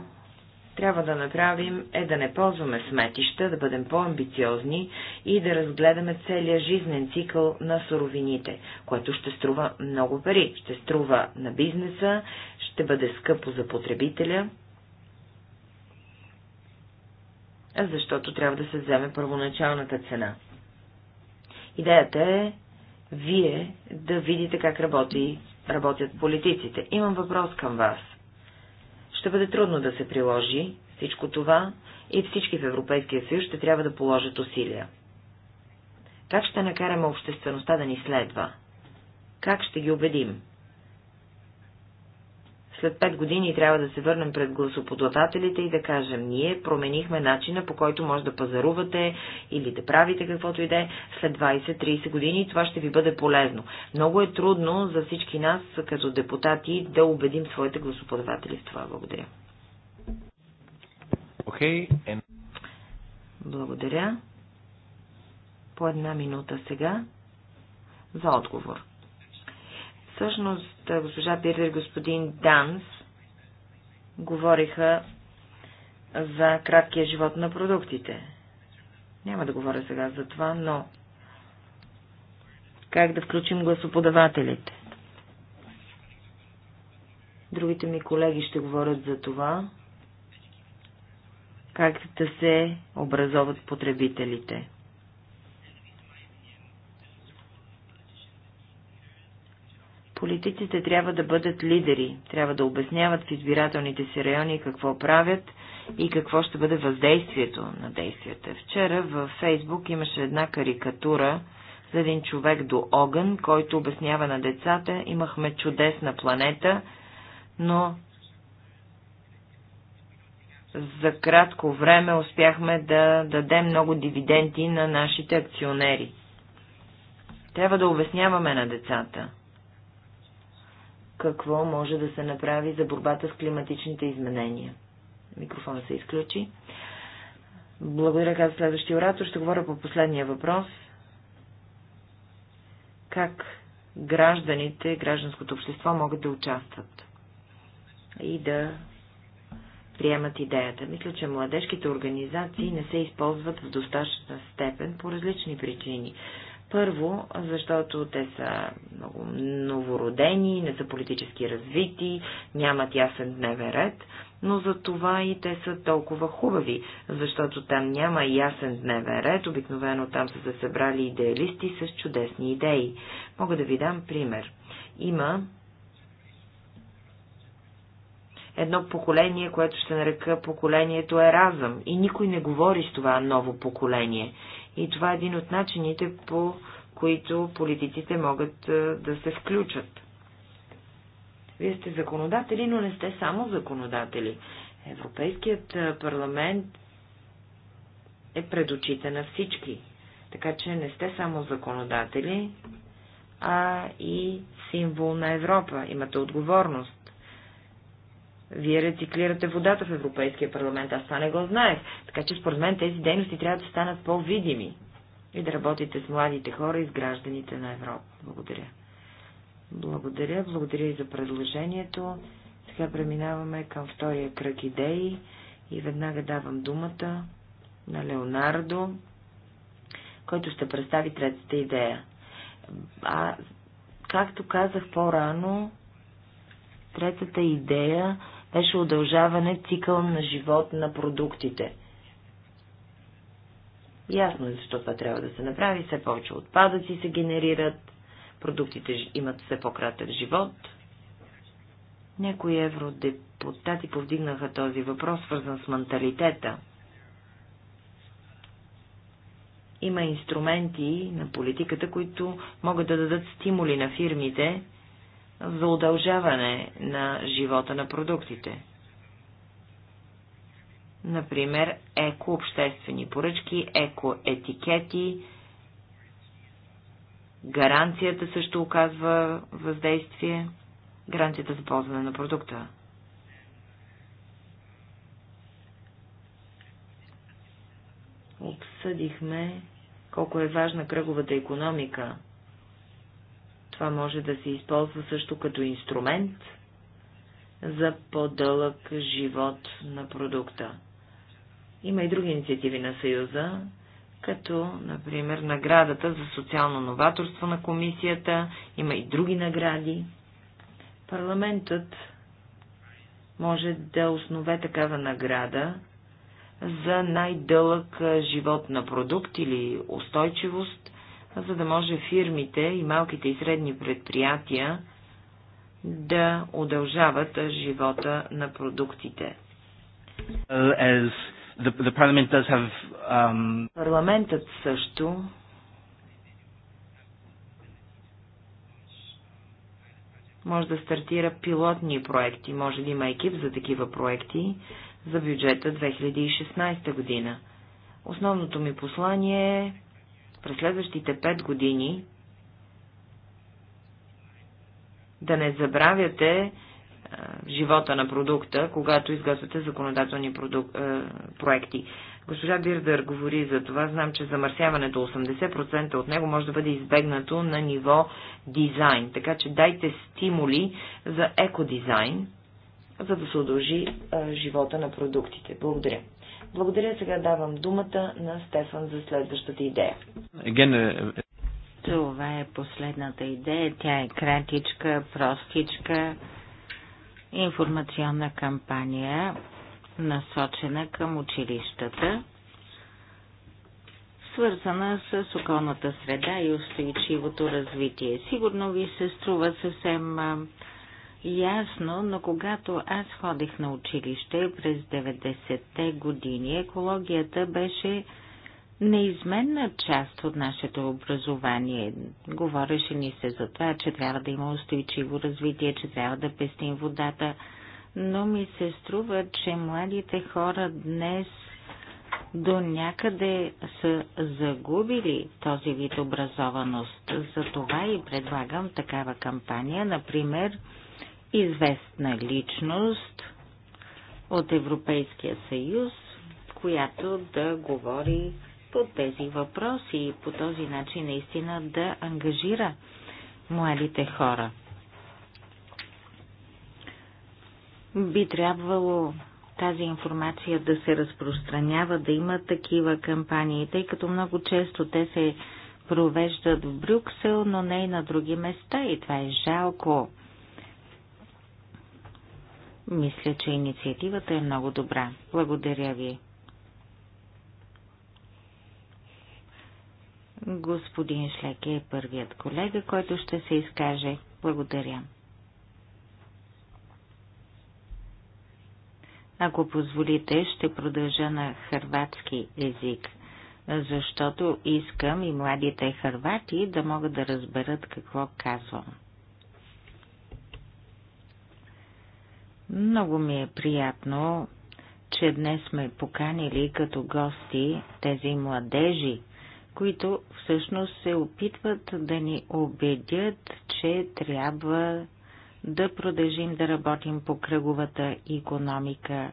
трябва да направим е да не ползваме сметища, да бъдем по-амбициозни и да разгледаме целия жизнен цикъл на суровините, което ще струва много пари. Ще струва на бизнеса, ще бъде скъпо за потребителя, защото трябва да се вземе първоначалната цена. Идеята е вие да видите как работи, работят политиците. Имам въпрос към вас – ще бъде трудно да се приложи всичко това и всички в Европейския съюз ще трябва да положат усилия. Как ще накараме обществеността да ни следва? Как ще ги убедим? След пет години трябва да се върнем пред гласоподлатателите и да кажем, ние променихме начина по който може да пазарувате или да правите каквото и да е след 20-30 години и това ще ви бъде полезно. Много е трудно за всички нас като депутати да убедим своите гласоподаватели в това. Благодаря. Okay, and... Благодаря. По една минута сега за отговор. Всъщност, госпожа Бирдер и господин Данс говориха за краткия живот на продуктите. Няма да говоря сега за това, но как да включим гласоподавателите? Другите ми колеги ще говорят за това, как да се образоват потребителите. Политиците трябва да бъдат лидери, трябва да обясняват в избирателните си райони какво правят и какво ще бъде въздействието на действията. Вчера във Фейсбук имаше една карикатура за един човек до огън, който обяснява на децата, имахме чудесна планета, но за кратко време успяхме да дадем много дивиденти на нашите акционери. Трябва да обясняваме на децата – какво може да се направи за борбата с климатичните изменения. Микрофонът се изключи. Благодаря, каза следващия оратор. Ще говоря по последния въпрос. Как гражданите, гражданското общество могат да участват и да приемат идеята. Мисля, че младежките организации не се използват в достатъчна степен по различни причини. Първо, защото те са много новородени, не са политически развити, нямат ясен дневен ред, но за това и те са толкова хубави, защото там няма ясен дневен ред, обикновено там са се събрали идеалисти с чудесни идеи. Мога да ви дам пример. Има едно поколение, което ще нарека поколението Еразъм. И никой не говори с това ново поколение. И това е един от начините, по които политиците могат да се включат. Вие сте законодатели, но не сте само законодатели. Европейският парламент е пред очите на всички. Така че не сте само законодатели, а и символ на Европа. Имате отговорност. Вие рециклирате водата в Европейския парламент, аз това не го знаех. Така че според мен тези дейности трябва да станат по-видими и да работите с младите хора и с гражданите на Европа. Благодаря. Благодаря, благодаря и за предложението. Сега преминаваме към втория кръг идеи и веднага давам думата на Леонардо, който ще представи третата идея. А, както казах по-рано, третата идея беше удължаване цикъл на живот на продуктите. Ясно е защо това трябва да се направи. Все повече отпадъци се генерират, продуктите имат все по-кратък живот. Някои евродепутати повдигнаха този въпрос, свързан с менталитета. Има инструменти на политиката, които могат да дадат стимули на фирмите за удължаване на живота на продуктите. Например, еко-обществени поръчки, еко-етикети, гаранцията също оказва въздействие, гаранцията за ползване на продукта. Обсъдихме колко е важна кръговата економика – това може да се използва също като инструмент за по-дълъг живот на продукта. Има и други инициативи на Съюза, като, например, наградата за социално новаторство на комисията, има и други награди. Парламентът може да основе такава награда за най-дълъг живот на продукт или устойчивост за да може фирмите и малките и средни предприятия да удължават живота на продуктите. Um, Парламентът също може да стартира пилотни проекти, може да има екип за такива проекти за бюджета 2016 година. Основното ми послание е през следващите пет години да не забравяте живота на продукта, когато изготвяте законодателни продук... проекти. Госпожа Бирдър говори за това. Знам, че замърсяването 80% от него може да бъде избегнато на ниво дизайн. Така че дайте стимули за екодизайн, за да се удължи живота на продуктите. Благодаря. Благодаря. Сега давам думата на Стефан за следващата идея. Е, е. Това е последната идея. Тя е кратичка, простичка информационна кампания, насочена към училищата, свързана с околната среда и устойчивото развитие. Сигурно ви се струва съвсем ясно, но когато аз ходих на училище през 90-те години, екологията беше неизменна част от нашето образование. Говореше ни се за това, че трябва да има устойчиво развитие, че трябва да пестим водата, но ми се струва, че младите хора днес до някъде са загубили този вид образованост. Затова и предлагам такава кампания, например, известна личност от Европейския съюз, която да говори по тези въпроси и по този начин наистина да ангажира младите хора. Би трябвало тази информация да се разпространява, да има такива кампании, тъй като много често те се провеждат в Брюксел, но не и на други места и това е жалко. Мисля, че инициативата е много добра. Благодаря ви. Господин Шлеке е първият колега, който ще се изкаже. Благодаря. Ако позволите, ще продължа на хърватски език, защото искам и младите хървати да могат да разберат какво казвам. Много ми е приятно, че днес сме поканили като гости тези младежи, които всъщност се опитват да ни убедят, че трябва да продължим да работим по кръговата економика,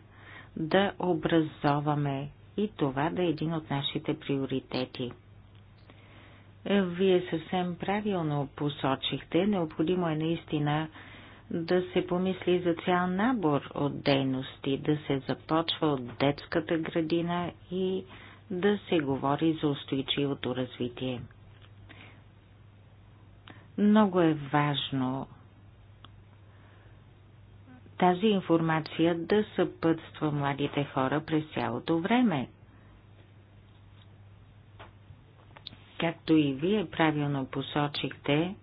да образоваме и това да е един от нашите приоритети. Вие съвсем правилно посочихте, необходимо е наистина да се помисли за цял набор от дейности, да се започва от детската градина и да се говори за устойчивото развитие. Много е важно тази информация да съпътства младите хора през цялото време. Както и вие правилно посочихте,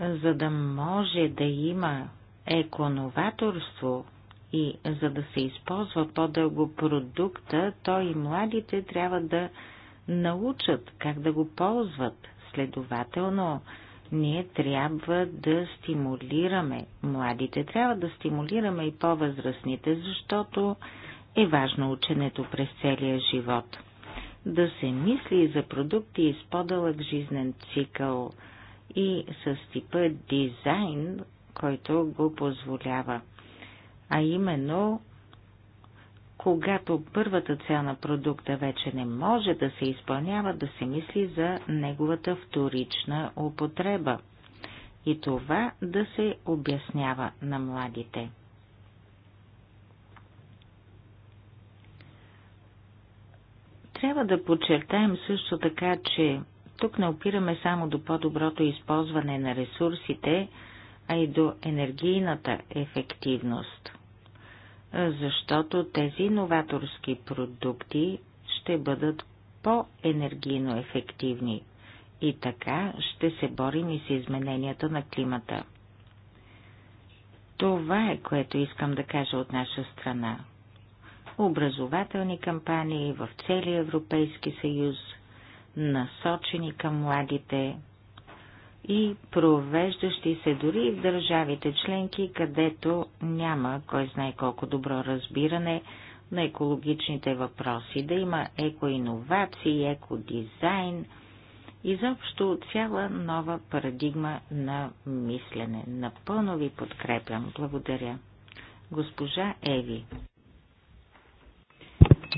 за да може да има еконоваторство и за да се използва по-дълго продукта, то и младите трябва да научат как да го ползват. Следователно, ние трябва да стимулираме младите, трябва да стимулираме и по-възрастните, защото е важно ученето през целия живот. Да се мисли за продукти с по-дълъг жизнен цикъл – и с типа дизайн, който го позволява. А именно, когато първата цел на продукта вече не може да се изпълнява, да се мисли за неговата вторична употреба. И това да се обяснява на младите. Трябва да подчертаем също така, че тук не опираме само до по-доброто използване на ресурсите, а и до енергийната ефективност, защото тези новаторски продукти ще бъдат по-енергийно ефективни и така ще се борим и с измененията на климата. Това е, което искам да кажа от наша страна. Образователни кампании в целия Европейски съюз – насочени към младите и провеждащи се дори в държавите членки, където няма кой знае колко добро разбиране на екологичните въпроси, да има екоиновации, екодизайн, изобщо цяла нова парадигма на мислене. Напълно ви подкрепям. Благодаря. Госпожа Еви.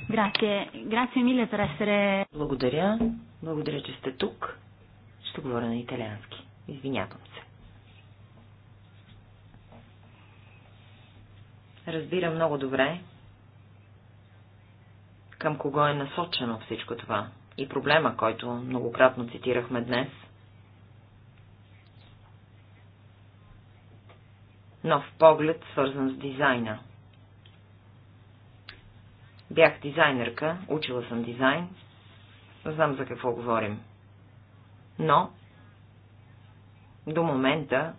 Грация, грация миле per essere... Благодаря. Благодаря, че сте тук. Ще говоря на италиански. Извинявам се. Разбира много добре към кого е насочено всичко това и проблема, който многократно цитирахме днес. Нов поглед, свързан с дизайна – Бях дизайнерка, учила съм дизайн, знам за какво говорим. Но до момента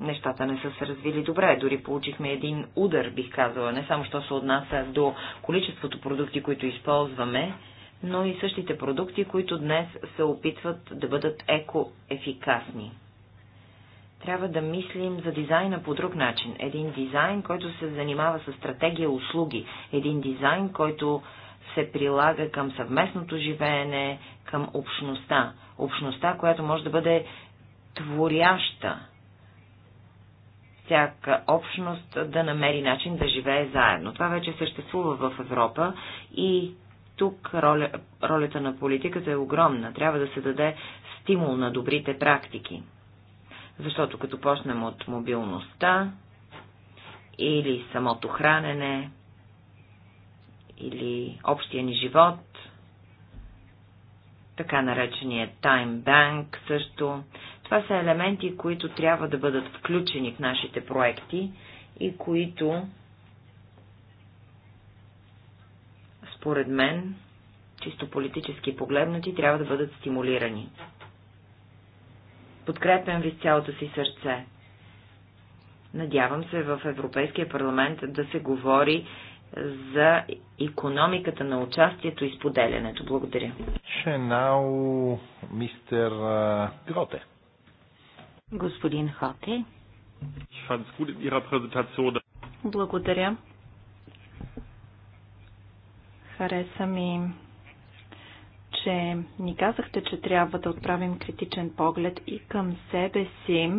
нещата не са се развили добре. Дори получихме един удар, бих казала, не само що се отнася до количеството продукти, които използваме, но и същите продукти, които днес се опитват да бъдат еко-ефикасни. Трябва да мислим за дизайна по друг начин. Един дизайн, който се занимава с стратегия услуги. Един дизайн, който се прилага към съвместното живеене, към общността. Общността, която може да бъде творяща. Всяка общност да намери начин да живее заедно. Това вече съществува в Европа и тук роля, ролята на политиката е огромна. Трябва да се даде стимул на добрите практики. Защото като почнем от мобилността или самото хранене, или общия ни живот, така наречения Time Bank също. Това са елементи, които трябва да бъдат включени в нашите проекти и които, според мен, чисто политически погледнати, трябва да бъдат стимулирани. Подкрепям ви с цялото си сърце. Надявам се в Европейския парламент да се говори за економиката на участието и споделянето. Благодаря. Шенау, мистер Гроте. Господин Хоте. Благодаря. Хареса ми че ни казахте, че трябва да отправим критичен поглед и към себе си.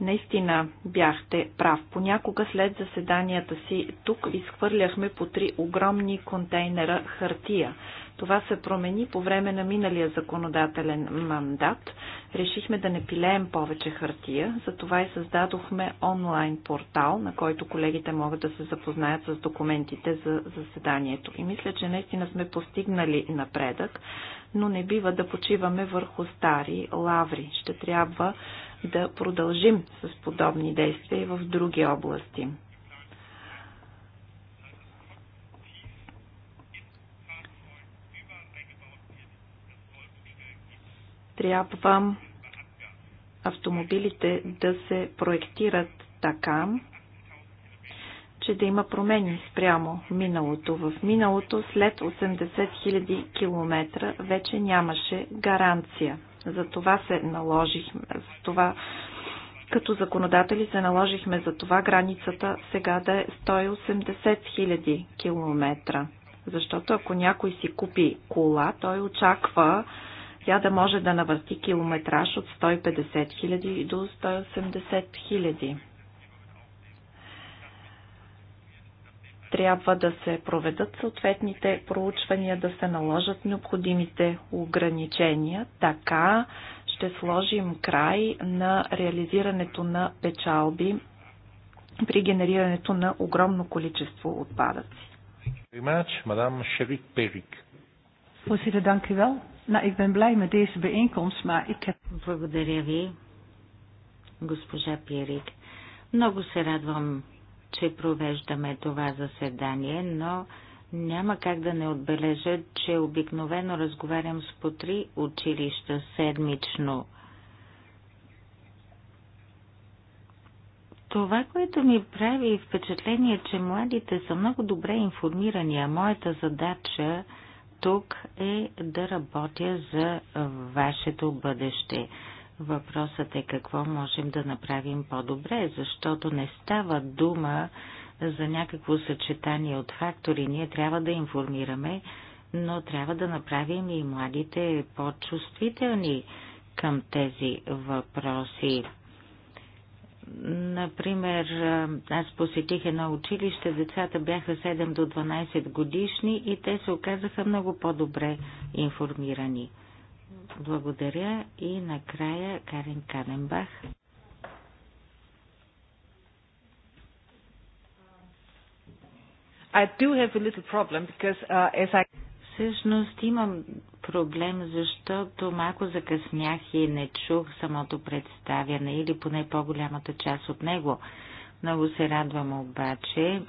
Наистина бяхте прав. Понякога след заседанията си тук изхвърляхме по три огромни контейнера хартия. Това се промени по време на миналия законодателен мандат. Решихме да не пилеем повече хартия, затова и създадохме онлайн портал, на който колегите могат да се запознаят с документите за заседанието. И мисля, че наистина сме постигнали напредък, но не бива да почиваме върху стари лаври. Ще трябва да продължим с подобни действия и в други области. Трябва автомобилите да се проектират така, че да има промени спрямо миналото. В миналото след 80 000 км вече нямаше гаранция. За това се наложихме, за това като законодатели се наложихме за това границата сега да е 180 000 км. Защото ако някой си купи кола, той очаква тя да може да навърти километраж от 150 000 до 180 000. Трябва да се проведат съответните проучвания, да се наложат необходимите ограничения. Така ще сложим край на реализирането на печалби при генерирането на огромно количество отпадъци. Voorzitter, dank u wel. Nou, ik ben blij met deze bijeenkomst, maar ik heb... Благодаря ви, госпожа Пирик. Много се радвам, че провеждаме това заседание, но няма как да не отбележа, че обикновено разговарям с по три училища седмично. Това, което ми прави впечатление, е, че младите са много добре информирани, а моята задача е тук е да работя за вашето бъдеще. Въпросът е какво можем да направим по-добре, защото не става дума за някакво съчетание от фактори. Ние трябва да информираме, но трябва да направим и младите по-чувствителни към тези въпроси. Например, аз посетих едно училище, децата бяха 7 до 12 годишни и те се оказаха много по-добре информирани. Благодаря и накрая Карен Каненбах. I do have a little problem because uh, as I Всъщност имам проблем, защото малко закъснях и не чух самото представяне или поне по-голямата част от него. Много се радвам обаче,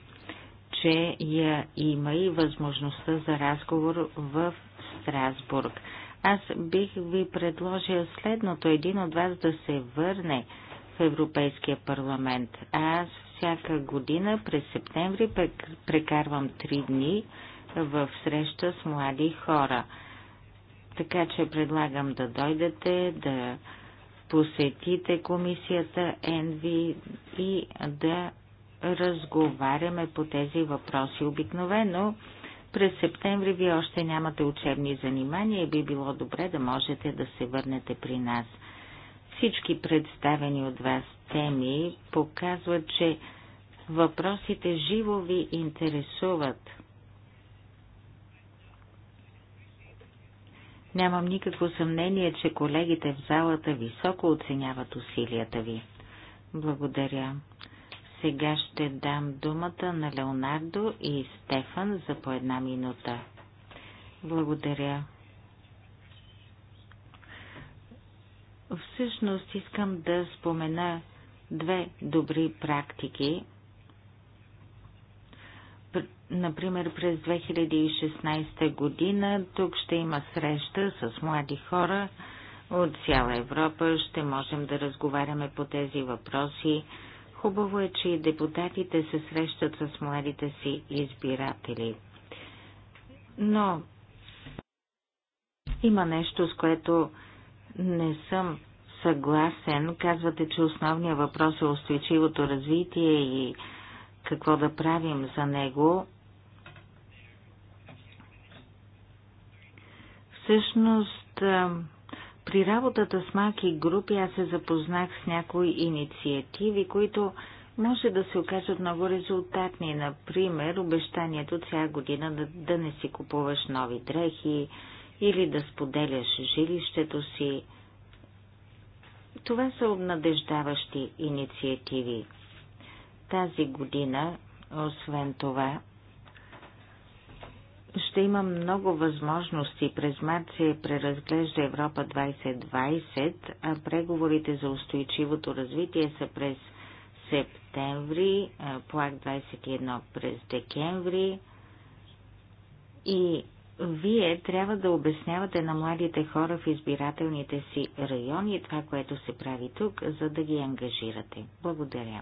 че я има и възможността за разговор в Страсбург. Аз бих ви предложил следното. Един от вас да се върне в Европейския парламент. Аз всяка година през септември прекарвам три дни в среща с млади хора. Така че предлагам да дойдете, да посетите комисията ЕНВИ и да разговаряме по тези въпроси. Обикновено през септември вие още нямате учебни занимания и би било добре да можете да се върнете при нас. Всички представени от вас теми показват, че въпросите живо ви интересуват – Нямам никакво съмнение, че колегите в залата високо оценяват усилията ви. Благодаря. Сега ще дам думата на Леонардо и Стефан за по една минута. Благодаря. Всъщност искам да спомена две добри практики, Например, през 2016 година тук ще има среща с млади хора от цяла Европа. Ще можем да разговаряме по тези въпроси. Хубаво е, че и депутатите се срещат с младите си избиратели. Но има нещо, с което не съм съгласен. Казвате, че основният въпрос е устойчивото развитие и какво да правим за него. Всъщност, при работата с малки групи аз се запознах с някои инициативи, които може да се окажат много резултатни. Например, обещанието цяла година да, да не си купуваш нови дрехи или да споделяш жилището си. Това са обнадеждаващи инициативи. Тази година, освен това, ще има много възможности. През март се преразглежда Европа 2020, а преговорите за устойчивото развитие са през септември, плак 21 през декември. И вие трябва да обяснявате на младите хора в избирателните си райони това, което се прави тук, за да ги ангажирате. Благодаря.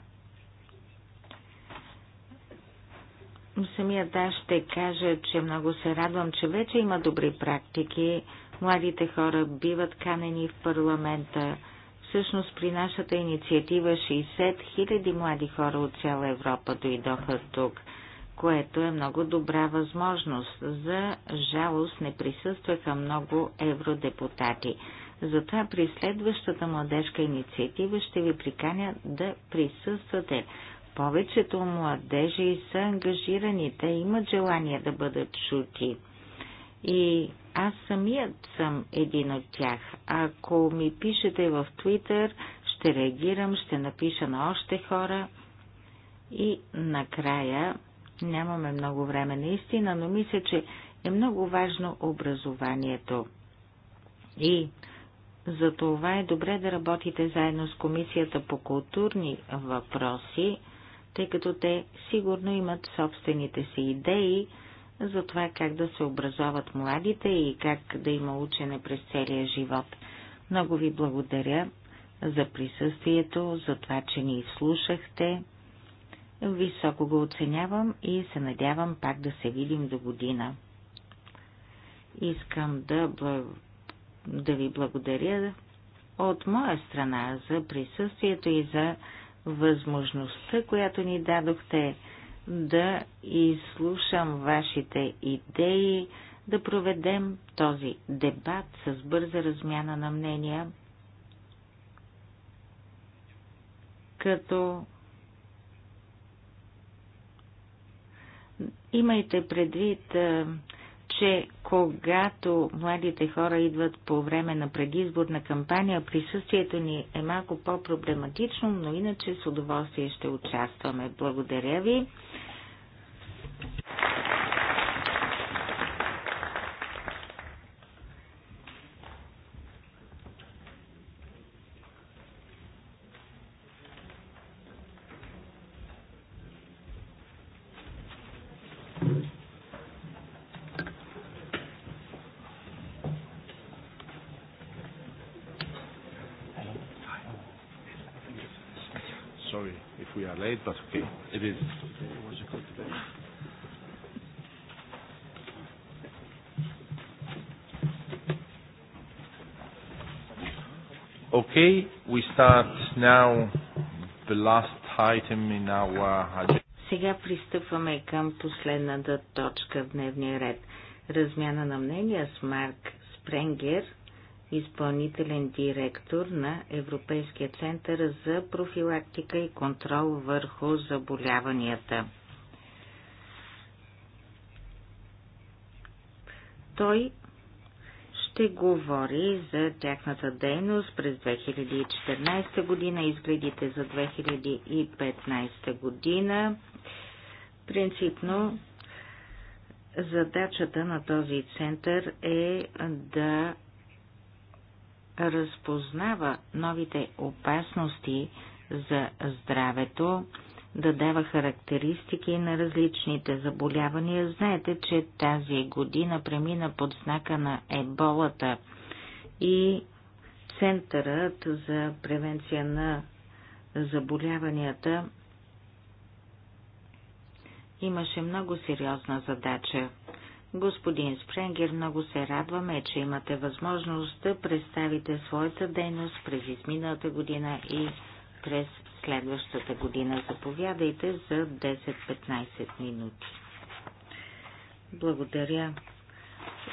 Самият аз ще кажа, че много се радвам, че вече има добри практики. Младите хора биват канени в парламента. Всъщност при нашата инициатива 60 хиляди млади хора от цяла Европа дойдоха тук, което е много добра възможност. За жалост не присъстваха много евродепутати. Затова при следващата младежка инициатива ще ви приканя да присъствате повечето младежи са ангажирани, те имат желание да бъдат чути. И аз самият съм един от тях. Ако ми пишете в Твитър, ще реагирам, ще напиша на още хора. И накрая, нямаме много време наистина, но мисля, че е много важно образованието. И за това е добре да работите заедно с Комисията по културни въпроси, тъй като те сигурно имат собствените си идеи за това как да се образоват младите и как да има учене през целия живот. Много ви благодаря за присъствието, за това, че ни изслушахте. Високо го оценявам и се надявам пак да се видим до година. Искам да, благ... да ви благодаря от моя страна за присъствието и за възможността, която ни дадохте да изслушам вашите идеи, да проведем този дебат с бърза размяна на мнения, като имайте предвид че когато младите хора идват по време на предизборна кампания, присъствието ни е малко по-проблематично, но иначе с удоволствие ще участваме. Благодаря ви. Okay, we start now the last item in our agenda. Сега пристъпваме към последната точка в дневния ред. Размяна на мнения с Марк Спренгер, изпълнителен директор на Европейския център за профилактика и контрол върху заболяванията. Той ще говори за тяхната дейност през 2014 година, изгледите за 2015 година. Принципно задачата на този център е да разпознава новите опасности за здравето да дава характеристики на различните заболявания. Знаете, че тази година премина под знака на еболата и Центърът за превенция на заболяванията имаше много сериозна задача. Господин Спренгер, много се радваме, че имате възможност да представите своята дейност през изминалата година и през следващата година. Заповядайте за 10-15 минути. Благодаря.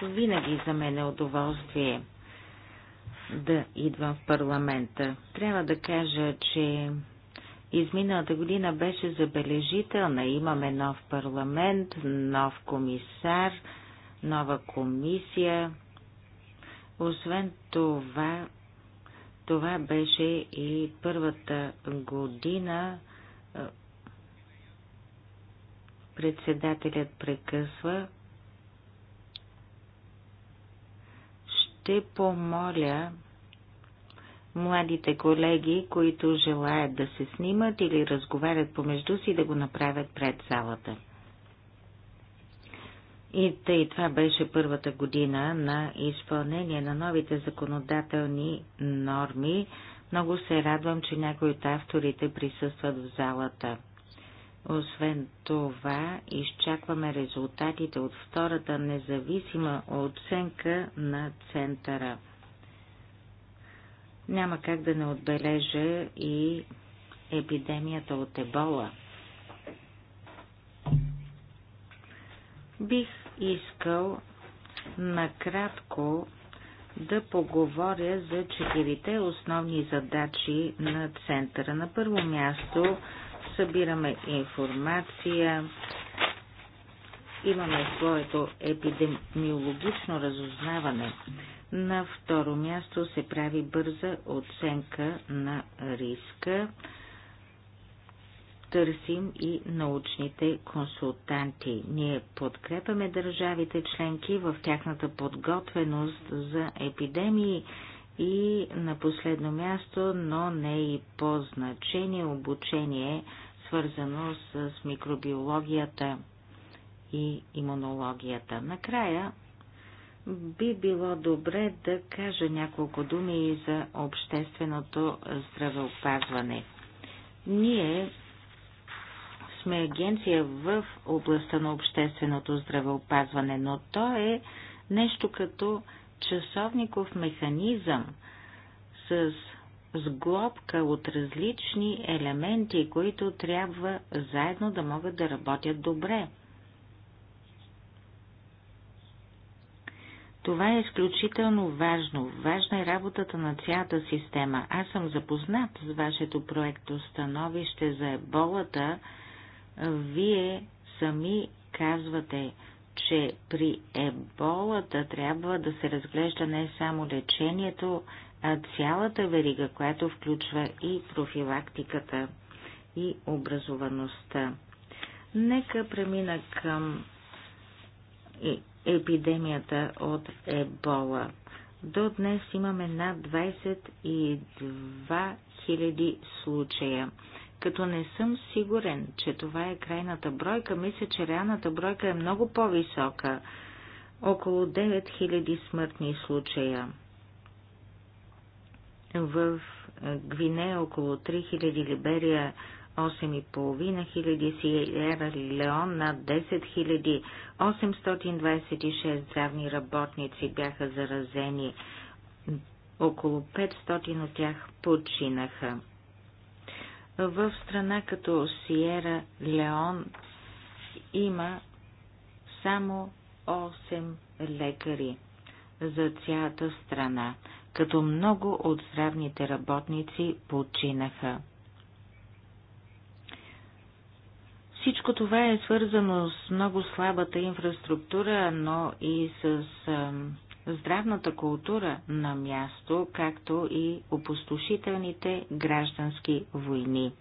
Винаги за мен е удоволствие да идвам в парламента. Трябва да кажа, че изминалата година беше забележителна. Имаме нов парламент, нов комисар, нова комисия. Освен това, това беше и първата година председателят прекъсва. Ще помоля младите колеги, които желаят да се снимат или разговарят помежду си, да го направят пред залата. И тъй това беше първата година на изпълнение на новите законодателни норми. Много се радвам, че някои от авторите присъстват в залата. Освен това, изчакваме резултатите от втората независима оценка на центъра. Няма как да не отбележа и епидемията от ебола – Бих искал накратко да поговоря за четирите основни задачи на центъра. На първо място събираме информация, имаме своето епидемиологично разузнаване. На второ място се прави бърза оценка на риска търсим и научните консултанти. Ние подкрепяме държавите членки в тяхната подготвеност за епидемии и на последно място, но не и по значение обучение, свързано с микробиологията и имунологията. Накрая би било добре да кажа няколко думи и за общественото здравеопазване. Ние сме агенция в областта на общественото здравеопазване, но то е нещо като часовников механизъм с сглобка от различни елементи, които трябва заедно да могат да работят добре. Това е изключително важно. Важна е работата на цялата система. Аз съм запознат с вашето проекто становище за еболата вие сами казвате, че при еболата трябва да се разглежда не само лечението, а цялата верига, която включва и профилактиката и образоваността. Нека премина към епидемията от ебола. До днес имаме над 22 000 случая. Като не съм сигурен, че това е крайната бройка, мисля, че реалната бройка е много по-висока – около 9000 смъртни случая. В Гвинея около 3000, Либерия 8,5 хиляди, Сиера Леон над 10 хиляди, 826 здравни работници бяха заразени, около 500 от тях починаха. В страна като Сиера Леон има само 8 лекари за цялата страна, като много от здравните работници починаха. Всичко това е свързано с много слабата инфраструктура, но и с здравната култура на място, както и опустошителните граждански войни.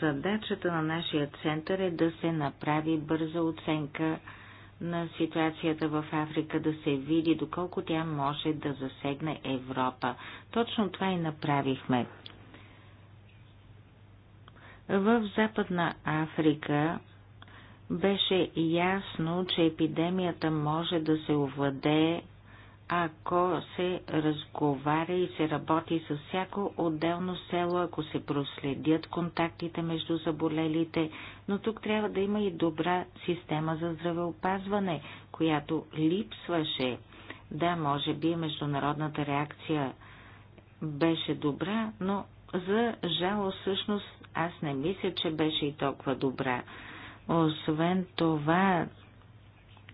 Задачата на нашия център е да се направи бърза оценка на ситуацията в Африка, да се види доколко тя може да засегне Европа. Точно това и направихме. В Западна Африка беше ясно, че епидемията може да се овладее ако се разговаря и се работи с всяко отделно село, ако се проследят контактите между заболелите, но тук трябва да има и добра система за здравеопазване, която липсваше. Да, може би международната реакция беше добра, но за жало всъщност аз не мисля, че беше и толкова добра. Освен това,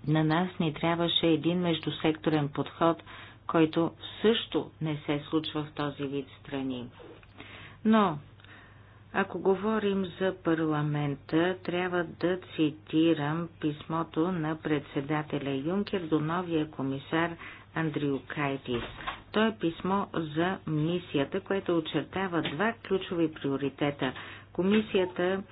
на нас ни трябваше един междусекторен подход, който също не се случва в този вид страни. Но, ако говорим за парламента, трябва да цитирам писмото на председателя Юнкер до новия комисар Андрио Кайтис. То е писмо за мисията, което очертава два ключови приоритета. Комисията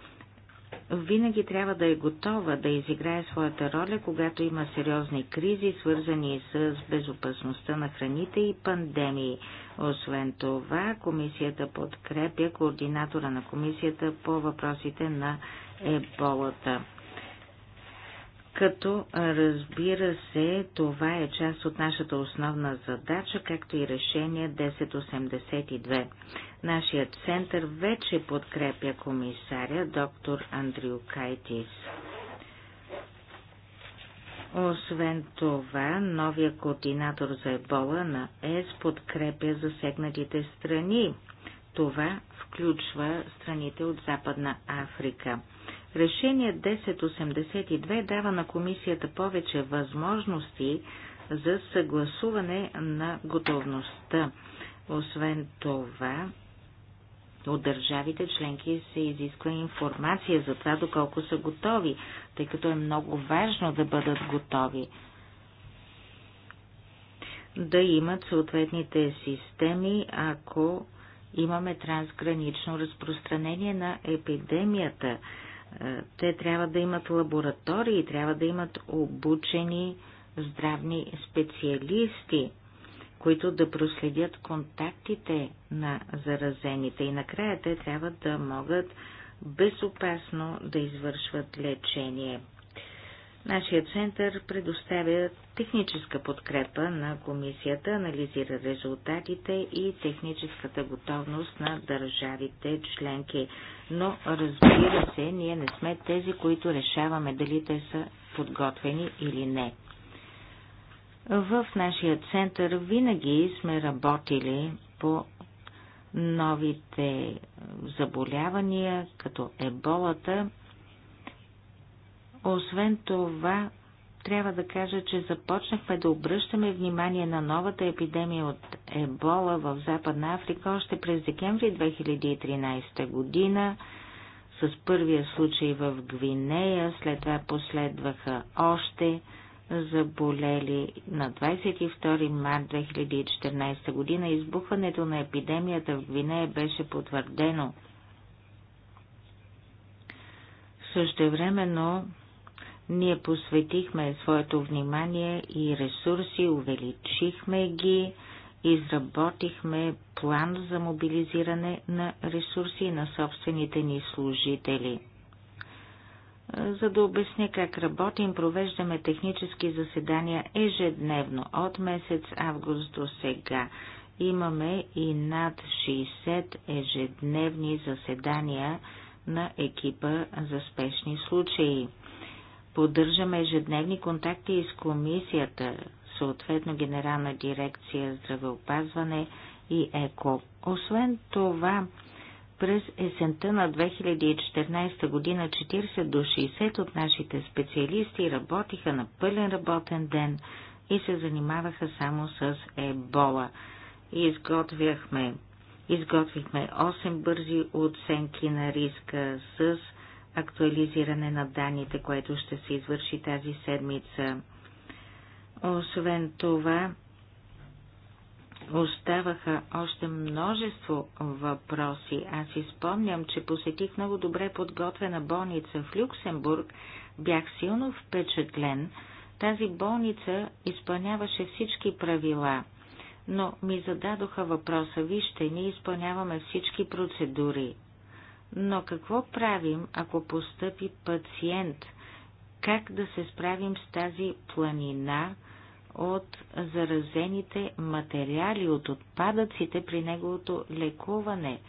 винаги трябва да е готова да изиграе своята роля, когато има сериозни кризи, свързани с безопасността на храните и пандемии. Освен това, комисията подкрепя координатора на комисията по въпросите на еболата като разбира се, това е част от нашата основна задача, както и решение 1082. Нашият център вече подкрепя комисаря доктор Андрио Кайтис. Освен това, новия координатор за ебола на ЕС подкрепя засегнатите страни. Това включва страните от Западна Африка. Решение 1082 дава на комисията повече възможности за съгласуване на готовността. Освен това, от държавите членки се изисква информация за това доколко са готови, тъй като е много важно да бъдат готови. Да имат съответните системи, ако имаме трансгранично разпространение на епидемията. Е, те трябва да имат лаборатории, трябва да имат обучени здравни специалисти, които да проследят контактите на заразените и накрая те трябва да могат безопасно да извършват лечение. Нашия център предоставя техническа подкрепа на комисията, анализира резултатите и техническата готовност на държавите членки но разбира се, ние не сме тези, които решаваме дали те са подготвени или не. В нашия център винаги сме работили по новите заболявания, като еболата. Освен това, трябва да кажа, че започнахме да обръщаме внимание на новата епидемия от ебола в Западна Африка още през декември 2013 година с първия случай в Гвинея, след това последваха още заболели на 22 март 2014 година. Избухването на епидемията в Гвинея беше потвърдено. Същевременно ние посветихме своето внимание и ресурси, увеличихме ги, изработихме план за мобилизиране на ресурси на собствените ни служители. За да обясня как работим, провеждаме технически заседания ежедневно от месец август до сега. Имаме и над 60 ежедневни заседания на екипа за спешни случаи. Поддържаме ежедневни контакти и с комисията, съответно Генерална дирекция здравеопазване и ЕКО. Освен това, през есента на 2014 година 40 до 60 от нашите специалисти работиха на пълен работен ден и се занимаваха само с ебола. Изготвяхме, изготвихме 8 бързи оценки на риска с актуализиране на данните, което ще се извърши тази седмица. Освен това, оставаха още множество въпроси. Аз изпомням, че посетих много добре подготвена болница в Люксембург. Бях силно впечатлен. Тази болница изпълняваше всички правила, но ми зададоха въпроса, вижте, ние изпълняваме всички процедури, но какво правим, ако постъпи пациент? Как да се справим с тази планина от заразените материали, от отпадъците при неговото лекуване?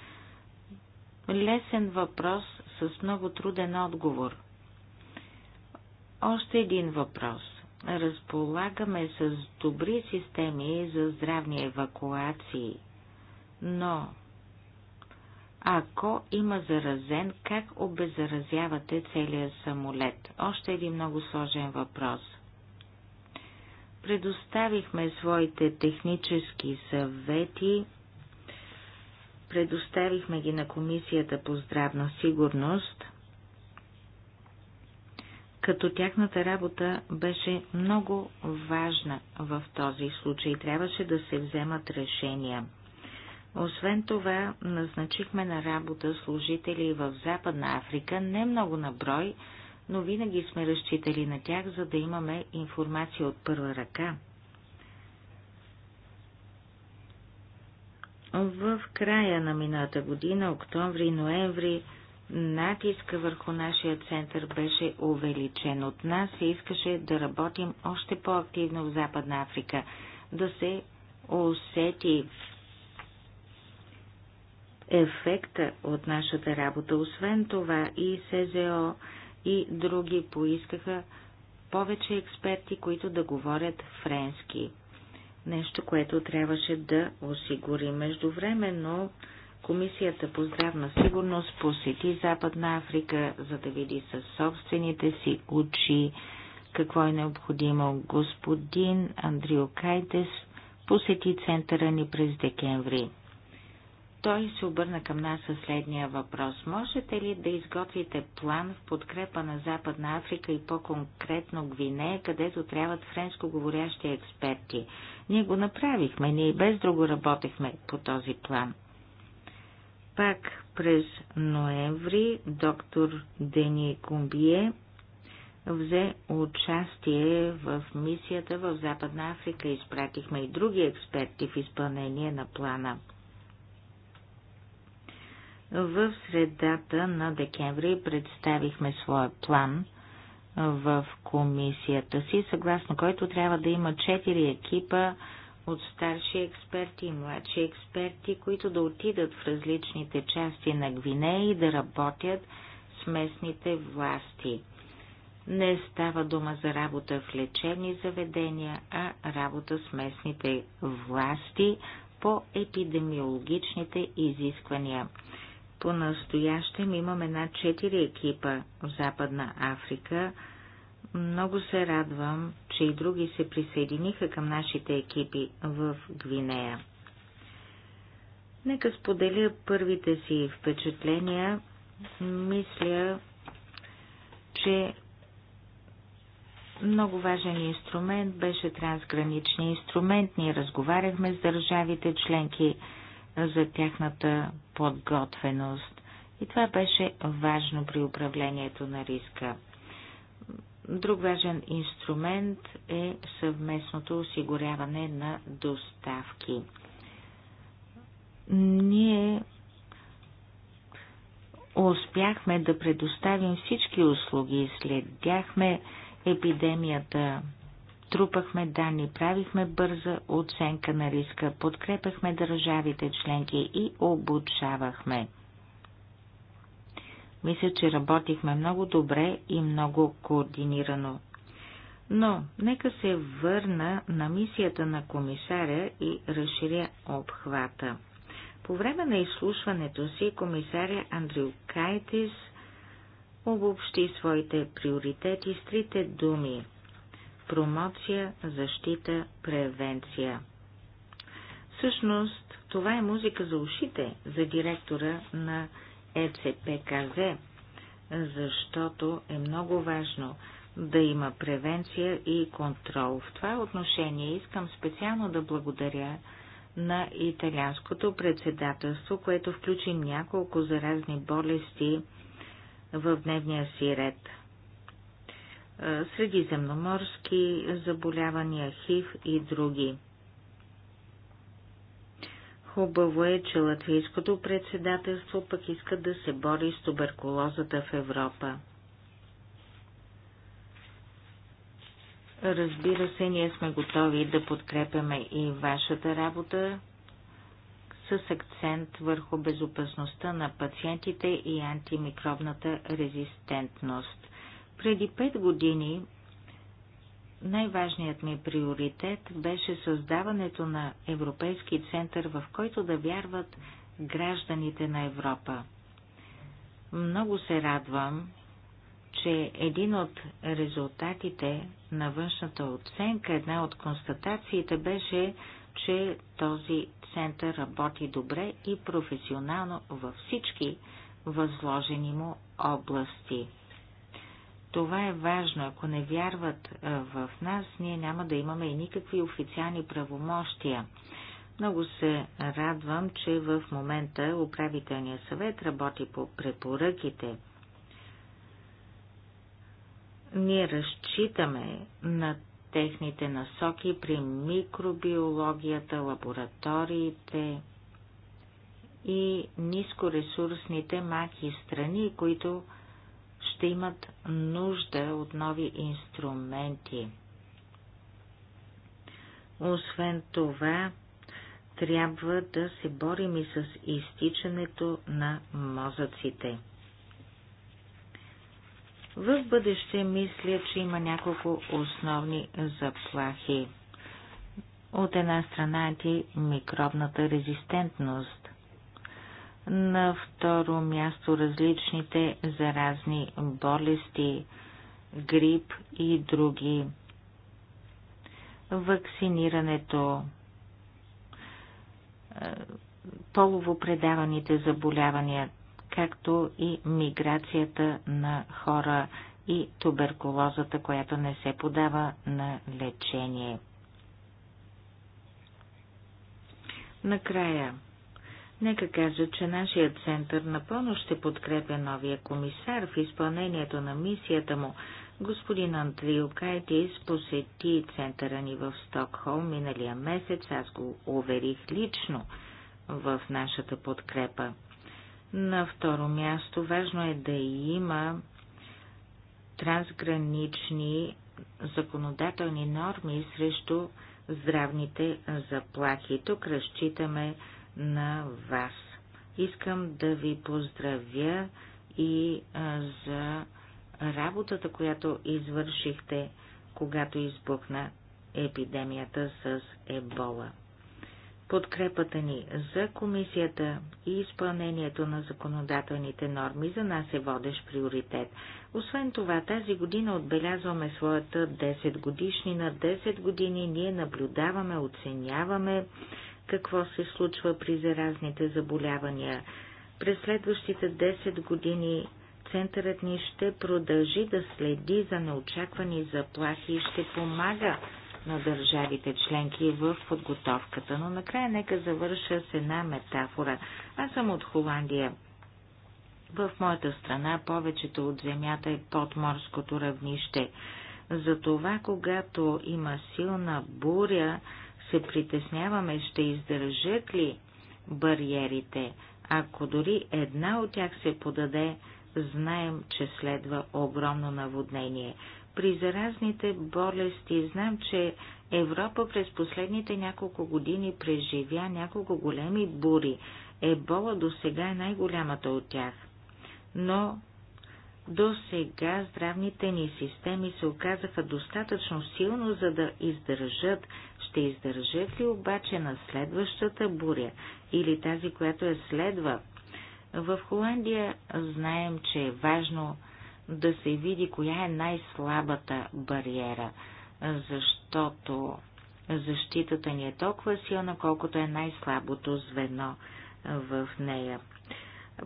Лесен въпрос с много труден отговор. Още един въпрос. Разполагаме с добри системи за здравни евакуации, но ако има заразен, как обеззаразявате целия самолет? Още един много сложен въпрос. Предоставихме своите технически съвети, предоставихме ги на Комисията по здравна сигурност, като тяхната работа беше много важна в този случай. Трябваше да се вземат решения – освен това, назначихме на работа служители в Западна Африка, не много на брой, но винаги сме разчитали на тях, за да имаме информация от първа ръка. В края на миналата година, октомври, ноември, натиска върху нашия център беше увеличен. От нас и искаше да работим още по-активно в Западна Африка, да се усети ефекта от нашата работа. Освен това и СЗО и други поискаха повече експерти, които да говорят френски. Нещо, което трябваше да осигури. Междувременно Комисията по здравна сигурност посети Западна Африка, за да види със собствените си очи какво е необходимо. Господин Андрио Кайтес посети центъра ни през декември. Той се обърна към нас със следния въпрос. Можете ли да изготвите план в подкрепа на Западна Африка и по-конкретно Гвинея, където трябват френско-говорящи експерти? Ние го направихме, ние и без друго работехме по този план. Пак през ноември доктор Дени Кумбие взе участие в мисията в Западна Африка. Изпратихме и други експерти в изпълнение на плана – в средата на декември представихме своя план в комисията си, съгласно който трябва да има 4 екипа от старши експерти и младши експерти, които да отидат в различните части на Гвинея и да работят с местните власти. Не става дума за работа в лечебни заведения, а работа с местните власти по епидемиологичните изисквания. По-настоящем имаме над 4 екипа в Западна Африка. Много се радвам, че и други се присъединиха към нашите екипи в Гвинея. Нека споделя първите си впечатления. Мисля, че много важен инструмент беше трансграничния инструмент. Ние разговаряхме с държавите членки, за тяхната подготвеност. И това беше важно при управлението на риска. Друг важен инструмент е съвместното осигуряване на доставки. Ние успяхме да предоставим всички услуги, следяхме епидемията трупахме данни, правихме бърза оценка на риска, подкрепахме държавите членки и обучавахме. Мисля, че работихме много добре и много координирано. Но нека се върна на мисията на комисаря и разширя обхвата. По време на изслушването си комисаря Андрю Кайтис обобщи своите приоритети с трите думи промоция, защита, превенция. Всъщност, това е музика за ушите за директора на ЕЦПКЗ, защото е много важно да има превенция и контрол. В това отношение искам специално да благодаря на италианското председателство, което включи няколко заразни болести в дневния си ред средиземноморски заболявания, ХИВ и други. Хубаво е, че латвийското председателство пък иска да се бори с туберкулозата в Европа. Разбира се, ние сме готови да подкрепяме и вашата работа с акцент върху безопасността на пациентите и антимикробната резистентност. Преди пет години най-важният ми приоритет беше създаването на Европейски център, в който да вярват гражданите на Европа. Много се радвам, че един от резултатите на външната оценка, една от констатациите беше, че този център работи добре и професионално във всички възложени му области. Това е важно. Ако не вярват в нас, ние няма да имаме и никакви официални правомощия. Много се радвам, че в момента управителният съвет работи по препоръките. Ние разчитаме на техните насоки при микробиологията, лабораториите и нискоресурсните маки страни, които ще имат нужда от нови инструменти. Освен това, трябва да се борим и с изтичането на мозъците. В бъдеще мисля, че има няколко основни заплахи. От една страна е микробната резистентност. На второ място различните заразни болести, грип и други. Вакцинирането, е, полово предаваните заболявания, както и миграцията на хора и туберкулозата, която не се подава на лечение. Накрая Нека кажа, че нашият център напълно ще подкрепя новия комисар в изпълнението на мисията му. Господин Андрио Кайтис посети центъра ни в Стокхолм миналия месец. Аз го уверих лично в нашата подкрепа. На второ място важно е да има трансгранични законодателни норми срещу здравните заплахи. Тук разчитаме на вас. Искам да ви поздравя и за работата, която извършихте, когато избухна епидемията с ебола. Подкрепата ни за комисията и изпълнението на законодателните норми за нас е водещ приоритет. Освен това, тази година отбелязваме своята 10 годишнина. 10 години ние наблюдаваме, оценяваме какво се случва при заразните заболявания. През следващите 10 години центърът ни ще продължи да следи за неочаквани заплахи и ще помага на държавите членки в подготовката. Но накрая нека завърша с една метафора. Аз съм от Холандия. В моята страна повечето от земята е под морското равнище. Затова, когато има силна буря, се притесняваме, ще издържат ли бариерите. Ако дори една от тях се подаде, знаем, че следва огромно наводнение. При заразните болести знам, че Европа през последните няколко години преживя няколко големи бури. Ебола до сега е най-голямата от тях. Но до сега здравните ни системи се оказаха достатъчно силно, за да издържат. Ще издържат ли обаче на следващата буря или тази, която е следва? В Холандия знаем, че е важно да се види коя е най-слабата бариера, защото защитата ни е толкова силна, колкото е най-слабото звено в нея.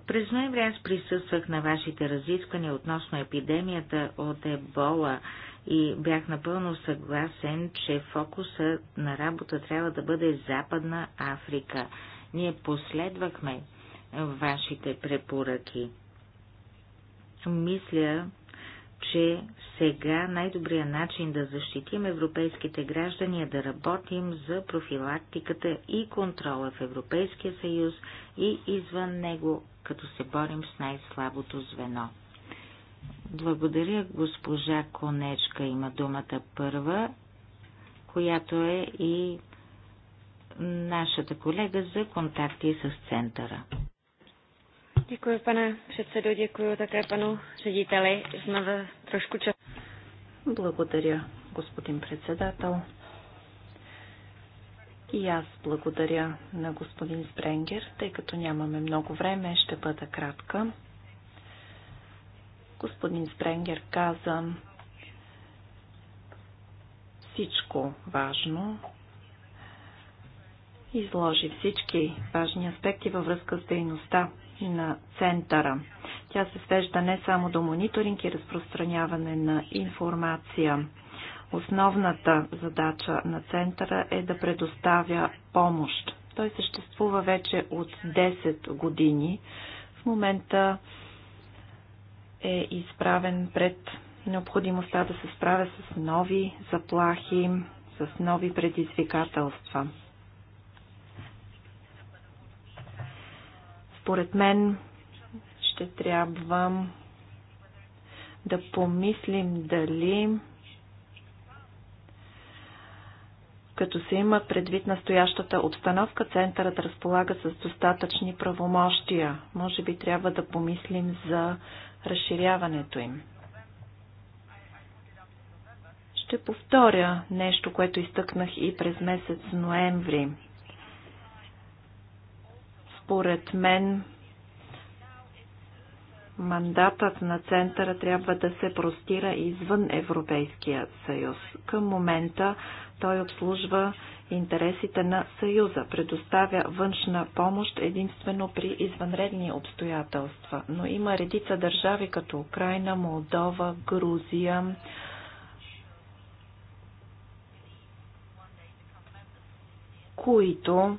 През ноември аз присъствах на вашите разисквания относно епидемията от ебола и бях напълно съгласен, че фокуса на работа трябва да бъде Западна Африка. Ние последвахме вашите препоръки. Мисля, че сега най-добрият начин да защитим европейските граждани е да работим за профилактиката и контрола в Европейския съюз и извън него, като се борим с най-слабото звено. Благодаря, госпожа Конечка има думата първа, която е и нашата колега за контакти с центъра. Děkuji, pane předsedo, děkuji také panu řediteli. Jsme trošku čas. Благодаря, господин председател. И аз благодаря на господин Спренгер, тъй като нямаме много време, ще бъда кратка. Господин Спренгер каза всичко важно, изложи всички важни аспекти във връзка с дейността на центъра. Тя се свежда не само до мониторинг и разпространяване на информация. Основната задача на центъра е да предоставя помощ. Той съществува вече от 10 години. В момента е изправен пред необходимостта да се справя с нови заплахи, с нови предизвикателства. Според мен ще трябва да помислим дали Като се има предвид настоящата обстановка, центърът разполага с достатъчни правомощия. Може би трябва да помислим за разширяването им. Ще повторя нещо, което изтъкнах и през месец ноември. Според мен, мандатът на центъра трябва да се простира извън Европейския съюз. Към момента той обслужва интересите на Съюза, предоставя външна помощ единствено при извънредни обстоятелства, но има редица държави като Украина, Молдова, Грузия, които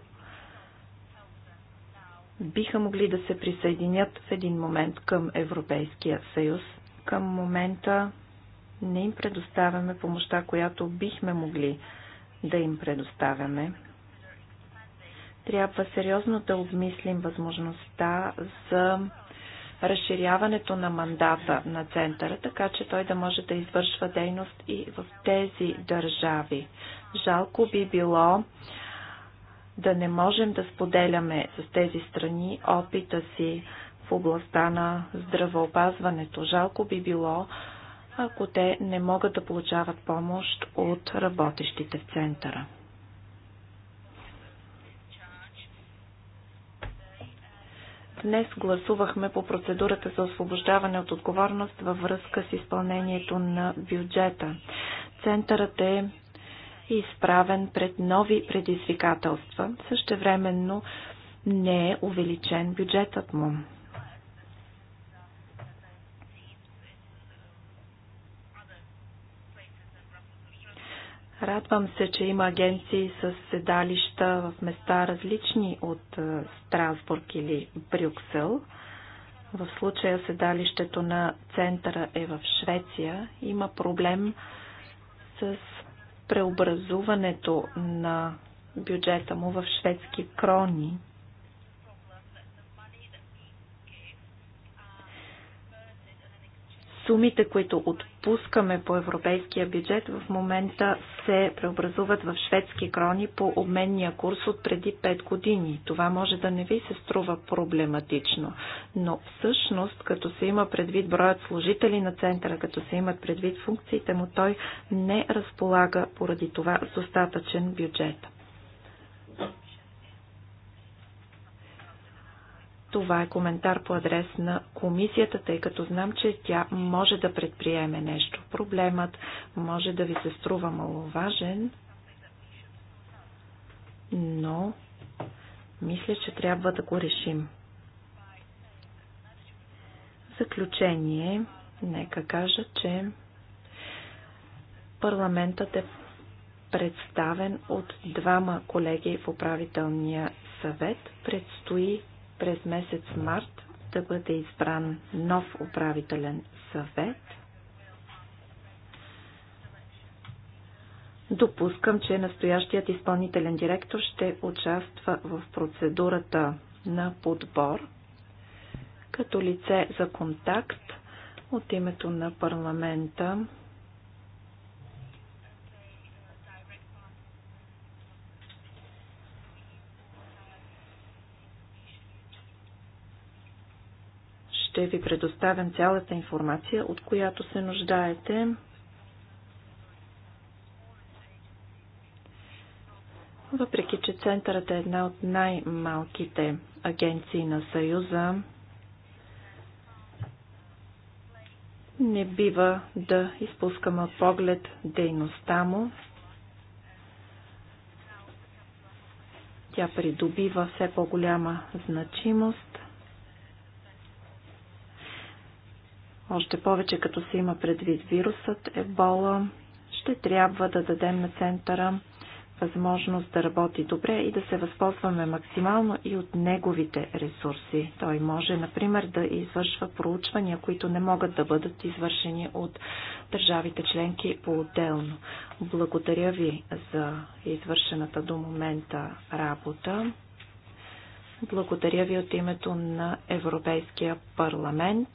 биха могли да се присъединят в един момент към Европейския съюз. Към момента не им предоставяме помощта, която бихме могли да им предоставяме. Трябва сериозно да обмислим възможността за разширяването на мандата на центъра, така че той да може да извършва дейност и в тези държави. Жалко би било да не можем да споделяме с тези страни опита си в областта на здравеопазването. Жалко би било ако те не могат да получават помощ от работещите в центъра. Днес гласувахме по процедурата за освобождаване от отговорност във връзка с изпълнението на бюджета. Центърът е изправен пред нови предизвикателства, същевременно не е увеличен бюджетът му. Радвам се, че има агенции с седалища в места различни от е, Страсбург или Брюксел. В случая седалището на центъра е в Швеция. Има проблем с преобразуването на бюджета му в шведски крони. сумите, които отпускаме по европейския бюджет, в момента се преобразуват в шведски крони по обменния курс от преди 5 години. Това може да не ви се струва проблематично, но всъщност, като се има предвид броят служители на центъра, като се имат предвид функциите му, той не разполага поради това с достатъчен бюджет. Това е коментар по адрес на комисията, тъй като знам, че тя може да предприеме нещо. Проблемът може да ви се струва маловажен, но мисля, че трябва да го решим. заключение, нека кажа, че парламентът е представен от двама колеги в управителния съвет. Предстои през месец март да бъде избран нов управителен съвет. Допускам, че настоящият изпълнителен директор ще участва в процедурата на подбор като лице за контакт от името на парламента ще ви предоставям цялата информация, от която се нуждаете. Въпреки, че центърът е една от най-малките агенции на Съюза, не бива да изпускаме от поглед дейността му. Тя придобива все по-голяма значимост. Още повече като се има предвид вирусът, ебола, ще трябва да дадем на центъра възможност да работи добре и да се възползваме максимално и от неговите ресурси. Той може, например, да извършва проучвания, които не могат да бъдат извършени от държавите членки по-отделно. Благодаря ви за извършената до момента работа. Благодаря ви от името на Европейския парламент.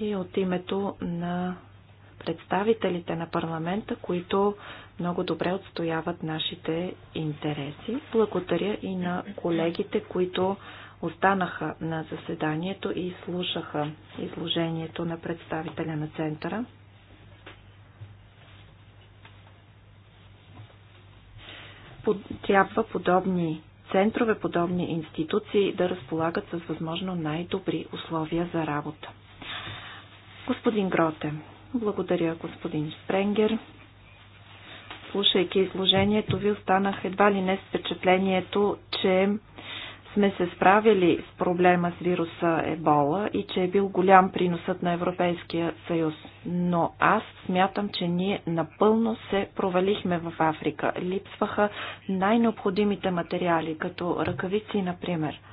и от името на представителите на парламента, които много добре отстояват нашите интереси. Благодаря и на колегите, които останаха на заседанието и слушаха изложението на представителя на центъра. Трябва подобни центрове, подобни институции да разполагат с възможно най-добри условия за работа. Господин Гроте, благодаря, господин Спренгер. Слушайки изложението ви, останах едва ли не с впечатлението, че сме се справили с проблема с вируса Ебола и че е бил голям приносът на Европейския съюз. Но аз смятам, че ние напълно се провалихме в Африка. Липсваха най-необходимите материали, като ръкавици, например –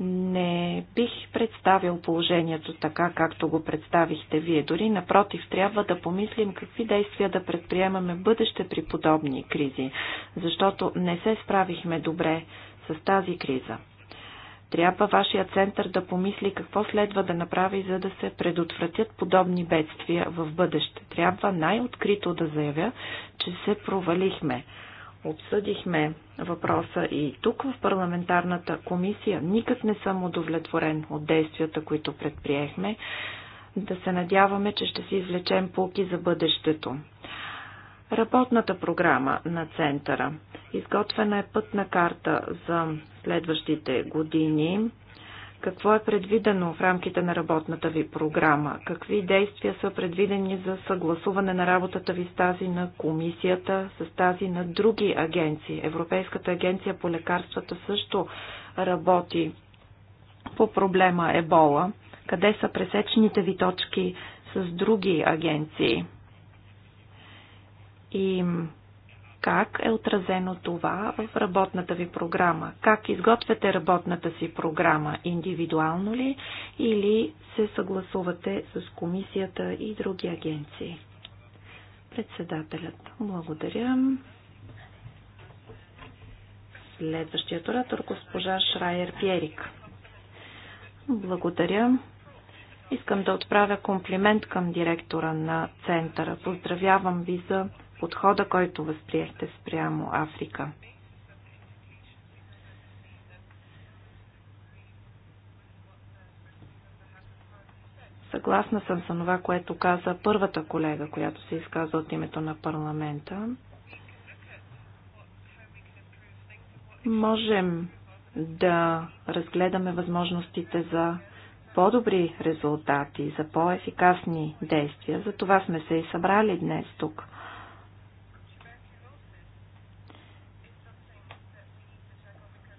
не бих представил положението така, както го представихте вие. Дори напротив, трябва да помислим какви действия да предприемаме в бъдеще при подобни кризи, защото не се справихме добре с тази криза. Трябва вашия център да помисли какво следва да направи, за да се предотвратят подобни бедствия в бъдеще. Трябва най-открито да заявя, че се провалихме. Обсъдихме въпроса и тук в парламентарната комисия. Никак не съм удовлетворен от действията, които предприехме. Да се надяваме, че ще си извлечем полки за бъдещето. Работната програма на центъра. Изготвена е пътна карта за следващите години. Какво е предвидено в рамките на работната ви програма? Какви действия са предвидени за съгласуване на работата ви с тази на комисията, с тази на други агенции? Европейската агенция по лекарствата също работи по проблема Ебола. Къде са пресечните ви точки с други агенции? И как е отразено това в работната ви програма? Как изготвяте работната си програма? Индивидуално ли или се съгласувате с комисията и други агенции? Председателят. Благодаря. Следващият оратор госпожа Шрайер Пьерик. Благодаря. Искам да отправя комплимент към директора на центъра. Поздравявам ви за подхода, който възприехте спрямо Африка. Съгласна съм с това, което каза първата колега, която се изказа от името на парламента. Можем да разгледаме възможностите за по-добри резултати, за по-ефикасни действия. За това сме се и събрали днес тук –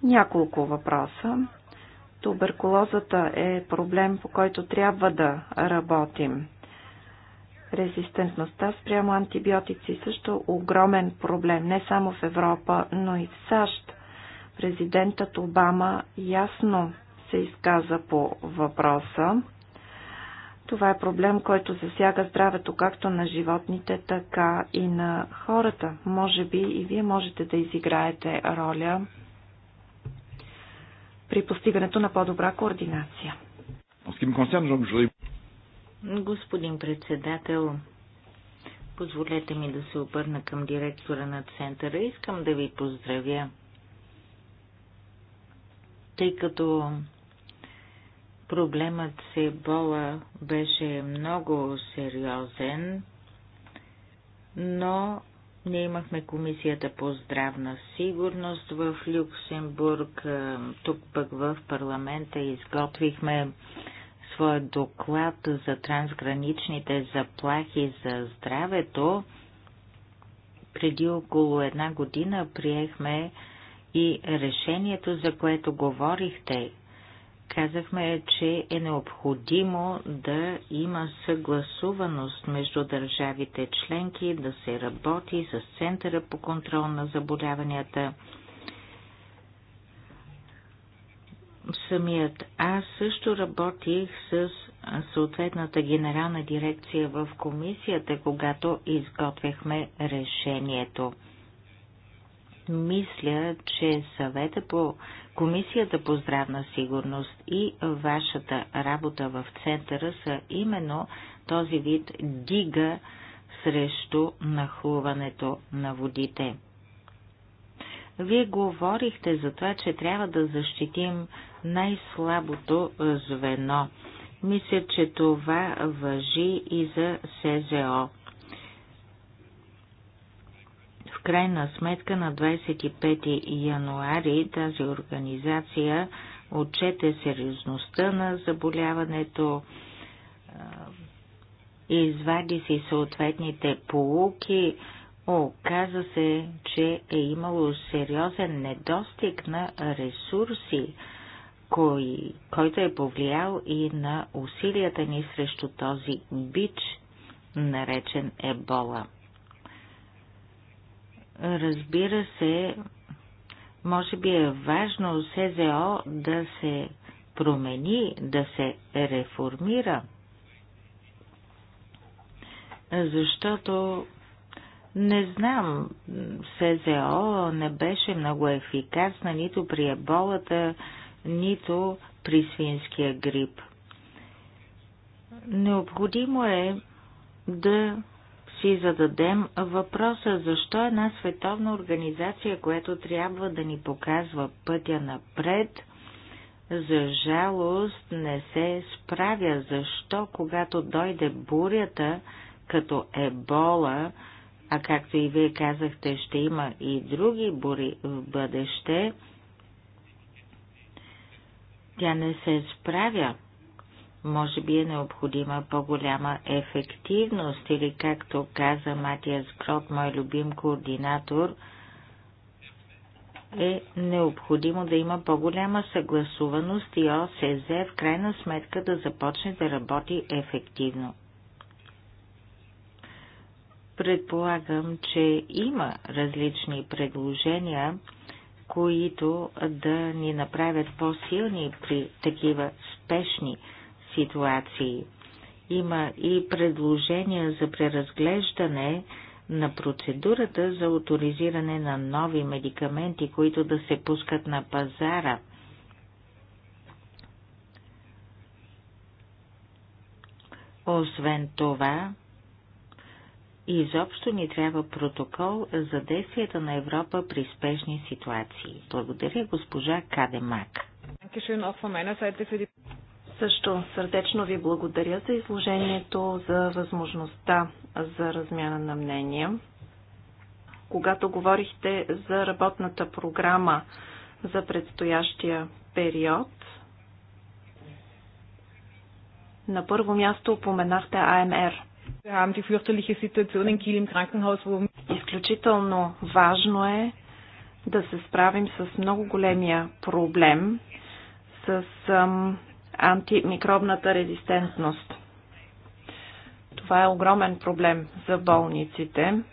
Няколко въпроса. Туберкулозата е проблем, по който трябва да работим. Резистентността спрямо антибиотици също огромен проблем, не само в Европа, но и в САЩ. Президентът Обама ясно се изказа по въпроса. Това е проблем, който засяга здравето както на животните, така и на хората. Може би и вие можете да изиграете роля при постигането на по-добра координация. Господин председател, позволете ми да се обърна към директора на центъра. Искам да ви поздравя, тъй като проблемът с ебола беше много сериозен, но ние имахме комисията по здравна сигурност в Люксембург. Е, тук пък в парламента изготвихме своя доклад за трансграничните заплахи за здравето. Преди около една година приехме и решението, за което говорихте казахме, че е необходимо да има съгласуваност между държавите членки, да се работи с Центъра по контрол на заболяванията. Самият аз също работих с съответната генерална дирекция в комисията, когато изготвяхме решението. Мисля, че съвета по Комисията по здравна сигурност и вашата работа в центъра са именно този вид дига срещу нахлуването на водите. Вие говорихте за това, че трябва да защитим най-слабото звено. Мисля, че това въжи и за СЗО. крайна сметка на 25 януари тази организация отчете сериозността на заболяването, извади си съответните полуки, оказа се, че е имало сериозен недостиг на ресурси, кой, който е повлиял и на усилията ни срещу този бич, наречен Ебола. Разбира се, може би е важно СЗО да се промени, да се реформира, защото не знам, СЗО не беше много ефикасна нито при еболата, нито при свинския грип. Необходимо е да си зададем въпроса, защо една световна организация, която трябва да ни показва пътя напред, за жалост не се справя. Защо, когато дойде бурята, като ебола, а както и вие казахте, ще има и други бури в бъдеще, тя не се справя. Може би е необходима по-голяма ефективност или както каза Матия Скрот, мой любим координатор, е необходимо да има по-голяма съгласуваност и ОСЗ в крайна сметка да започне да работи ефективно. Предполагам, че има различни предложения, които да ни направят по-силни при такива спешни ситуации. Има и предложения за преразглеждане на процедурата за авторизиране на нови медикаменти, които да се пускат на пазара. Освен това, изобщо ни трябва протокол за действията на Европа при спешни ситуации. Благодаря госпожа Кадемак. Също сърдечно ви благодаря за изложението, за възможността за размяна на мнения. Когато говорихте за работната програма за предстоящия период, на първо място упоменахте АМР. Изключително важно е да се справим с много големия проблем, с антимикробната резистентност. Това е огромен проблем за болниците.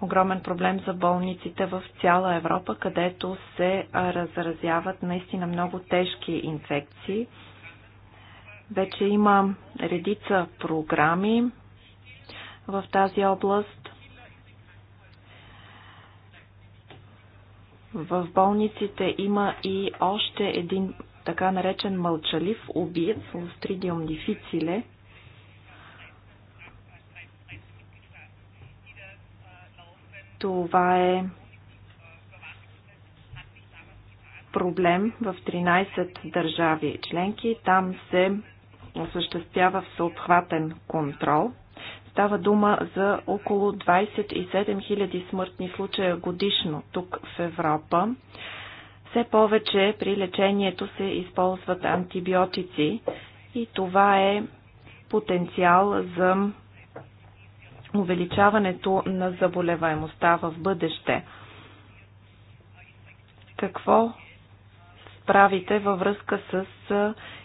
огромен проблем за болниците в цяла Европа, където се разразяват наистина много тежки инфекции. Вече има редица програми в тази област. В болниците има и още един така наречен мълчалив убиец, Лустридиум дифициле, Това е проблем в 13 държави членки. Там се осъществява всеобхватен контрол – Става дума за около 27 000 смъртни случая годишно тук в Европа. Все повече при лечението се използват антибиотици и това е потенциал за увеличаването на заболеваемостта в бъдеще. Какво правите във връзка с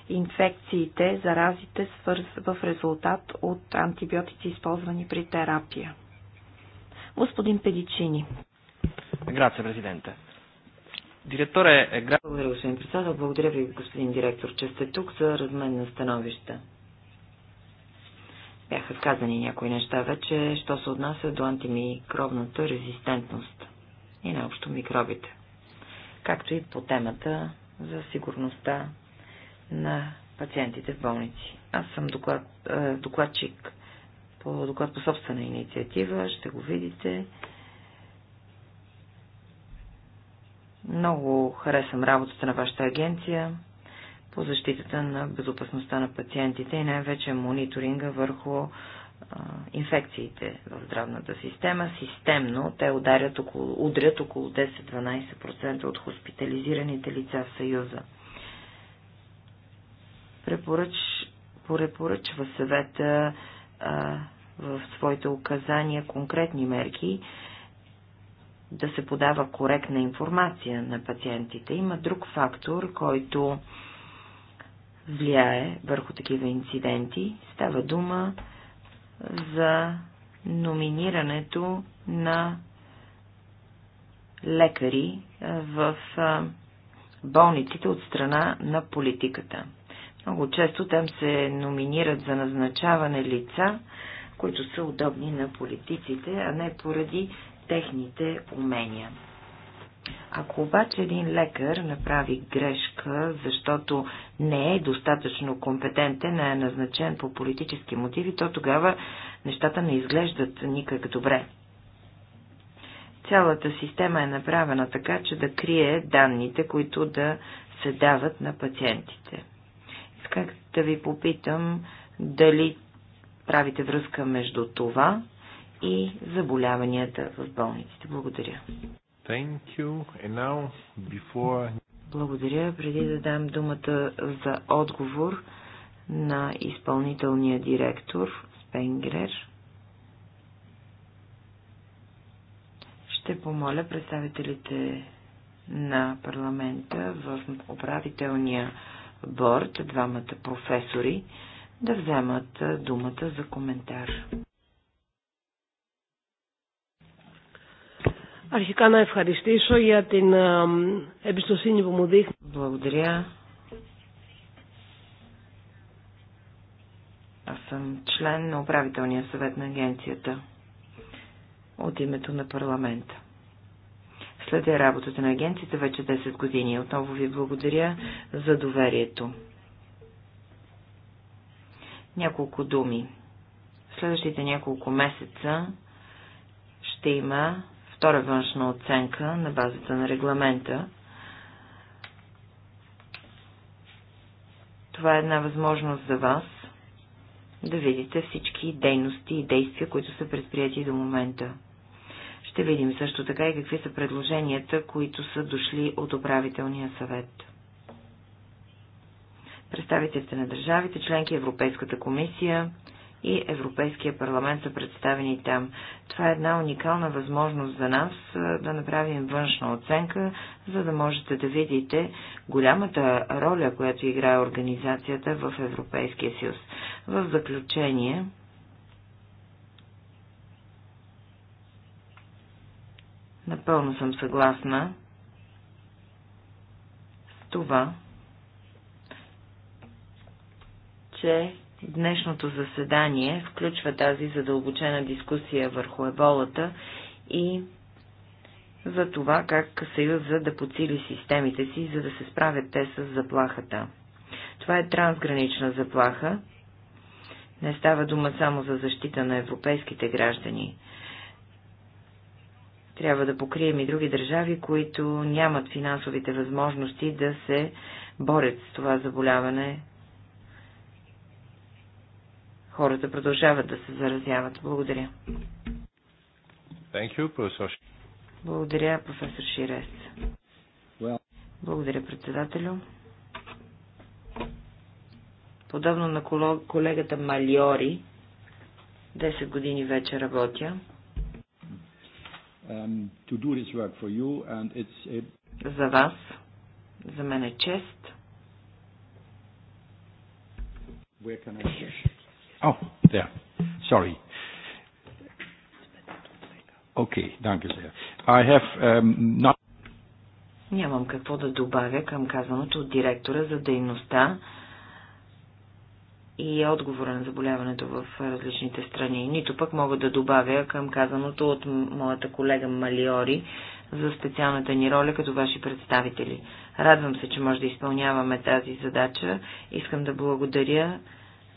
инфекциите, заразите в резултат от антибиотици, използвани при терапия. Господин Педичини. Грация, президенте. Директоре е... Благодаря, господин председател. Благодаря ви, господин директор, че сте тук за размен на становища. Бяха казани някои неща вече, що се отнася до антимикробната резистентност и наобщо микробите, както и по темата за сигурността на пациентите в болници. Аз съм доклад, е, докладчик по доклад по собствена инициатива, ще го видите. Много харесвам работата на вашата агенция по защитата на безопасността на пациентите и най-вече мониторинга върху е, инфекциите в здравната система. Системно те ударят около, удрят около 10-12% от хоспитализираните лица в Съюза препоръч, препоръчва съвета в своите указания конкретни мерки да се подава коректна информация на пациентите. Има друг фактор, който влияе върху такива инциденти. Става дума за номинирането на лекари в болниците от страна на политиката. Много често там се номинират за назначаване лица, които са удобни на политиците, а не поради техните умения. Ако обаче един лекар направи грешка, защото не е достатъчно компетентен, а е назначен по политически мотиви, то тогава нещата не изглеждат никак добре. Цялата система е направена така, че да крие данните, които да се дават на пациентите. Исках да ви попитам дали правите връзка между това и заболяванията в болниците. Благодаря. Thank you. And now, before... Благодаря. Преди да дам думата за отговор на изпълнителния директор Спенгрер, ще помоля представителите на парламента в управителния борт, двамата професори, да вземат думата за коментар. Αρχικά να ευχαριστήσω για την εμπιστοσύνη που μου δείχνει. Благодаря. Аз съм член на управителния съвет на агенцията от името на парламента. Следя работата на агенцията вече 10 години. Отново ви благодаря за доверието. Няколко думи. В следващите няколко месеца ще има втора външна оценка на базата на регламента. Това е една възможност за вас да видите всички дейности и действия, които са предприяти до момента. Ще видим също така и какви са предложенията, които са дошли от управителния съвет. Представителите на държавите, членки Европейската комисия и Европейския парламент са представени там. Това е една уникална възможност за нас да направим външна оценка, за да можете да видите голямата роля, която играе организацията в Европейския съюз. В заключение, Напълно съм съгласна с това, че днешното заседание включва тази задълбочена дискусия върху еболата и за това как Съюза да подсили системите си, за да се справят те с заплахата. Това е трансгранична заплаха. Не става дума само за защита на европейските граждани. Трябва да покрием и други държави, които нямат финансовите възможности да се борят с това заболяване. Хората продължават да се заразяват. Благодаря. Thank you, Благодаря, професор Ширес. Well... Благодаря, председателю. Подобно на колегата Малиори, 10 години вече работя um, to do this work for you and it's a... За вас, за мен е чест. Where can I... Oh, there. Sorry. Okay, danke sehr. I have um, not... Нямам какво да добавя към казаното от директора за дейността и отговора на заболяването в различните страни. Нито пък мога да добавя към казаното от моята колега Малиори за специалната ни роля като ваши представители. Радвам се, че може да изпълняваме тази задача. Искам да благодаря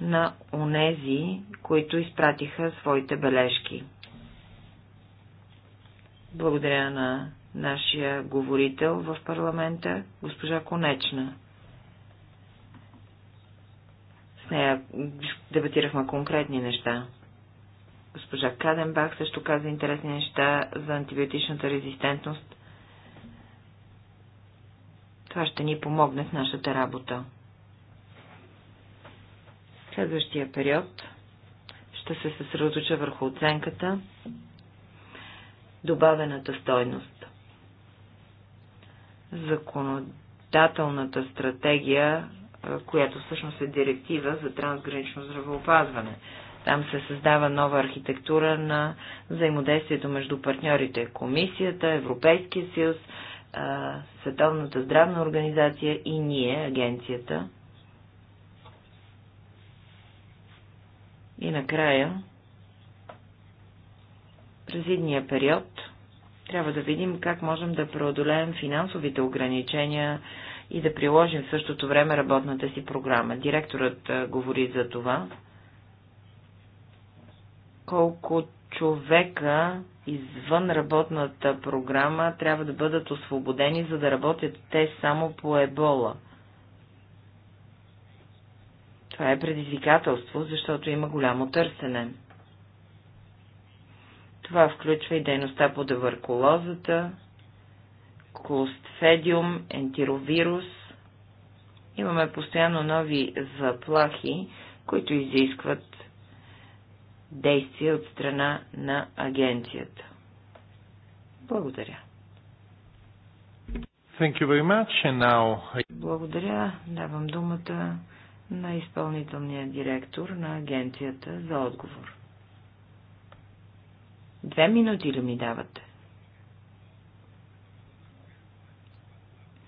на онези, които изпратиха своите бележки. Благодаря на нашия говорител в парламента, госпожа Конечна. нея дебатирахме конкретни неща. Госпожа Каденбах също каза интересни неща за антибиотичната резистентност. Това ще ни помогне в нашата работа. Следващия период ще се съсредоточа върху оценката, добавената стойност. Законодателната стратегия която всъщност е директива за трансгранично здравеопазване. Там се създава нова архитектура на взаимодействието между партньорите Комисията, Европейския съюз, Световната здравна организация и ние, агенцията. И накрая, през идния период, трябва да видим как можем да преодолеем финансовите ограничения и да приложим в същото време работната си програма. Директорът говори за това. Колко човека извън работната програма трябва да бъдат освободени, за да работят те само по ебола. Това е предизвикателство, защото има голямо търсене. Това включва и дейността по дъвърколозата, клостфедиум, ентировирус. Имаме постоянно нови заплахи, които изискват действия от страна на агенцията. Благодаря. Thank you very much. And now... Благодаря. Давам думата на изпълнителния директор на агенцията за отговор. Две минути ли ми давате?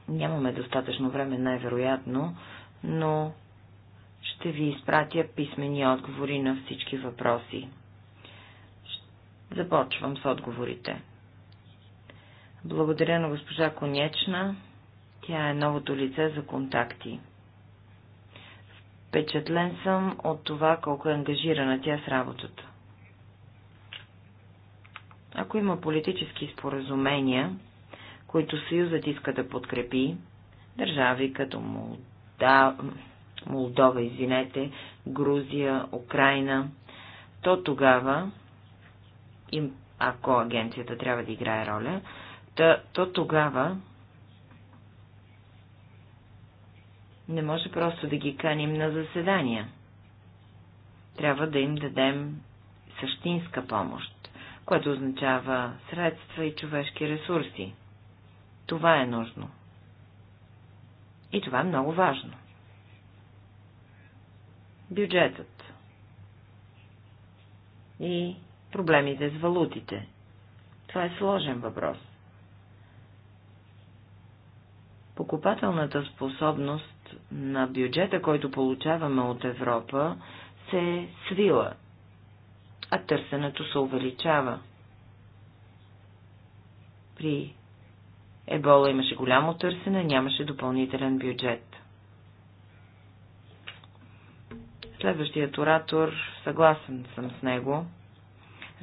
Нямаме достатъчно време, най-вероятно, но ще ви изпратя писмени отговори на всички въпроси. Започвам с отговорите. Благодаря на госпожа Конечна. Тя е новото лице за контакти. Впечатлен съм от това, колко е ангажирана тя с работата. Ако има политически споразумения, които Съюзът иска да подкрепи, държави като Молда... Молдова, извинете, Грузия, Украина, то тогава, им, ако агенцията трябва да играе роля, то, то тогава не може просто да ги каним на заседания. Трябва да им дадем същинска помощ, което означава средства и човешки ресурси. Това е нужно. И това е много важно. Бюджетът и проблемите с валутите. Това е сложен въпрос. Покупателната способност на бюджета, който получаваме от Европа, се е свила, а търсенето се увеличава. При Ебола имаше голямо търсене, нямаше допълнителен бюджет. Следващият оратор, съгласен съм с него,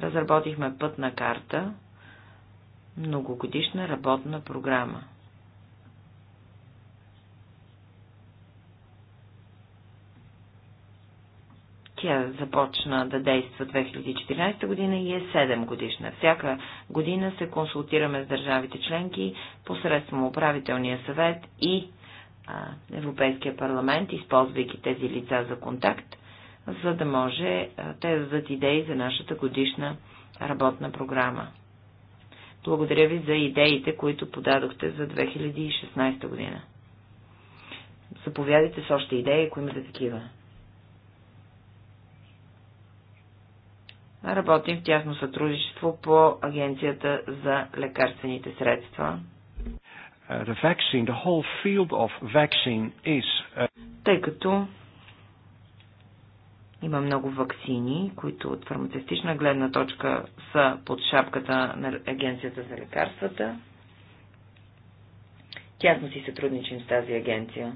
разработихме пътна карта, многогодишна работна програма. Тя започна да действа 2014 година и е 7 годишна. Всяка година се консултираме с държавите членки посредством управителния съвет и а, Европейския парламент, използвайки тези лица за контакт, за да може а, те да дадат идеи за нашата годишна работна програма. Благодаря ви за идеите, които подадохте за 2016 година. Заповядайте с още идеи, ако имате такива. Работим в тясно сътрудничество по Агенцията за лекарствените средства. Uh, the vaccine, the whole field of vaccine is... Uh, Тъй като има много вакцини, които от фармацевтична гледна точка са под шапката на Агенцията за лекарствата. Тясно си сътрудничим с тази агенция.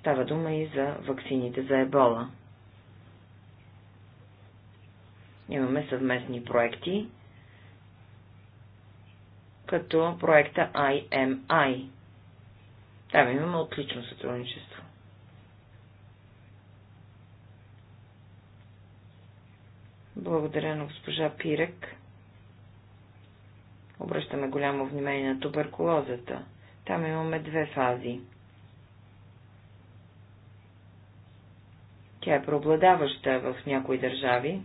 Става дума и за вакцините за ебола. Имаме съвместни проекти, като проекта IMI. Там имаме отлично сътрудничество. Благодаря на госпожа Пирек. Обръщаме голямо внимание на туберкулозата. Там имаме две фази. Тя е преобладаваща в някои държави,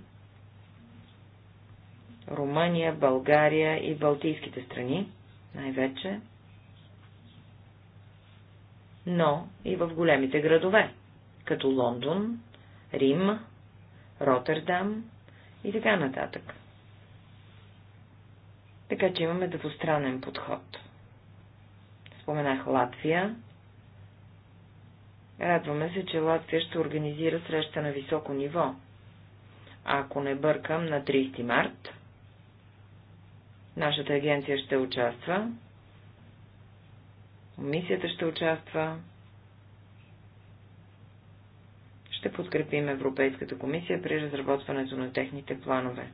Румъния, България и Балтийските страни, най-вече, но и в големите градове, като Лондон, Рим, Ротърдам и така нататък. Така че имаме двустранен подход. Споменах Латвия. Радваме се, че Латвия ще организира среща на високо ниво. Ако не бъркам, на 30 март Нашата агенция ще участва. Комисията ще участва. Ще подкрепим Европейската комисия при разработването на техните планове.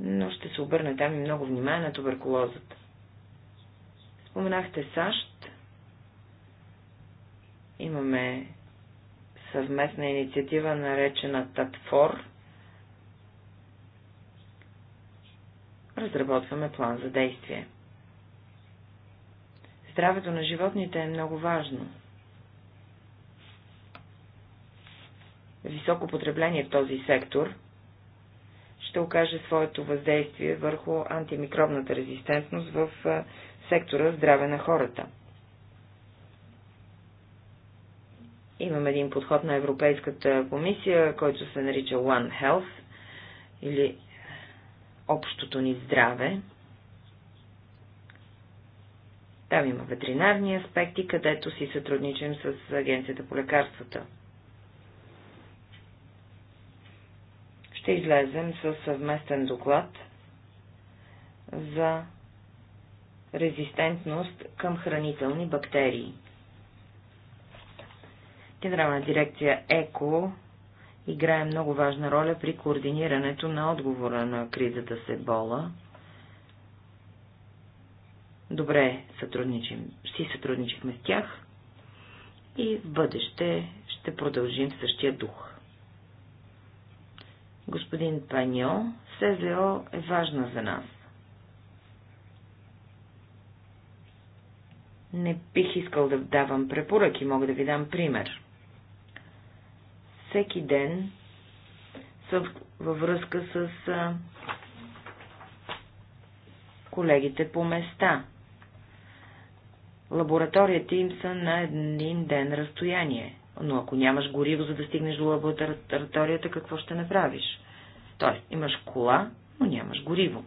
Но ще се обърне там и много внимание на туберкулозата. Споменахте САЩ. Имаме съвместна инициатива, наречена ТАТФОР – разработваме план за действие. Здравето на животните е много важно. Високо потребление в този сектор ще окаже своето въздействие върху антимикробната резистентност в сектора здраве на хората. Имам един подход на Европейската комисия, който се нарича One Health или общото ни здраве. Там има ветеринарни аспекти, където си сътрудничим с Агенцията по лекарствата. Ще излезем с съвместен доклад за резистентност към хранителни бактерии. Генерална дирекция ЕКО играе много важна роля при координирането на отговора на кризата с ебола. Добре сътрудничим, си сътрудничихме с тях и в бъдеще ще продължим в същия дух. Господин Паньо, СЗО е важна за нас. Не бих искал да давам препоръки, мога да ви дам пример всеки ден са във връзка с колегите по места. Лабораторията им са на един ден разстояние, но ако нямаш гориво, за да стигнеш до лабораторията, какво ще направиш? Тоест, имаш кола, но нямаш гориво.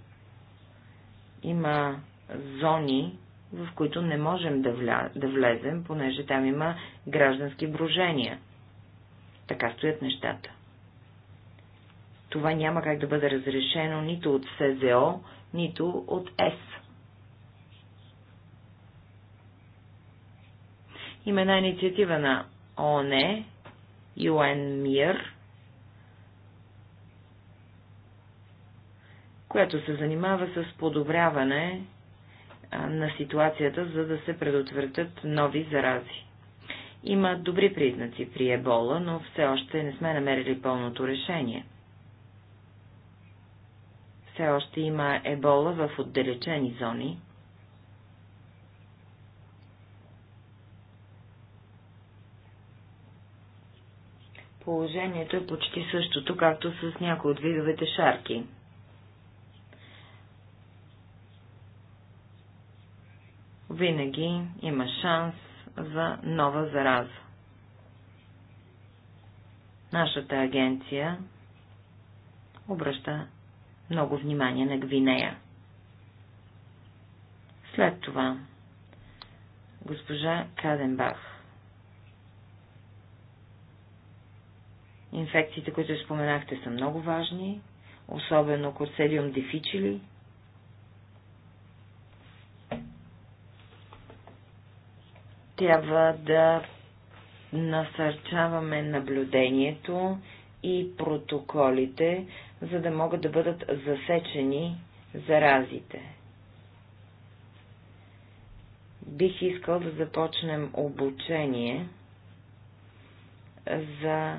Има зони, в които не можем да, вля... да влезем, понеже там има граждански брожения – така стоят нещата. Това няма как да бъде разрешено нито от СЗО, нито от ЕС. Има една инициатива на ООН, UN Мир, която се занимава с подобряване на ситуацията, за да се предотвратят нови зарази. Има добри признаци при ебола, но все още не сме намерили пълното решение. Все още има ебола в отдалечени зони. Положението е почти същото, както с някои от видовете шарки. Винаги има шанс за нова зараза. Нашата агенция обръща много внимание на Гвинея. След това госпожа Каденбах. Инфекциите, които споменахте, са много важни, особено Корцелиум дефичили, Трябва да насърчаваме наблюдението и протоколите, за да могат да бъдат засечени заразите. Бих искал да започнем обучение за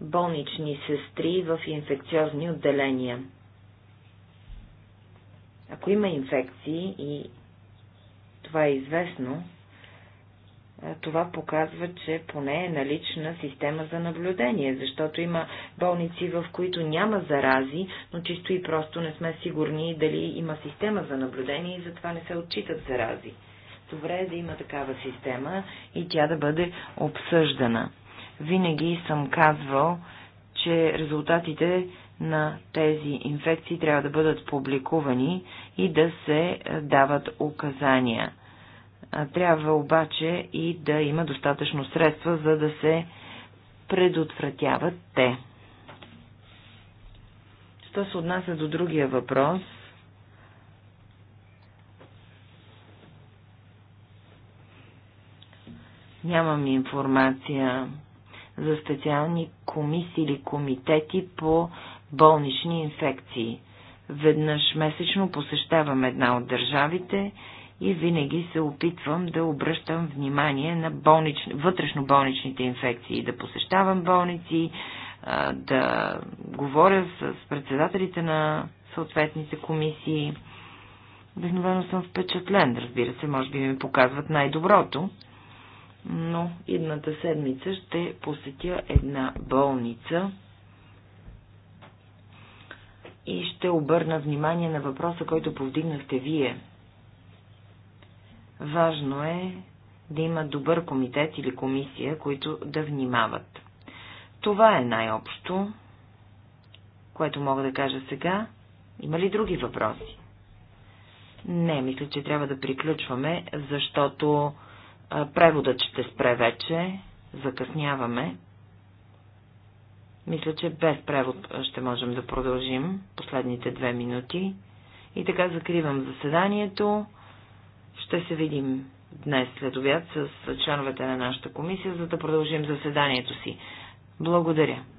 болнични сестри в инфекциозни отделения. Ако има инфекции и това е известно, това показва, че поне е налична система за наблюдение, защото има болници, в които няма зарази, но чисто и просто не сме сигурни дали има система за наблюдение и затова не се отчитат зарази. Добре е да има такава система и тя да бъде обсъждана. Винаги съм казвал, че резултатите на тези инфекции трябва да бъдат публикувани и да се е, дават указания. Трябва обаче и да има достатъчно средства, за да се предотвратяват те. Що се отнася до другия въпрос, нямам информация за специални комисии или комитети по болнични инфекции. Веднъж месечно посещавам една от държавите и винаги се опитвам да обръщам внимание на болнич... вътрешно-болничните инфекции, да посещавам болници, да говоря с председателите на съответните комисии. Обикновено съм впечатлен, разбира се, може би ми показват най-доброто, но идната седмица ще посетя една болница и ще обърна внимание на въпроса, който повдигнахте вие. Важно е да има добър комитет или комисия, които да внимават. Това е най-общо, което мога да кажа сега. Има ли други въпроси? Не, мисля, че трябва да приключваме, защото преводът ще спре вече, закъсняваме. Мисля, че без превод ще можем да продължим последните две минути. И така закривам заседанието. Ще се видим днес след обяд с членовете на нашата комисия, за да продължим заседанието си. Благодаря.